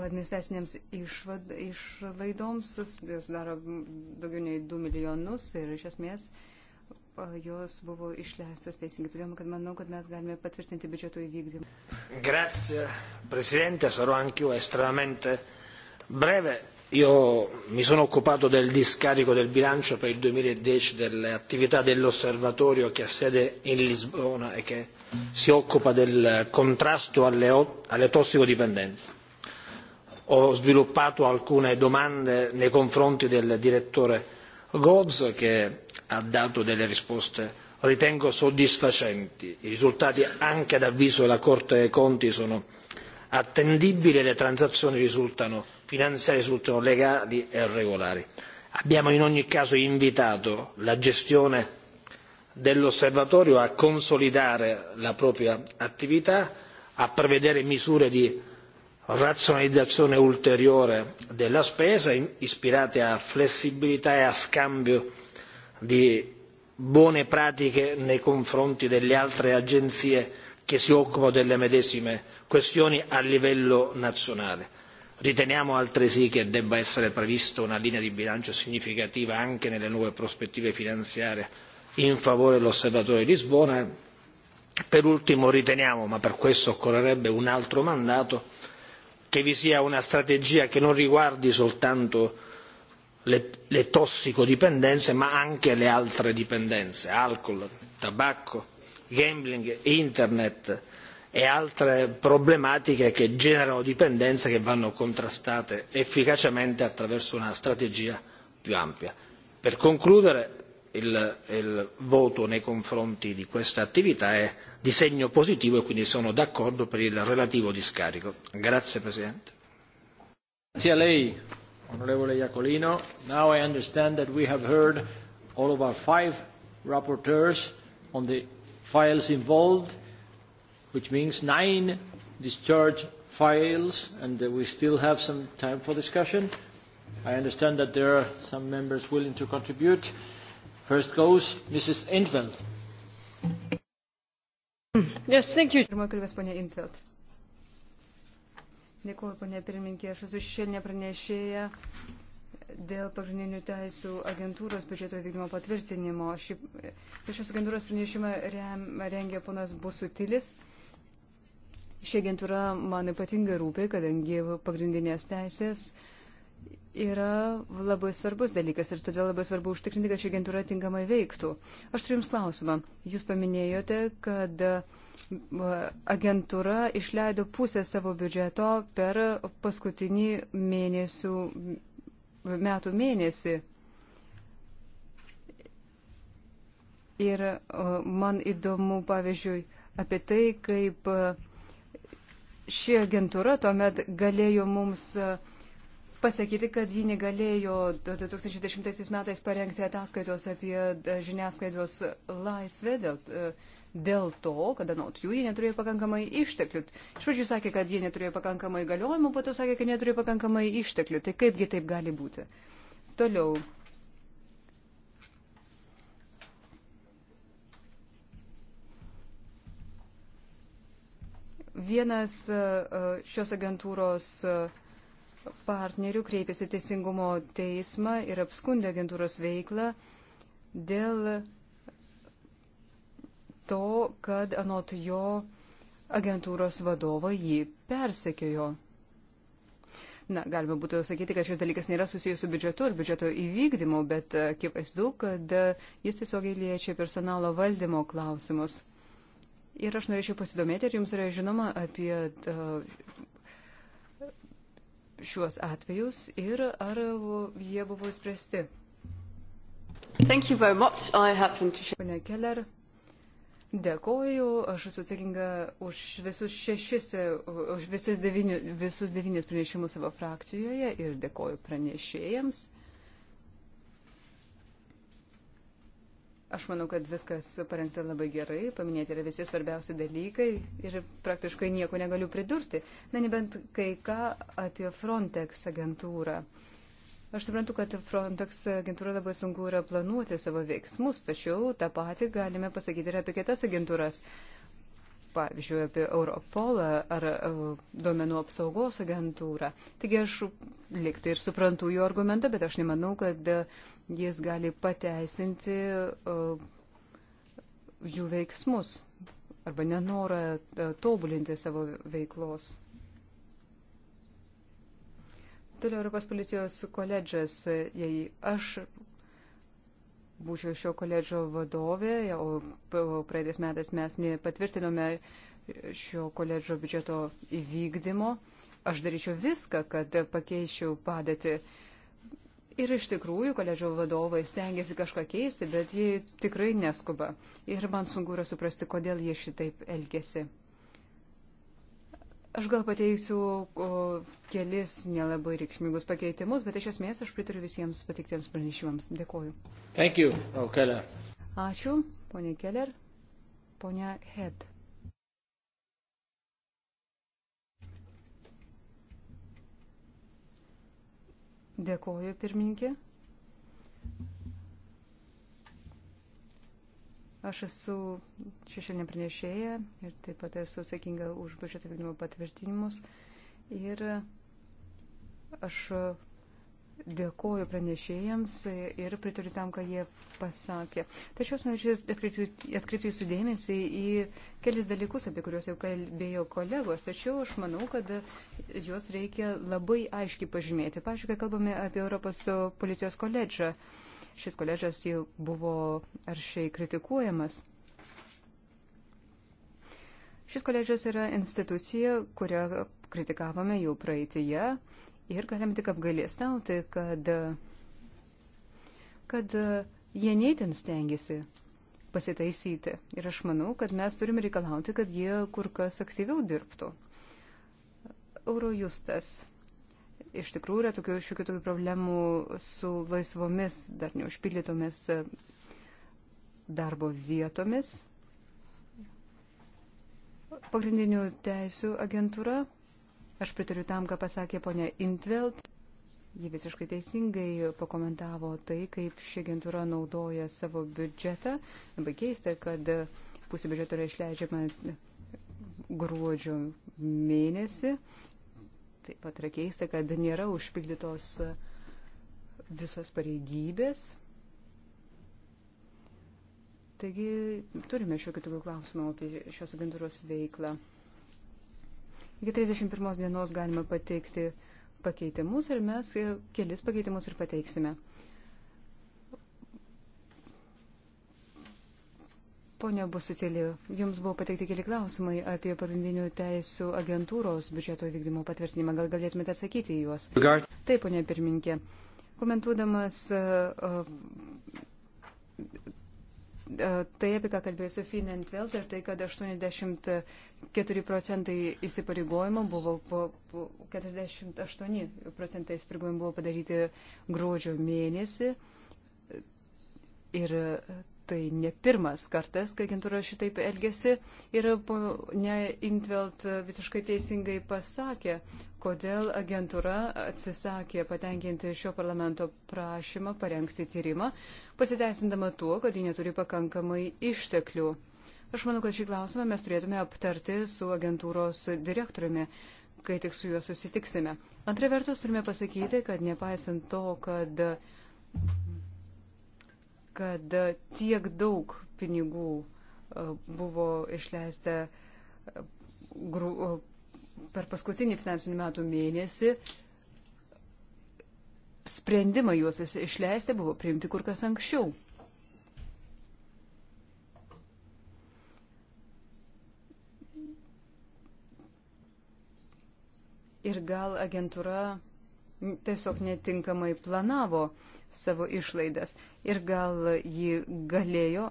administracinėms išlaidoms, jos daro daugiau nei 2 milijonus ir iš esmės uh, jos buvo išleistos teisingai. Todėl, kad manau, kad mes galime patvirtinti biudžeto įvykdymą. Grazie, prezidente, sarò anch'io estremamente breve. Io mi sono occupato del discarico del bilancio per il 2010 delle attività dell'osservatorio che ha sede in Lisbona e che si occupa del contrasto alle, alle tossicodipendenze. Ho sviluppato alcune domande nei confronti del direttore Goz che ha dato delle risposte ritengo soddisfacenti. I risultati anche ad avviso della Corte dei Conti sono attendibili e le transazioni risultano finanziarie risultano legali e regolari. Abbiamo in ogni caso invitato la gestione dell'osservatorio a consolidare la propria attività, a prevedere misure di razionalizzazione ulteriore della spesa ispirate a flessibilità e a scambio di buone pratiche nei confronti delle altre agenzie che si occupano delle medesime questioni a livello nazionale. Riteniamo altresì che debba essere prevista una linea di bilancio significativa anche nelle nuove prospettive finanziarie in favore dell'Osservatorio di Lisbona. Per ultimo riteniamo, ma per questo occorrerebbe un altro mandato, che vi sia una strategia che non riguardi soltanto le, le tossicodipendenze ma anche le altre dipendenze, alcol, tabacco, gambling, internet e altre problematiche che generano dipendenze che vanno contrastate efficacemente attraverso una strategia più ampia. Per concludere il, il voto nei confronti di questa attività è di segno positivo e quindi sono d'accordo per il relativo discarico. Grazie Presidente. Grazie a lei, onorevole Iacolino. Now I understand that we have heard all of our five rapporteurs on the files involved, which means nine discharge files, and we still have some time for discussion. I understand that there are some members willing to contribute. First goes Mrs. Enfeld. Yes, thank you. Pirmoji kalbės ponė Intelt. Dėkuoju, ponė pirmininkė. Aš esu šešėlinė pranešėja dėl pagrindinių teisų agentūros biudžeto vykdymo patvirtinimo. Ši, šios agentūros pranešimą rem, rengė ponas Busutilis. Ši agentūra man ypatingai rūpi, kadangi pagrindinės teisės uh, yra labai svarbus dalykas ir todėl labai svarbu užtikrinti, kad ši agentūra tinkamai veiktų. Aš turiu Jums klausimą. Jūs paminėjote, kad agentūra išleido pusę savo biudžeto per paskutinį mėnesių, metų mėnesį. Ir man įdomu, pavyzdžiui, apie tai, kaip ši agentūra tuomet galėjo mums uh, pasakyti, kad ji negalėjo 2010 metais parengti ataskaitos apie e, žiniasklaidos laisvę dėl, e, dėl to, kad anot jų ji neturėjo pakankamai išteklių. Iš pradžių sakė, kad ji neturėjo pakankamai galiojimų, po to sakė, kad neturėjo pakankamai išteklių. Tai kaipgi taip gali būti? Toliau. Vienas e, šios agentūros uh, partnerių kreipėsi teisingumo teismą ir apskundė agentūros veiklą dėl to, kad anot jo agentūros vadovą jį persekiojo. Na, galima būtų sakyti, kad šis dalykas nėra susijęs su biudžetu ir biudžeto įvykdymu, bet akivaizdu, kad jis tiesiog liečia personalo valdymo klausimus. Ir aš norėčiau pasidomėti, ar jums yra žinoma apie šiuos atvejus ir ar jie buvo spręsti. To... Pane Keller, dėkoju, aš esu atsakinga už visus šešis, už visus, devyni, visus devynis pranešimus savo frakcijoje ir dėkoju pranešėjams. Aš manau, kad viskas parengta labai gerai, paminėti yra visi svarbiausi dalykai ir praktiškai nieko negaliu pridurti. Na, nebent kai ką apie Frontex agentūrą. Aš suprantu, kad Frontex agentūra labai sunku yra planuoti savo veiksmus, tačiau tą patį galime pasakyti ir apie kitas agentūras. Pavyzdžiui, apie Europolą ar e, duomenų apsaugos agentūrą. Taigi aš liktai ir suprantu jų argumentą, bet aš nemanau, kad jis gali pateisinti e, jų veiksmus arba nenorą e, tobulinti savo veiklos. Toliau Europos policijos koledžas, e, jei aš būčiau šio koledžo vadovė, o praeitais metais mes nepatvirtinome šio koledžo biudžeto įvykdymo, aš daryčiau viską, kad pakeičiau padėtį. Uh, Ir iš tikrųjų, koledžio vadovai stengiasi kažką keisti, bet jie tikrai neskuba. Ir man sunku yra suprasti, kodėl jie šitaip elgesi. Aš gal pateiksiu o, kelis nelabai reikšmingus pakeitimus, bet iš esmės aš pritariu visiems patiktiems pranešimams. Dėkoju. Thank you, oh, Keller. Ačiū, ponė Keller. Ponė Head. Dėkoju, pirmininkė. Aš esu šešėlinė pranešėja ir taip pat esu atsakinga už biudžeto vykdymo patvirtinimus. Ir aš dėkoju pranešėjams ir pritariu tam, ką jie pasakė. Tačiau aš norėčiau atkreipti jūsų dėmesį į kelis dalykus, apie kuriuos jau kalbėjo kolegos, tačiau aš manau, kad juos reikia labai aiškiai pažymėti. Pavyzdžiui, kai kalbame apie Europos policijos koledžą, šis koledžas jau buvo aršiai kritikuojamas. Šis koledžas yra institucija, kurią kritikavome jau praeitįje Ir galim tik apgailėstauti, kad, kad jie neįtin stengiasi pasitaisyti. Ir aš manau, kad mes turime reikalauti, kad jie kur kas aktyviau dirbtų. Eurojustas. Iš tikrųjų yra tokių šiokių tokių problemų su laisvomis, dar neužpildytomis darbo vietomis. Pagrindinių teisų agentūra Aš pritariu tam, ką pasakė ponia Intveld. Ji visiškai teisingai pakomentavo tai, kaip ši agentūra naudoja savo biudžetą. Labai keista, kad pusė biudžeto yra išleidžiama gruodžio mėnesį. Taip pat yra keista, kad nėra užpildytos visos pareigybės. Taigi turime šiokių tokių klausimų apie šios agentūros veiklą. Iki 31 dienos galima pateikti pakeitimus ir mes kelis pakeitimus ir pateiksime. Pone Busutėlį, jums buvo pateikti keli klausimai apie pagrindinių teisų agentūros biudžeto vykdymo patvirtinimą. Gal galėtumėte atsakyti į juos? Taip, ponė pirminkė. Komentuodamas uh, tai, apie ką kalbėjau su Finantvelt, ir tai, kad 84 procentai įsipareigojimų buvo, 48 procentai įsipareigojimų buvo padaryti gruodžio mėnesį. Ir tai ne pirmas kartas, kai agentūra šitaip elgesi. Ir ne Intvelt visiškai teisingai pasakė, kodėl agentūra atsisakė patenkinti šio parlamento prašymą parengti tyrimą, pasiteisindama tuo, kad ji neturi pakankamai išteklių. Aš manau, kad šį klausimą mes turėtume aptarti su agentūros direktoriumi, kai tik su juo susitiksime. Antra vertus, turime pasakyti, kad nepaisant to, kad kad e, tiek daug pinigų e, buvo išleista e, per paskutinį finansinių metų mėnesį. Sprendimą juos išleisti buvo priimti kur kas anksčiau. Ir gal agentūra tiesiog netinkamai planavo savo išlaidas ir gal ji galėjo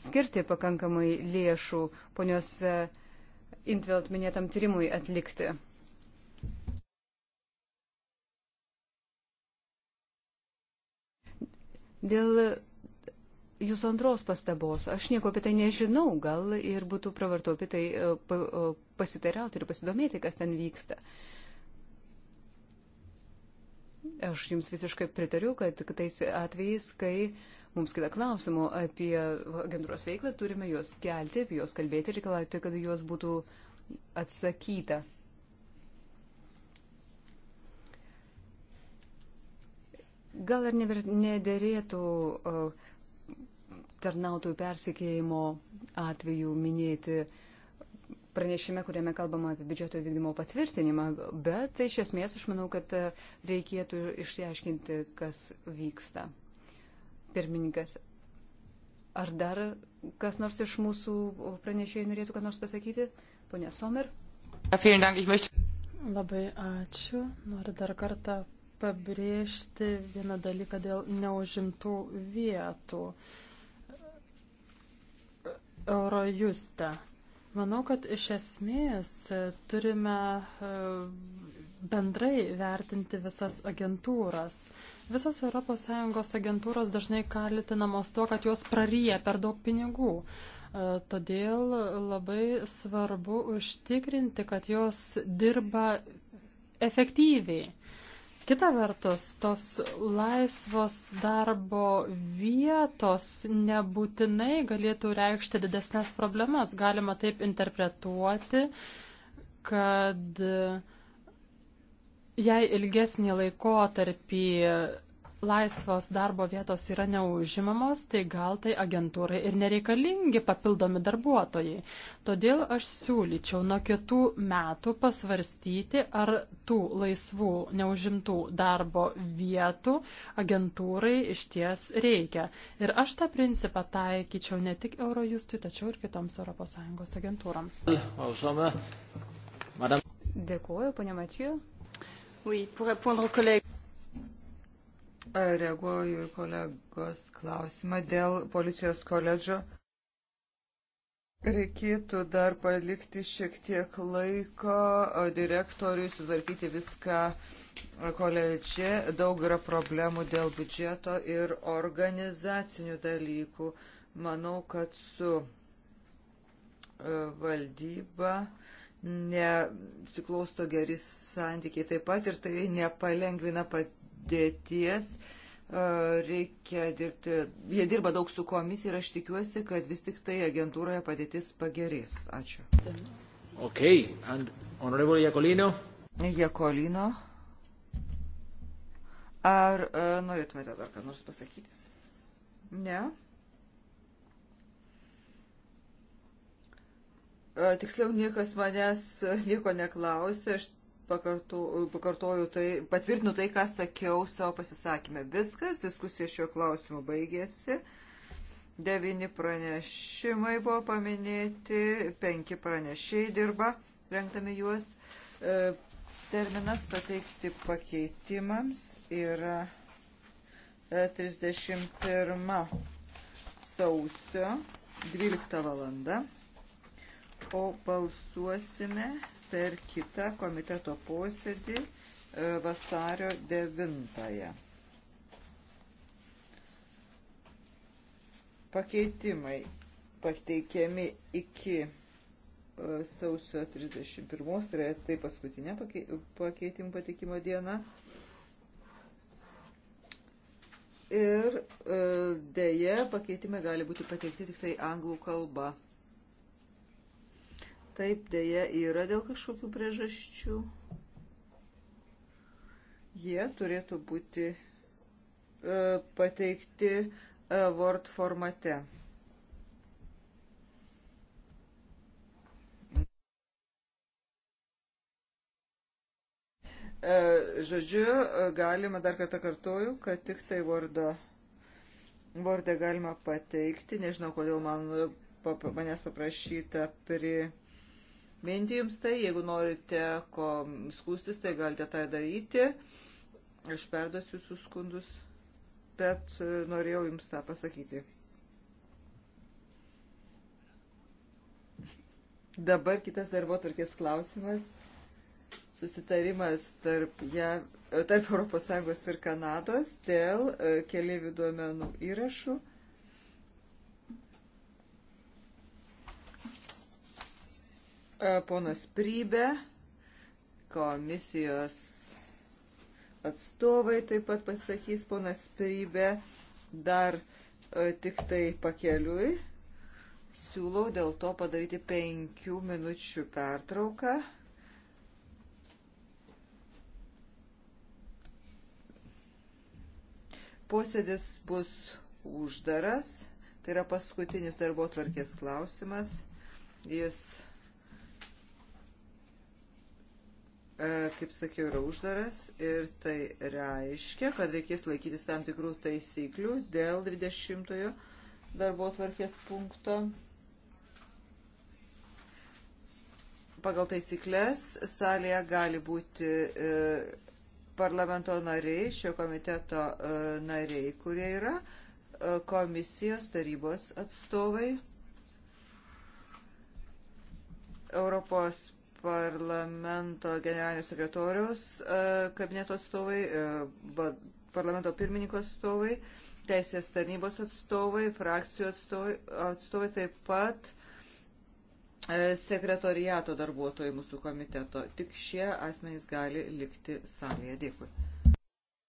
skirti pakankamai lėšų ponios e, Intvelt minėtam tyrimui atlikti. Dėl jūsų antros pastabos, aš nieko apie tai nežinau, gal ir būtų pravartu apie tai e, e, pasitariauti ir pasidomėti, kas ten vyksta. Uh, Aš jums visiškai pritariu, kad tais atvejais, kai mums kila klausimų apie agentūros veiklą, turime juos kelti, apie juos kalbėti ir reikalauti, kad juos būtų atsakyta. Gal ir nederėtų uh, tarnautojų persikėjimo atveju minėti uh, pranešime, kuriame kalbama apie biudžeto vykdymo patvirtinimą, bet iš esmės aš manau, kad reikėtų išsiaiškinti, kas vyksta. Pirmininkas, ar dar kas nors iš mūsų pranešėjų norėtų ką nors pasakyti? Pone Somer. Labai ačiū. Noriu dar kartą pabrėžti vieną dalyką dėl neužimtų vietų. Eurojuste Manau, kad iš esmės e, turime e, bendrai vertinti visas agentūras. Visos ES agentūros dažnai kalitinamos tuo, kad jos praryja per daug pinigų. E, todėl labai svarbu užtikrinti, kad jos dirba efektyviai. Kita vertus, tos laisvos darbo vietos nebūtinai galėtų reikšti didesnės problemas. Galima taip interpretuoti, kad jei ilgesnį laikotarpį laisvos darbo vietos yra neužimamos, tai gal tai agentūrai ir nereikalingi papildomi darbuotojai. Todėl aš siūlyčiau nuo kitų metų pasvarstyti, ar tų laisvų neužimtų darbo vietų agentūrai iš ties reikia. Ir aš tą principą taikyčiau ne tik Eurojustui, tačiau ir kitoms ES agentūroms. Dėkuoju, ponia Matiju. Oui, pour répondre aux collègues. Reaguoju į kolegos klausimą dėl policijos koledžo. Reikėtų dar palikti šiek tiek laiko direktoriui sutvarkyti viską koledže. Daug yra problemų dėl biudžeto ir organizacinių dalykų. Manau, kad su e, valdyba nesiklausto geri santykiai taip pat ir tai nepalengvina pat sudėties. Reikia dirbti, jie dirba daug su komisija ir aš tikiuosi, kad vis tik tai agentūroje padėtis pagerės. Ačiū. Ok, and honorable Jakolino. Jakolino. Ar e, norėtumėte dar ką nors pasakyti? Ne. E, tiksliau, niekas manęs nieko neklausė, aš pakarto, pakartoju tai, patvirtinu tai, ką sakiau savo pasisakymę. Viskas, diskusija šiuo klausimu baigėsi. Devini pranešimai buvo paminėti, penki pranešiai dirba, renkdami juos. E, terminas pateikti pakeitimams yra 31 e, sausio 12 valanda, o balsuosime per kitą komiteto posėdį e, vasario 9. Pakeitimai pateikiami iki e, sausio 31, tai yra tai paskutinė pakeitimų pateikimo diena. Ir dėje pakeitimai gali būti pateikti tik tai anglų kalba. Taip dėja yra dėl kažkokių priežasčių. Jie turėtų būti e, pateikti e, Word formate. E, žodžiu, e, galima dar kartą kartuoju, kad tik tai vardą, vardą galima pateikti. Nežinau, kodėl man, manęs paprašyta pri priminti jums tai. Jeigu norite ko skūstis, tai galite tai daryti. Aš perdosiu jūsų skundus, bet e, norėjau jums tą pasakyti. Dabar kitas darbo turkės klausimas. Susitarimas tarp, ja, e, tarp ES ir Kanados dėl e, keliaivių duomenų įrašų. E, ponas Prybė, komisijos atstovai taip pat pasakys, ponas Prybė dar e, tik tai pakeliui. Siūlau dėl to padaryti penkių minučių pertrauką. Posėdis bus uždaras, tai yra paskutinis darbo tvarkės klausimas. Jis E, kaip sakiau, yra uždaras ir tai reiškia, kad reikės laikytis tam tikrų taisyklių dėl 20 darbo tvarkės punkto. Pagal taisyklės salėje gali būti e, parlamento nariai, šio komiteto e, nariai, kurie yra komisijos tarybos atstovai, Europos parlamento generalinio sekretoriaus e, kabineto atstovai, e, parlamento pirmininko atstovai, teisės tarnybos atstovai, frakcijų atstovai, atstovai taip pat e, sekretoriato darbuotojai mūsų komiteto. Tik šie asmenys gali likti salėje. Dėkui.